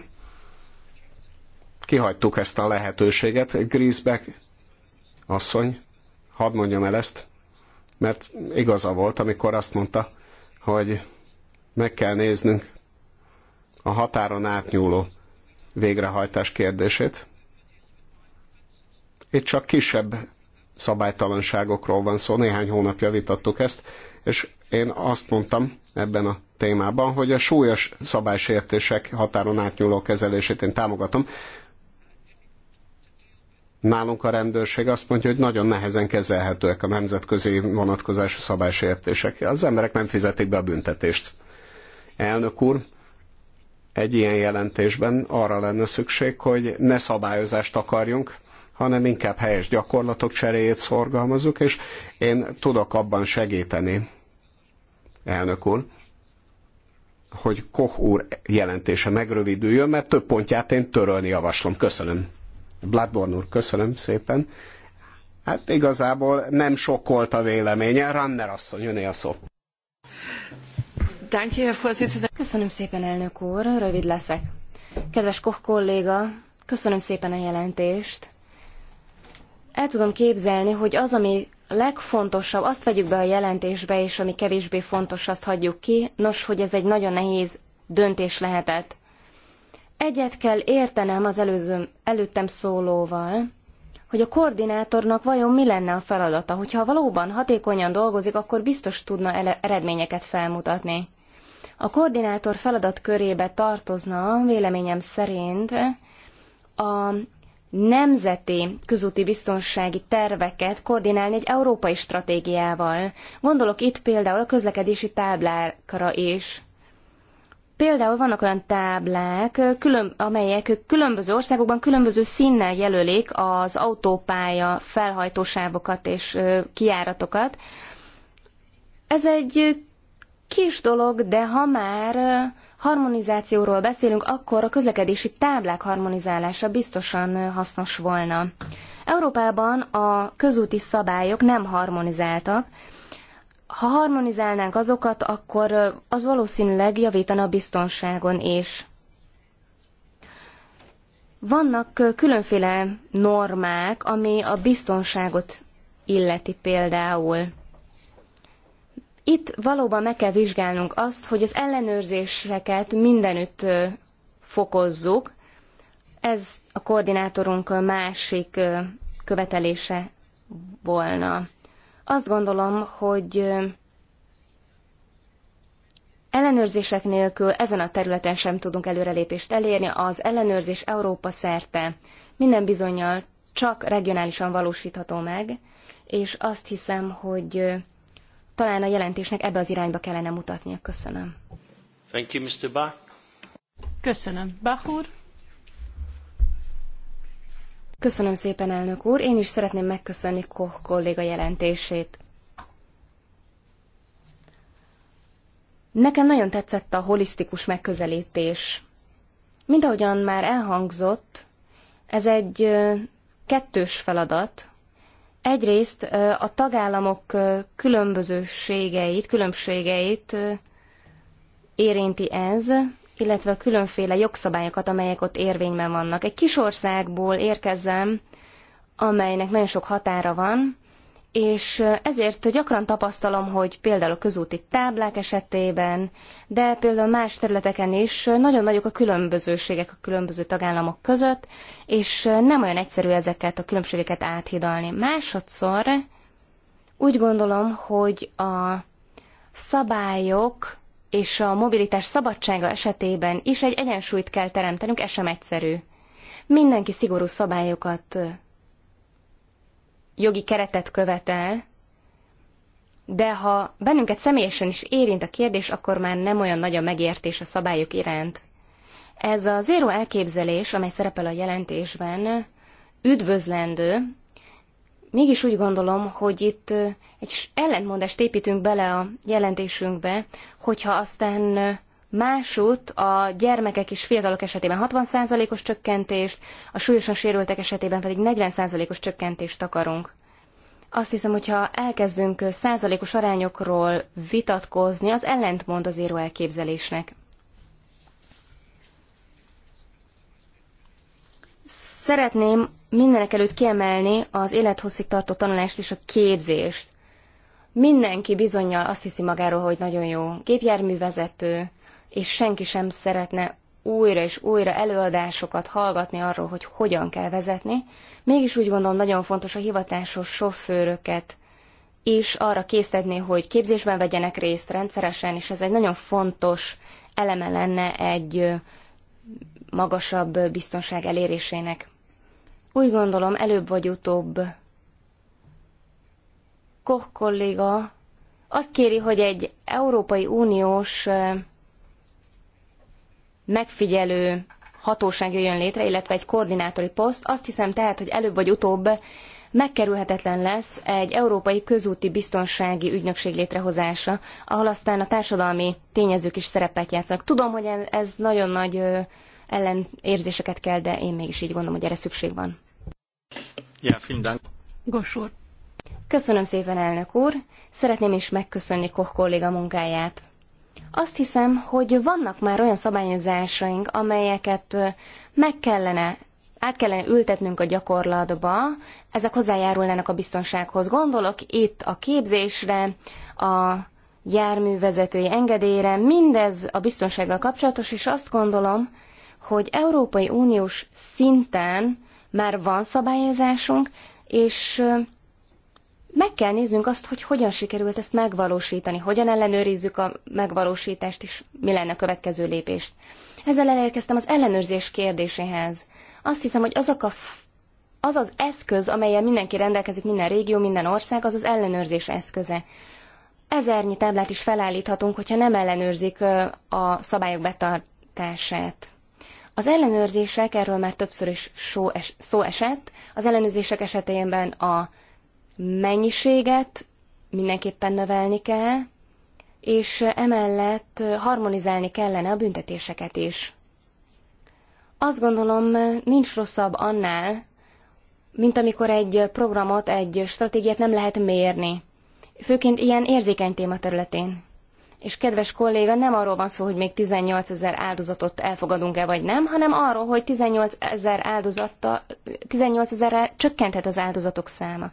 Kihagytuk ezt a lehetőséget. Grisbeck asszony, hadd mondjam el ezt, mert igaza volt, amikor azt mondta, hogy meg kell néznünk a határon átnyúló végrehajtás kérdését. Itt csak kisebb szabálytalanságokról van szó, néhány hónapja vitattuk ezt, és én azt mondtam ebben a témában, hogy a súlyos szabálysértések határon átnyúló kezelését én támogatom. Nálunk a rendőrség azt mondja, hogy nagyon nehezen kezelhetőek a nemzetközi vonatkozású szabálysértések. Az emberek nem fizetik be a büntetést. Elnök úr, egy ilyen jelentésben arra lenne szükség, hogy ne szabályozást akarjunk, hanem inkább helyes gyakorlatok cseréjét szorgalmazunk, és én tudok abban segíteni, elnök úr, hogy Koch úr jelentése megrövidüljön, mert több pontját én törölni javaslom. Köszönöm. Bloodborne úr, köszönöm szépen. Hát igazából nem sokkolt a véleménye. Ranner asszony, jönné a szó. Köszönöm szépen, elnök úr. Rövid leszek. Kedves Koch kolléga, köszönöm szépen a jelentést el tudom képzelni, hogy az, ami legfontosabb, azt vegyük be a jelentésbe, és ami kevésbé fontos, azt hagyjuk ki. Nos, hogy ez egy nagyon nehéz döntés lehetett. Egyet kell értenem az előző, előttem szólóval, hogy a koordinátornak vajon mi lenne a feladata, hogyha valóban hatékonyan dolgozik, akkor biztos tudna eredményeket felmutatni. A koordinátor feladat körébe tartozna véleményem szerint a nemzeti közúti biztonsági terveket koordinálni egy európai stratégiával. Gondolok itt például a közlekedési táblákra is. Például vannak olyan táblák, külön, amelyek különböző országokban különböző színnel jelölik az autópálya felhajtósávokat és kijáratokat. Ez egy kis dolog, de ha már harmonizációról beszélünk, akkor a közlekedési táblák harmonizálása biztosan hasznos volna. Európában a közúti szabályok nem harmonizáltak. Ha harmonizálnánk azokat, akkor az valószínűleg javítana a biztonságon is. Vannak különféle normák, ami a biztonságot illeti például. Itt valóban meg kell vizsgálnunk azt, hogy az ellenőrzéseket mindenütt fokozzuk. Ez a koordinátorunk másik követelése volna. Azt gondolom, hogy ellenőrzések nélkül ezen a területen sem tudunk előrelépést elérni. Az ellenőrzés Európa szerte minden bizonyal csak regionálisan valósítható meg, és azt hiszem, hogy talán a jelentésnek ebbe az irányba kellene mutatnia. Köszönöm. Thank you, Mr. Bach. Köszönöm. Bach úr? Köszönöm szépen, elnök úr. Én is szeretném megköszönni Koch kolléga jelentését. Nekem nagyon tetszett a holisztikus megközelítés. Mint ahogyan már elhangzott, ez egy kettős feladat, Egyrészt a tagállamok különbözőségeit, különbségeit érinti ez, illetve a különféle jogszabályokat, amelyek ott érvényben vannak. Egy kis országból érkezem, amelynek nagyon sok határa van, és ezért gyakran tapasztalom, hogy például a közúti táblák esetében, de például más területeken is nagyon nagyok a különbözőségek a különböző tagállamok között, és nem olyan egyszerű ezeket a különbségeket áthidalni. Másodszor úgy gondolom, hogy a szabályok és a mobilitás szabadsága esetében is egy egyensúlyt kell teremtenünk, ez sem egyszerű. Mindenki szigorú szabályokat jogi keretet követel, de ha bennünket személyesen is érint a kérdés, akkor már nem olyan nagy a megértés a szabályok iránt. Ez a zéró elképzelés, amely szerepel a jelentésben, üdvözlendő, mégis úgy gondolom, hogy itt egy ellentmondást építünk bele a jelentésünkbe, hogyha aztán Másút a gyermekek és fiatalok esetében 60%-os csökkentést, a súlyosan sérültek esetében pedig 40%-os csökkentést akarunk. Azt hiszem, hogyha elkezdünk százalékos arányokról vitatkozni, az ellentmond az író elképzelésnek. Szeretném mindenek előtt kiemelni az élethosszig tartó tanulást és a képzést. Mindenki bizonyal azt hiszi magáról, hogy nagyon jó gépjárművezető, és senki sem szeretne újra és újra előadásokat hallgatni arról, hogy hogyan kell vezetni. Mégis úgy gondolom nagyon fontos a hivatásos sofőröket is arra késztetni, hogy képzésben vegyenek részt rendszeresen, és ez egy nagyon fontos eleme lenne egy magasabb biztonság elérésének. Úgy gondolom, előbb vagy utóbb Koch kolléga azt kéri, hogy egy Európai Uniós megfigyelő hatóság jöjjön létre, illetve egy koordinátori poszt, azt hiszem tehát, hogy előbb vagy utóbb megkerülhetetlen lesz egy európai közúti biztonsági ügynökség létrehozása, ahol aztán a társadalmi tényezők is szerepet játszanak. Tudom, hogy ez nagyon nagy ellenérzéseket kell, de én mégis így gondolom, hogy erre szükség van. Ja, vielen Dank. Köszönöm szépen, elnök úr! Szeretném is megköszönni Koch kolléga munkáját. Azt hiszem, hogy vannak már olyan szabályozásaink, amelyeket meg kellene át kellene ültetnünk a gyakorlatba, ezek hozzájárulnának a biztonsághoz. Gondolok itt a képzésre, a járművezetői engedélyre, mindez a biztonsággal kapcsolatos, és azt gondolom, hogy Európai Uniós szinten már van szabályozásunk, és meg kell néznünk azt, hogy hogyan sikerült ezt megvalósítani, hogyan ellenőrizzük a megvalósítást, és mi lenne a következő lépés. Ezzel elérkeztem az ellenőrzés kérdéséhez. Azt hiszem, hogy azok a az az eszköz, amelyen mindenki rendelkezik, minden régió, minden ország, az az ellenőrzés eszköze. Ezernyi táblát is felállíthatunk, hogyha nem ellenőrzik a szabályok betartását. Az ellenőrzések, erről már többször is szó esett, az ellenőrzések esetében a mennyiséget mindenképpen növelni kell, és emellett harmonizálni kellene a büntetéseket is. Azt gondolom, nincs rosszabb annál, mint amikor egy programot, egy stratégiát nem lehet mérni. Főként ilyen érzékeny téma területén. És kedves kolléga, nem arról van szó, hogy még 18 ezer áldozatot elfogadunk-e vagy nem, hanem arról, hogy 18 ezer 18 000 csökkenthet az áldozatok száma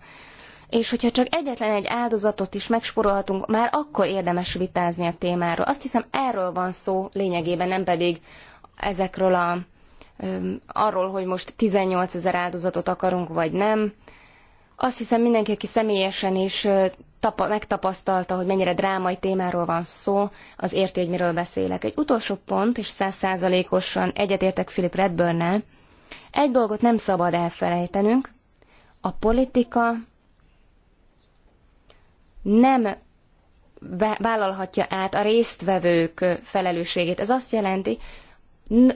és hogyha csak egyetlen egy áldozatot is megsporolhatunk, már akkor érdemes vitázni a témáról. Azt hiszem, erről van szó lényegében, nem pedig ezekről a, arról, hogy most 18 ezer áldozatot akarunk, vagy nem. Azt hiszem, mindenki, aki személyesen is tapa, megtapasztalta, hogy mennyire drámai témáról van szó, az érti, hogy miről beszélek. Egy utolsó pont, és százszázalékosan egyetértek Philip redburn egy dolgot nem szabad elfelejtenünk, a politika nem vállalhatja át a résztvevők felelősségét. Ez azt jelenti,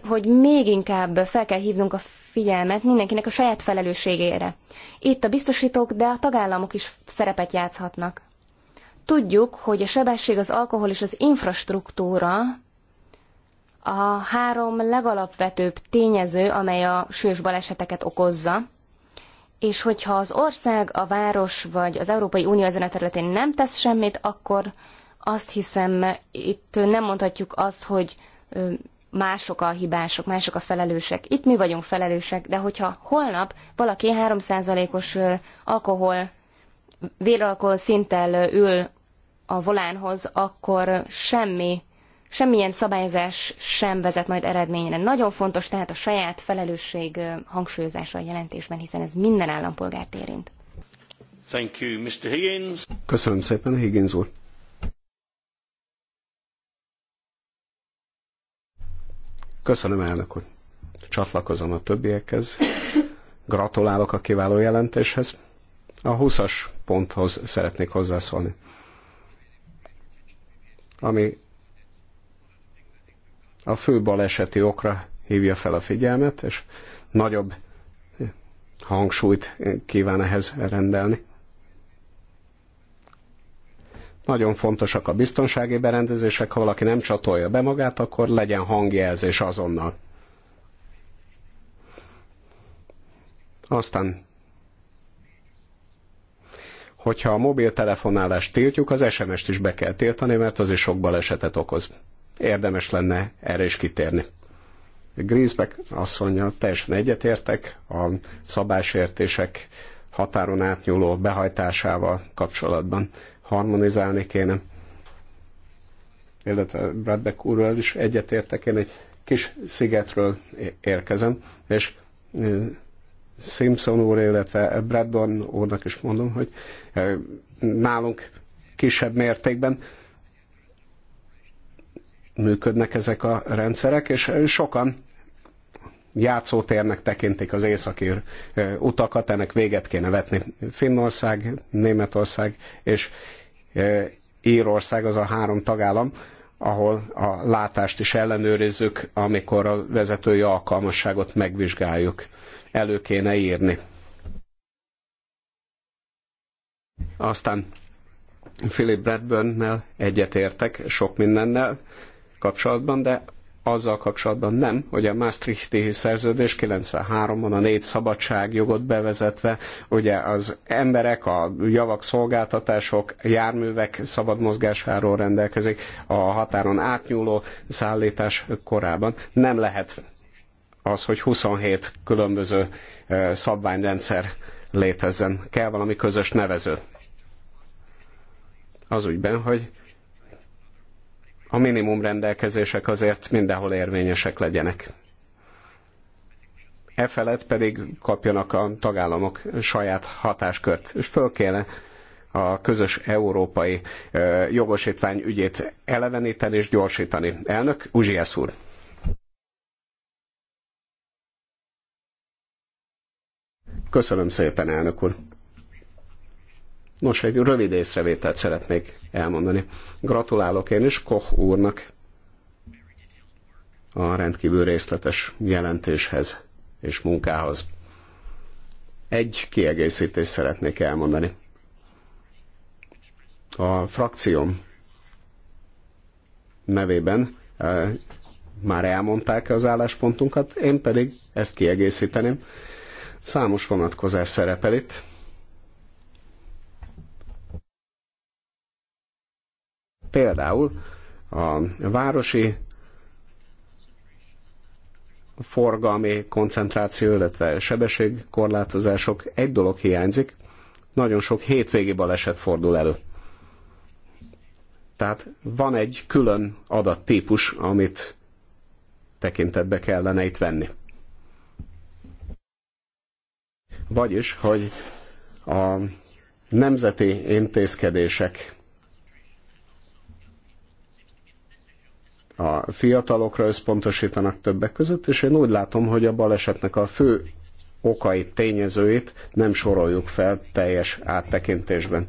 hogy még inkább fel kell hívnunk a figyelmet mindenkinek a saját felelősségére. Itt a biztosítók, de a tagállamok is szerepet játszhatnak. Tudjuk, hogy a sebesség, az alkohol és az infrastruktúra a három legalapvetőbb tényező, amely a sős baleseteket okozza és hogyha az ország, a város vagy az Európai Unió ezen a területén nem tesz semmit, akkor azt hiszem, itt nem mondhatjuk azt, hogy mások a hibások, mások a felelősek. Itt mi vagyunk felelősek, de hogyha holnap valaki 3%-os alkohol, véralkohol szinttel ül a volánhoz, akkor semmi semmilyen szabályozás sem vezet majd eredményre. Nagyon fontos tehát a saját felelősség hangsúlyozása a jelentésben, hiszen ez minden állampolgárt érint. Thank you, Mr. Higgins. Köszönöm szépen, Higgins úr. Köszönöm, elnök úr. Csatlakozom a többiekhez. Gratulálok a kiváló jelentéshez. A 20-as ponthoz szeretnék hozzászólni. Ami a fő baleseti okra hívja fel a figyelmet, és nagyobb hangsúlyt kíván ehhez rendelni. Nagyon fontosak a biztonsági berendezések, ha valaki nem csatolja be magát, akkor legyen hangjelzés azonnal. Aztán, hogyha a mobiltelefonálást tiltjuk, az SMS-t is be kell tiltani, mert az is sok balesetet okoz érdemes lenne erre is kitérni. Griesbeck asszonya teljesen egyetértek a szabásértések határon átnyúló behajtásával kapcsolatban harmonizálni kéne. Illetve Bradbeck úrral is egyetértek, én egy kis szigetről érkezem, és Simpson úr, illetve Bradburn úrnak is mondom, hogy nálunk kisebb mértékben működnek ezek a rendszerek, és sokan játszótérnek tekintik az északi utakat, ennek véget kéne vetni. Finnország, Németország és Írország az a három tagállam, ahol a látást is ellenőrizzük, amikor a vezetői alkalmasságot megvizsgáljuk. Elő kéne írni. Aztán Philip Bradburn-nel egyetértek sok mindennel, kapcsolatban, de azzal kapcsolatban nem, hogy a Maastrichti szerződés 93-ban a négy szabadságjogot bevezetve, ugye az emberek, a javak, szolgáltatások, járművek szabad mozgásáról rendelkezik a határon átnyúló szállítás korában. Nem lehet az, hogy 27 különböző szabványrendszer létezzen. Kell valami közös nevező. Az ügyben, hogy a minimum rendelkezések azért mindenhol érvényesek legyenek. E felett pedig kapjanak a tagállamok saját hatáskört, és föl kéne a közös európai jogosítvány ügyét eleveníteni és gyorsítani. Elnök Uzsiász úr. Köszönöm szépen, elnök úr. Nos, egy rövid észrevételt szeretnék elmondani. Gratulálok én is Koch úrnak a rendkívül részletes jelentéshez és munkához. Egy kiegészítést szeretnék elmondani. A frakcióm nevében eh, már elmondták az álláspontunkat, én pedig ezt kiegészíteném. Számos vonatkozás szerepel itt, Például a városi forgalmi koncentráció, illetve sebességkorlátozások. Egy dolog hiányzik, nagyon sok hétvégi baleset fordul elő. Tehát van egy külön adattípus, amit tekintetbe kellene itt venni. Vagyis, hogy a nemzeti intézkedések a fiatalokra összpontosítanak többek között, és én úgy látom, hogy a balesetnek a fő okait, tényezőit nem soroljuk fel teljes áttekintésben.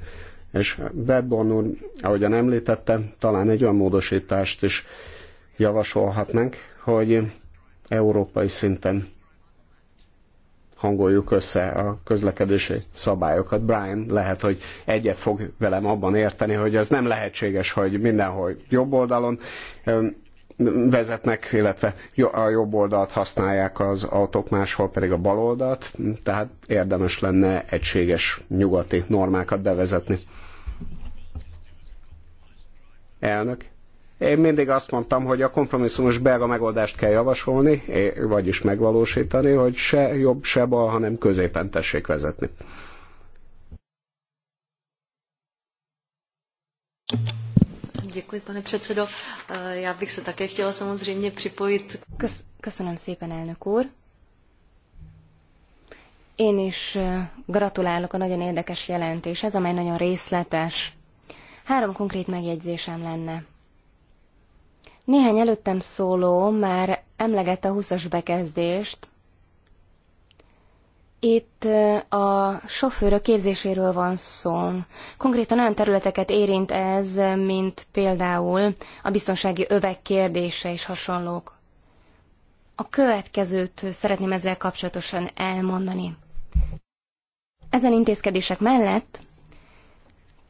És Bradborn úr, ahogyan említette, talán egy olyan módosítást is javasolhatnánk, hogy európai szinten hangoljuk össze a közlekedési szabályokat. Brian lehet, hogy egyet fog velem abban érteni, hogy ez nem lehetséges, hogy mindenhol jobb oldalon vezetnek, illetve a jobb oldalt használják az autók, máshol pedig a bal oldalt, tehát érdemes lenne egységes nyugati normákat bevezetni. Elnök, én mindig azt mondtam, hogy a kompromisszumos belga megoldást kell javasolni, vagyis megvalósítani, hogy se jobb, se bal, hanem középen tessék vezetni. Děkuji, pane předsedo. Eh, já bych se také chtěla samozřejmě připojit. Köszönöm szépen, elnök úr. Én is eh, gratulálok a nagyon érdekes jelentéshez, amely nagyon részletes. Három konkrét megjegyzésem lenne. Néhány előttem szóló már emlegette a 20-as bekezdést. Itt a sofőrök képzéséről van szó. Konkrétan olyan területeket érint ez, mint például a biztonsági övek kérdése és hasonlók. A következőt szeretném ezzel kapcsolatosan elmondani. Ezen intézkedések mellett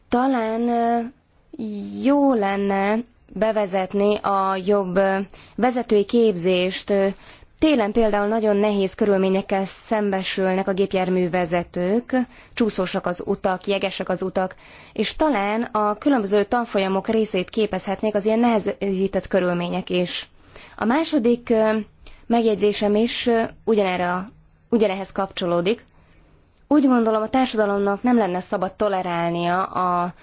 talán jó lenne bevezetni a jobb vezetői képzést. Télen például nagyon nehéz körülményekkel szembesülnek a gépjárművezetők, csúszósak az utak, jegesek az utak, és talán a különböző tanfolyamok részét képezhetnék az ilyen nehezített körülmények is. A második megjegyzésem is ugyanerre a, ugyanehhez kapcsolódik. Úgy gondolom, a társadalomnak nem lenne szabad tolerálnia a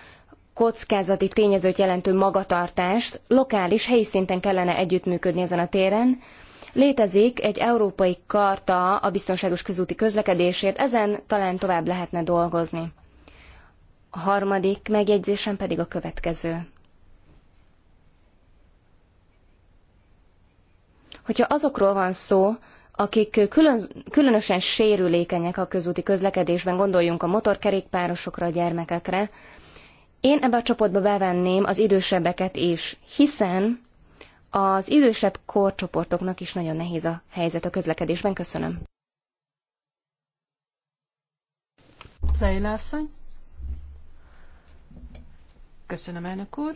kockázati tényezőt jelentő magatartást, lokális, helyi szinten kellene együttműködni ezen a téren. Létezik egy európai karta a biztonságos közúti közlekedésért, ezen talán tovább lehetne dolgozni. A harmadik megjegyzésem pedig a következő. Hogyha azokról van szó, akik külön, különösen sérülékenyek a közúti közlekedésben, gondoljunk a motorkerékpárosokra, a gyermekekre, én ebbe a csoportba bevenném az idősebbeket is, hiszen az idősebb korcsoportoknak is nagyon nehéz a helyzet a közlekedésben. Köszönöm. Zajlászony. Köszönöm, elnök úr.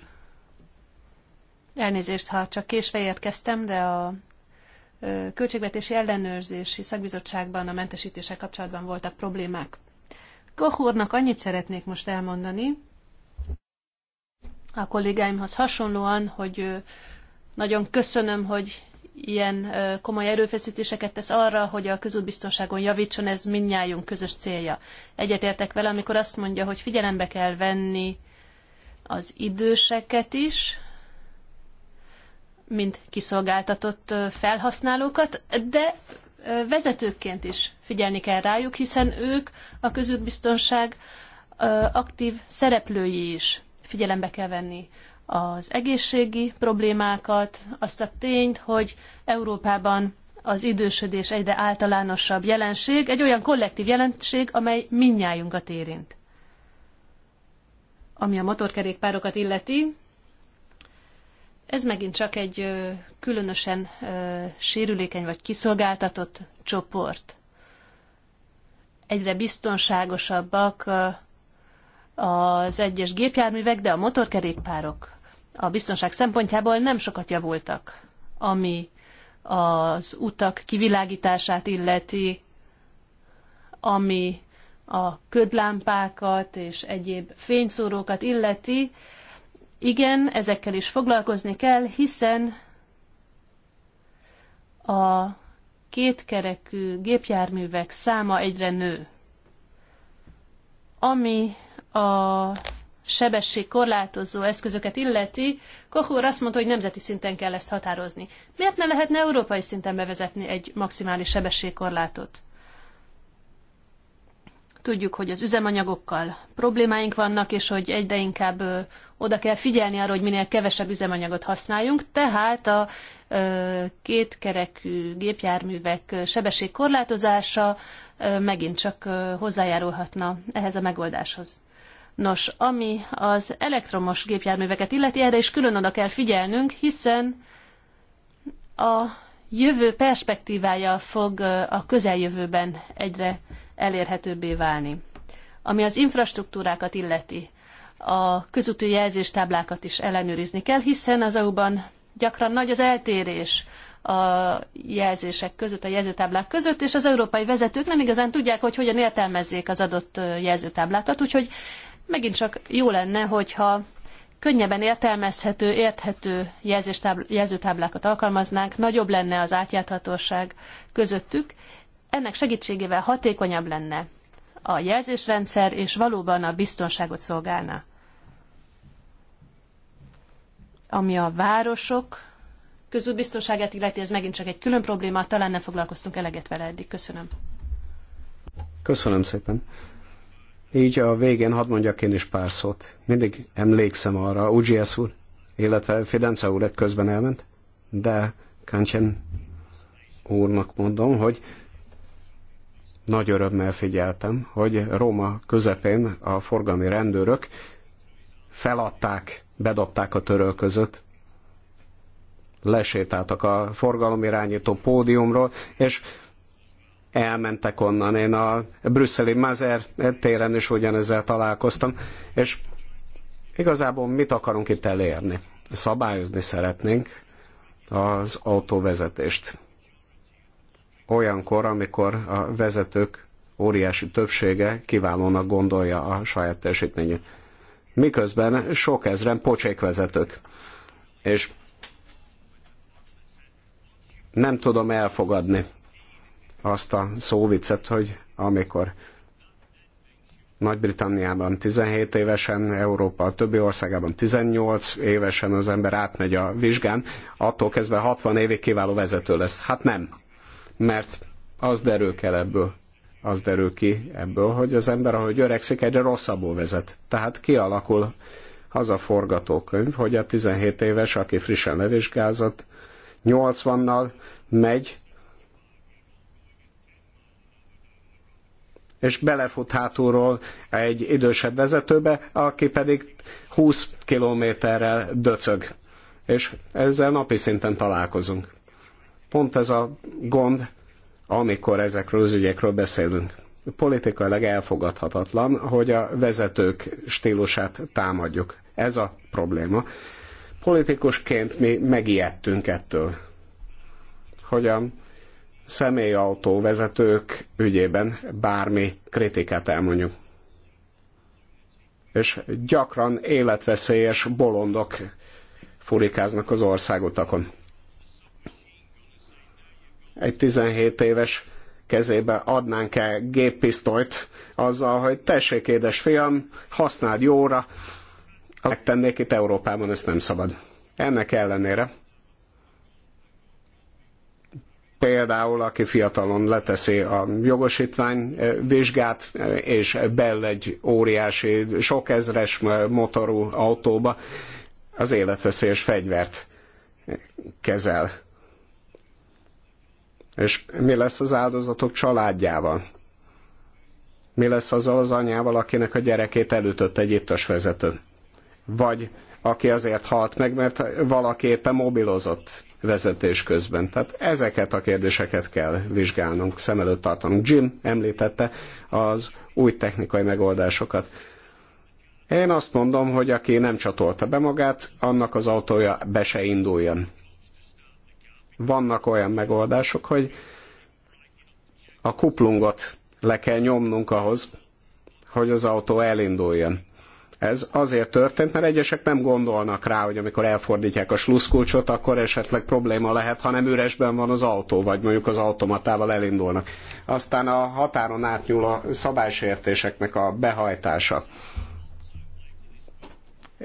Elnézést, ha csak késve érkeztem, de a Költségvetési Ellenőrzési Szakbizottságban a mentesítése kapcsolatban voltak problémák. Koch annyit szeretnék most elmondani, a kollégáimhoz hasonlóan, hogy nagyon köszönöm, hogy ilyen komoly erőfeszítéseket tesz arra, hogy a közútbiztonságon javítson, ez mindnyájunk közös célja. Egyetértek vele, amikor azt mondja, hogy figyelembe kell venni az időseket is, mint kiszolgáltatott felhasználókat, de vezetőként is figyelni kell rájuk, hiszen ők a közútbiztonság aktív szereplői is. Figyelembe kell venni az egészségi problémákat, azt a tényt, hogy Európában az idősödés egyre általánosabb jelenség, egy olyan kollektív jelenség, amely minnyájunkat érint. Ami a motorkerékpárokat illeti, ez megint csak egy különösen sérülékeny vagy kiszolgáltatott csoport. Egyre biztonságosabbak az egyes gépjárművek, de a motorkerékpárok a biztonság szempontjából nem sokat javultak, ami az utak kivilágítását illeti, ami a ködlámpákat és egyéb fényszórókat illeti. Igen, ezekkel is foglalkozni kell, hiszen a kétkerekű gépjárművek száma egyre nő. Ami a sebességkorlátozó eszközöket illeti, Koch úr azt mondta, hogy nemzeti szinten kell ezt határozni. Miért ne lehetne európai szinten bevezetni egy maximális sebességkorlátot? Tudjuk, hogy az üzemanyagokkal problémáink vannak, és hogy egyre inkább ö, oda kell figyelni arra, hogy minél kevesebb üzemanyagot használjunk, tehát a ö, kétkerekű gépjárművek sebességkorlátozása ö, megint csak ö, hozzájárulhatna ehhez a megoldáshoz. Nos, ami az elektromos gépjárműveket illeti, erre is külön oda kell figyelnünk, hiszen a jövő perspektívája fog a közeljövőben egyre elérhetőbbé válni. Ami az infrastruktúrákat illeti, a közúti jelzéstáblákat is ellenőrizni kell, hiszen az EU-ban gyakran nagy az eltérés a jelzések között, a jelzőtáblák között, és az európai vezetők nem igazán tudják, hogy hogyan értelmezzék az adott jelzőtáblákat, úgyhogy megint csak jó lenne, hogyha könnyebben értelmezhető, érthető jelzőtáblákat alkalmaznánk, nagyobb lenne az átjáthatóság közöttük, ennek segítségével hatékonyabb lenne a jelzésrendszer, és valóban a biztonságot szolgálna. Ami a városok közül biztonságát illeti, ez megint csak egy külön probléma, talán nem foglalkoztunk eleget vele eddig. Köszönöm. Köszönöm szépen. Így a végén hadd mondjak én is pár szót. Mindig emlékszem arra, UGS úr, illetve Fidenza úr közben elment, de Kancsen úrnak mondom, hogy nagy örömmel figyeltem, hogy Róma közepén a forgalmi rendőrök feladták, bedobták a törölközött, lesétáltak a forgalomirányító pódiumról, és elmentek onnan. Én a brüsszeli Mazer téren is ugyanezzel találkoztam, és igazából mit akarunk itt elérni? Szabályozni szeretnénk az autóvezetést. Olyankor, amikor a vezetők óriási többsége kiválónak gondolja a saját teljesítményét. Miközben sok ezren pocsékvezetők. És nem tudom elfogadni azt a szóvicet, hogy amikor nagy-Britanniában 17 évesen, Európa a többi országában 18 évesen az ember átmegy a vizsgán, attól kezdve 60 évig kiváló vezető lesz. Hát nem, mert az derül kell ebből, az derül ki ebből, hogy az ember, ahogy öregszik, egyre rosszabbul vezet. Tehát kialakul az a forgatókönyv, hogy a 17 éves, aki frissen levizsgázott, 80-nal megy és belefut hátulról egy idősebb vezetőbe, aki pedig 20 kilométerrel döcög. És ezzel napi szinten találkozunk. Pont ez a gond, amikor ezekről az ügyekről beszélünk. Politikailag elfogadhatatlan, hogy a vezetők stílusát támadjuk. Ez a probléma. Politikusként mi megijedtünk ettől, hogy a személyautó vezetők ügyében bármi kritikát elmondjuk. És gyakran életveszélyes bolondok furikáznak az országutakon. Egy 17 éves kezébe adnánk-e géppisztolyt azzal, hogy tessék, édes fiam, használd jóra, megtennék itt Európában, ezt nem szabad. Ennek ellenére például aki fiatalon leteszi a jogosítvány eh, vizsgát, eh, és bell egy óriási, sok ezres eh, motorú autóba, az életveszélyes fegyvert kezel. És mi lesz az áldozatok családjával? Mi lesz azzal az anyával, akinek a gyerekét elütött egy ittas vezető? Vagy aki azért halt meg, mert valaki éppen mobilozott vezetés közben. Tehát ezeket a kérdéseket kell vizsgálnunk, szem előtt tartanunk. Jim említette az új technikai megoldásokat. Én azt mondom, hogy aki nem csatolta be magát, annak az autója be se induljon. Vannak olyan megoldások, hogy a kuplungot le kell nyomnunk ahhoz, hogy az autó elinduljon. Ez azért történt, mert egyesek nem gondolnak rá, hogy amikor elfordítják a sluszkulcsot, akkor esetleg probléma lehet, ha nem üresben van az autó, vagy mondjuk az automatával elindulnak. Aztán a határon átnyúló szabálysértéseknek a behajtása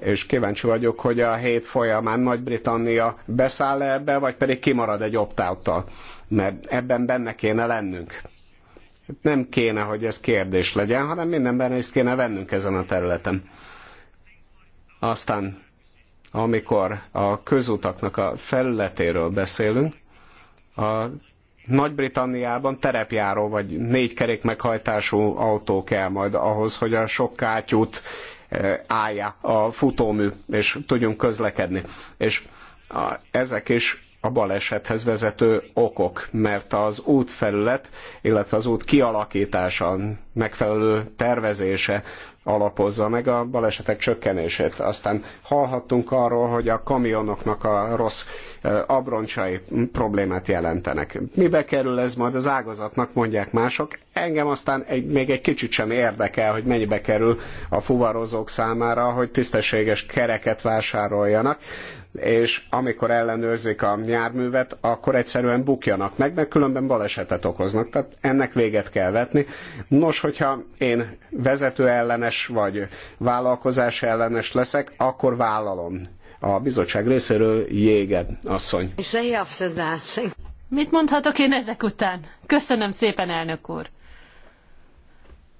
és kíváncsi vagyok, hogy a hét folyamán Nagy-Britannia beszáll -e ebbe, vagy pedig kimarad egy opt mert ebben benne kéne lennünk. Hát nem kéne, hogy ez kérdés legyen, hanem mindenben részt kéne vennünk ezen a területen. Aztán, amikor a közutaknak a felületéről beszélünk, a nagy-Britanniában terepjáró vagy négykerék meghajtású autó kell majd ahhoz, hogy a sok kátyút eh, állja a futómű, és tudjunk közlekedni. És a, ezek is a balesethez vezető okok, mert az útfelület, illetve az út kialakítása, megfelelő tervezése alapozza meg a balesetek csökkenését. Aztán hallhattunk arról, hogy a kamionoknak a rossz abroncsai problémát jelentenek. Mibe kerül ez majd az ágazatnak, mondják mások. Engem aztán egy, még egy kicsit sem érdekel, hogy mennyibe kerül a fuvarozók számára, hogy tisztességes kereket vásároljanak és amikor ellenőrzik a járművet, akkor egyszerűen bukjanak meg, mert különben balesetet okoznak. Tehát ennek véget kell vetni. Nos, hogyha én vezető ellenes vagy vállalkozás ellenes leszek, akkor vállalom. A bizottság részéről jéged asszony. Mit mondhatok én ezek után? Köszönöm szépen, elnök úr!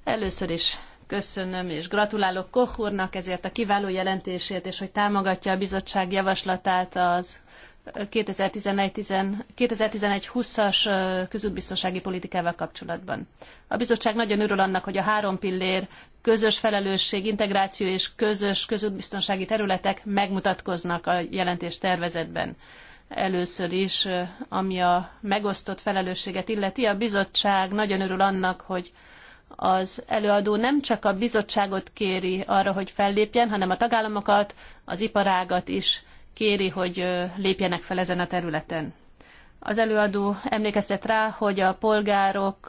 Először is köszönöm és gratulálok Koch úrnak ezért a kiváló jelentését, és hogy támogatja a bizottság javaslatát az 2011-20-as közútbiztonsági politikával kapcsolatban. A bizottság nagyon örül annak, hogy a három pillér közös felelősség, integráció és közös közútbiztonsági területek megmutatkoznak a jelentés tervezetben. Először is, ami a megosztott felelősséget illeti, a bizottság nagyon örül annak, hogy az előadó nem csak a bizottságot kéri arra, hogy fellépjen, hanem a tagállamokat, az iparágat is kéri, hogy lépjenek fel ezen a területen. Az előadó emlékeztet rá, hogy a polgárok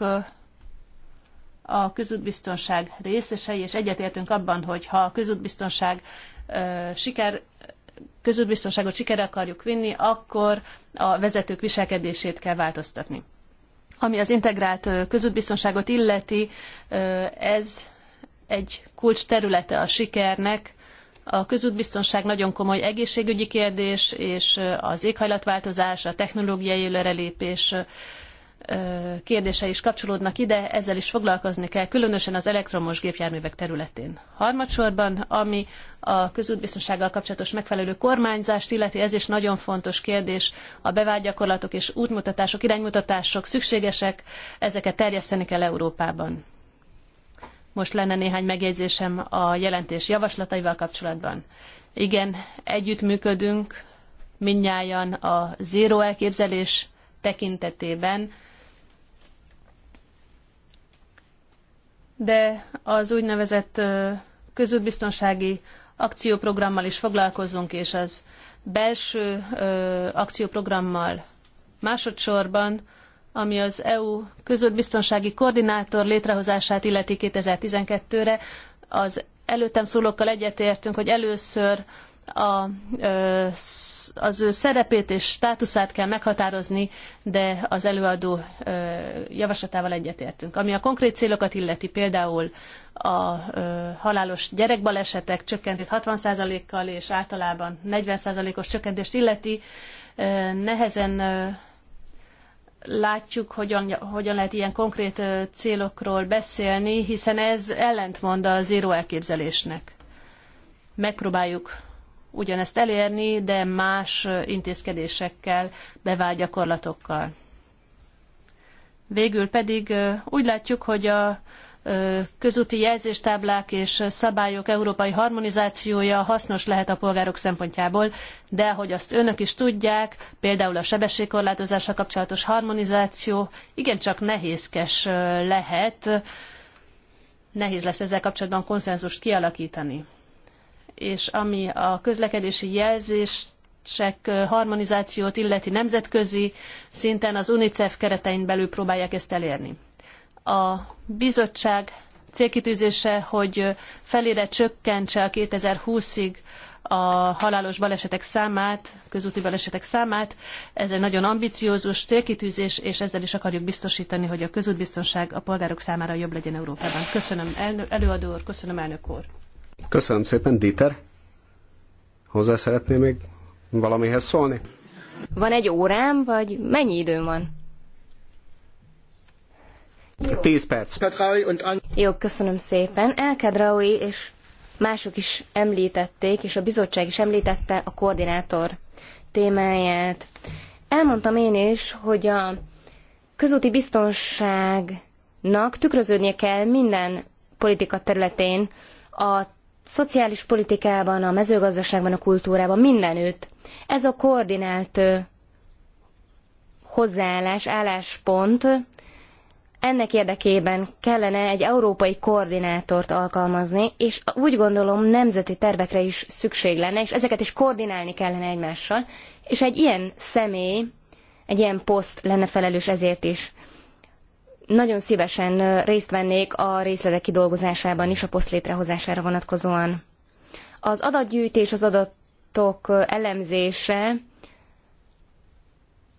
a közútbiztonság részesei, és egyetértünk abban, hogy ha a közútbiztonság siker, közútbiztonságot sikerre akarjuk vinni, akkor a vezetők viselkedését kell változtatni. Ami az integrált közútbiztonságot illeti, ez egy kulcs területe a sikernek. A közútbiztonság nagyon komoly egészségügyi kérdés, és az éghajlatváltozás, a technológiai előrelépés kérdése is kapcsolódnak ide, ezzel is foglalkozni kell, különösen az elektromos gépjárművek területén. Harmadsorban, ami a közútbiztonsággal kapcsolatos megfelelő kormányzást illeti, ez is nagyon fontos kérdés. A bevált gyakorlatok és útmutatások, iránymutatások szükségesek, ezeket terjeszteni kell Európában. Most lenne néhány megjegyzésem a jelentés javaslataival kapcsolatban. Igen, együttműködünk mindnyájan a zéró elképzelés tekintetében, de az úgynevezett közútbiztonsági akcióprogrammal is foglalkozunk, és az belső akcióprogrammal másodszorban, ami az EU közútbiztonsági koordinátor létrehozását illeti 2012-re, az előttem szólókkal egyetértünk, hogy először a, az ő szerepét és státuszát kell meghatározni, de az előadó javaslatával egyetértünk. Ami a konkrét célokat illeti, például a halálos gyerekbalesetek csökkentét 60%-kal és általában 40%-os csökkentést illeti, nehezen látjuk, hogyan, hogyan lehet ilyen konkrét célokról beszélni, hiszen ez ellentmond a zéró elképzelésnek. Megpróbáljuk ugyanezt elérni, de más intézkedésekkel, bevált gyakorlatokkal. Végül pedig úgy látjuk, hogy a közúti jelzéstáblák és szabályok európai harmonizációja hasznos lehet a polgárok szempontjából, de ahogy azt önök is tudják, például a sebességkorlátozással kapcsolatos harmonizáció igencsak nehézkes lehet, nehéz lesz ezzel kapcsolatban konszenzust kialakítani és ami a közlekedési jelzések harmonizációt illeti nemzetközi szinten az UNICEF keretein belül próbálják ezt elérni. A bizottság célkitűzése, hogy felére csökkentse a 2020-ig a halálos balesetek számát, közúti balesetek számát. Ez egy nagyon ambiciózus célkitűzés, és ezzel is akarjuk biztosítani, hogy a közútbiztonság a polgárok számára jobb legyen Európában. Köszönöm elnö- előadó úr, köszönöm elnök úr. Köszönöm szépen, Dieter. Hozzá szeretné még valamihez szólni? Van egy órám, vagy mennyi időm van? Jó. Tíz perc. Jó, köszönöm szépen. Elkedraui és mások is említették, és a bizottság is említette a koordinátor témáját. Elmondtam én is, hogy a közúti biztonságnak tükröződnie kell minden politika területén a szociális politikában, a mezőgazdaságban, a kultúrában, mindenütt. Ez a koordinált hozzáállás, álláspont, ennek érdekében kellene egy európai koordinátort alkalmazni, és úgy gondolom nemzeti tervekre is szükség lenne, és ezeket is koordinálni kellene egymással, és egy ilyen személy, egy ilyen poszt lenne felelős ezért is nagyon szívesen részt vennék a részletek kidolgozásában is a poszt létrehozására vonatkozóan. Az adatgyűjtés, az adatok elemzése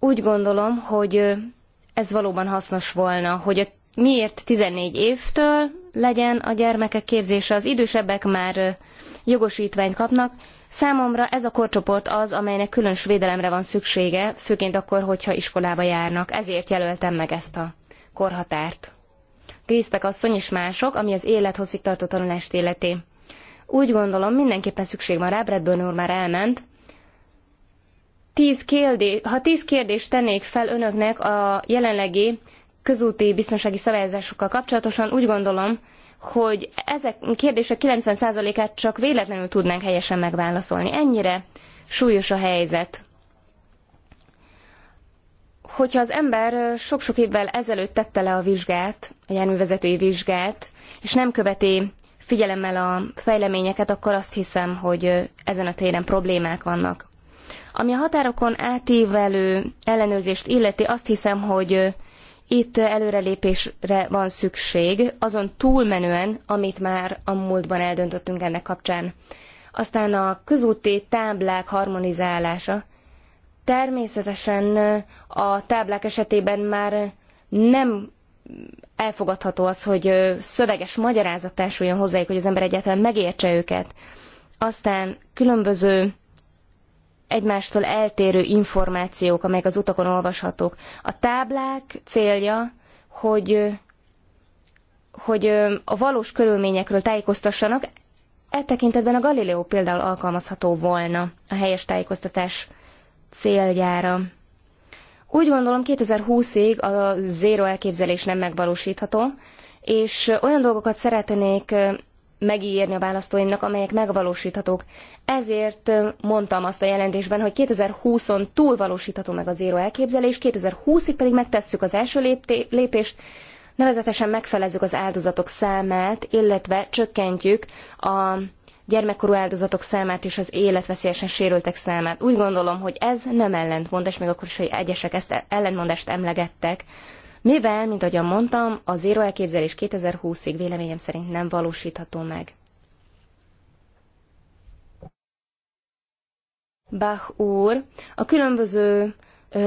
úgy gondolom, hogy ez valóban hasznos volna, hogy a miért 14 évtől legyen a gyermekek képzése, az idősebbek már jogosítványt kapnak. Számomra ez a korcsoport az, amelynek különös védelemre van szüksége, főként akkor, hogyha iskolába járnak. Ezért jelöltem meg ezt a korhatárt. Griszbek asszony és mások, ami az élethosszig tartó tanulást életé. Úgy gondolom, mindenképpen szükség van rá, Bradburn úr már elment. Tíz kérdés, ha tíz kérdést tennék fel önöknek a jelenlegi közúti biztonsági szabályozásokkal kapcsolatosan, úgy gondolom, hogy ezek kérdések 90%-át csak véletlenül tudnánk helyesen megválaszolni. Ennyire súlyos a helyzet hogyha az ember sok-sok évvel ezelőtt tette le a vizsgát, a járművezetői vizsgát, és nem követi figyelemmel a fejleményeket, akkor azt hiszem, hogy ezen a téren problémák vannak. Ami a határokon átívelő ellenőrzést illeti, azt hiszem, hogy itt előrelépésre van szükség, azon túlmenően, amit már a múltban eldöntöttünk ennek kapcsán. Aztán a közúti táblák harmonizálása. Természetesen a táblák esetében már nem elfogadható az, hogy szöveges magyarázat társuljon hozzájuk, hogy az ember egyáltalán megértse őket. Aztán különböző egymástól eltérő információk, amelyek az utakon olvashatók. A táblák célja, hogy, hogy a valós körülményekről tájékoztassanak, e tekintetben a Galileo például alkalmazható volna a helyes tájékoztatás céljára. Úgy gondolom 2020-ig a zéro elképzelés nem megvalósítható, és olyan dolgokat szeretnék megírni a választóimnak, amelyek megvalósíthatók. Ezért mondtam azt a jelentésben, hogy 2020-on túl valósítható meg a zéro elképzelés, 2020-ig pedig megtesszük az első lépést, nevezetesen megfelezzük az áldozatok számát, illetve csökkentjük a gyermekkorú áldozatok számát és az életveszélyesen sérültek számát. Úgy gondolom, hogy ez nem ellentmondás, még akkor is, hogy egyesek ezt e- ellentmondást emlegettek. Mivel, mint ahogyan mondtam, a zéro elképzelés 2020-ig véleményem szerint nem valósítható meg. Bach úr, a különböző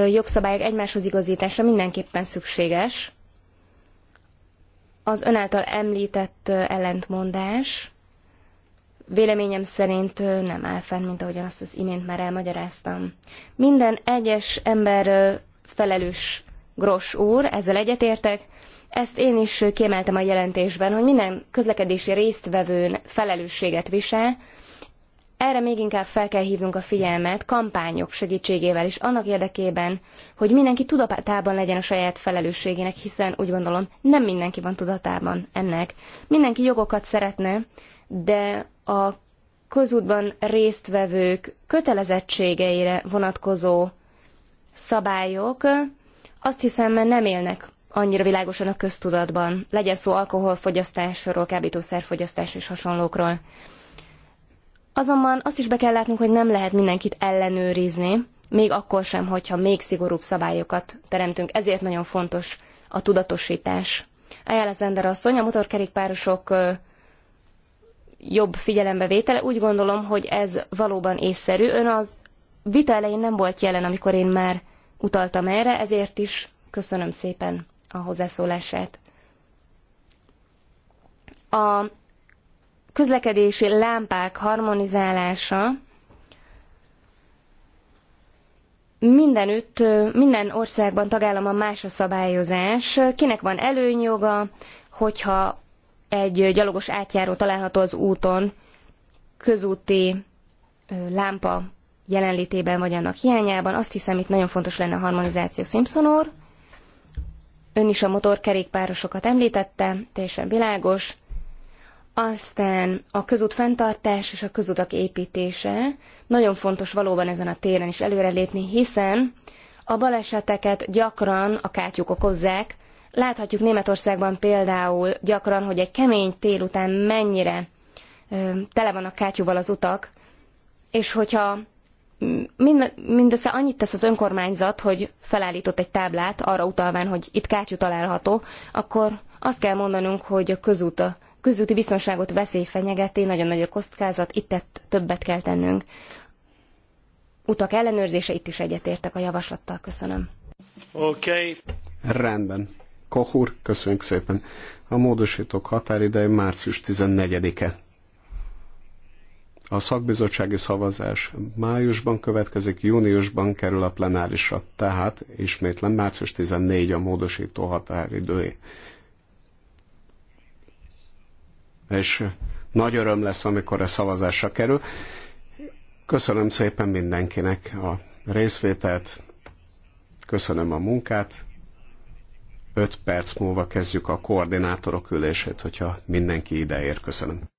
jogszabályok egymáshoz igazítása mindenképpen szükséges. Az ön által említett ellentmondás véleményem szerint nem áll fenn, mint ahogyan azt az imént már elmagyaráztam. Minden egyes ember felelős Gros úr, ezzel egyetértek, ezt én is kiemeltem a jelentésben, hogy minden közlekedési résztvevőn felelősséget visel, erre még inkább fel kell hívnunk a figyelmet kampányok segítségével is, annak érdekében, hogy mindenki tudatában legyen a saját felelősségének, hiszen úgy gondolom, nem mindenki van tudatában ennek. Mindenki jogokat szeretne, de a közútban résztvevők kötelezettségeire vonatkozó szabályok azt hiszem nem élnek annyira világosan a köztudatban. Legyen szó alkoholfogyasztásról, kábítószerfogyasztás és hasonlókról. Azonban azt is be kell látnunk, hogy nem lehet mindenkit ellenőrizni, még akkor sem, hogyha még szigorúbb szabályokat teremtünk. Ezért nagyon fontos a tudatosítás. Ajánl az ember asszony, a motorkerékpárosok jobb vétele. Úgy gondolom, hogy ez valóban észszerű. Ön az vita elején nem volt jelen, amikor én már utaltam erre, ezért is köszönöm szépen a hozzászólását. A közlekedési lámpák harmonizálása mindenütt, minden országban, tagállamban más a szabályozás. Kinek van előnyjoga, hogyha egy gyalogos átjáró található az úton, közúti lámpa jelenlétében vagy annak hiányában. Azt hiszem, itt nagyon fontos lenne a harmonizáció Simpson Ön is a motorkerékpárosokat említette, teljesen világos. Aztán a közút fenntartás és a közutak építése. Nagyon fontos valóban ezen a téren is előrelépni, hiszen a baleseteket gyakran a kátyuk okozzák, Láthatjuk Németországban például gyakran, hogy egy kemény után mennyire tele vannak kátyúval az utak, és hogyha mind, mindössze annyit tesz az önkormányzat, hogy felállított egy táblát arra utalván, hogy itt kátyú található, akkor azt kell mondanunk, hogy a közúta, közúti biztonságot veszély fenyegeti, nagyon nagy a kockázat, itt többet kell tennünk. Utak ellenőrzése, itt is egyetértek a javaslattal, köszönöm. Oké. Okay. Rendben. Kohur, köszönjük szépen. A módosítók határideje március 14-e. A szakbizottsági szavazás májusban következik, júniusban kerül a plenárisra, tehát ismétlen március 14 a módosító határidője. És nagy öröm lesz, amikor a szavazásra kerül. Köszönöm szépen mindenkinek a részvételt, köszönöm a munkát, 5 perc múlva kezdjük a koordinátorok ülését, hogyha mindenki ér. Köszönöm.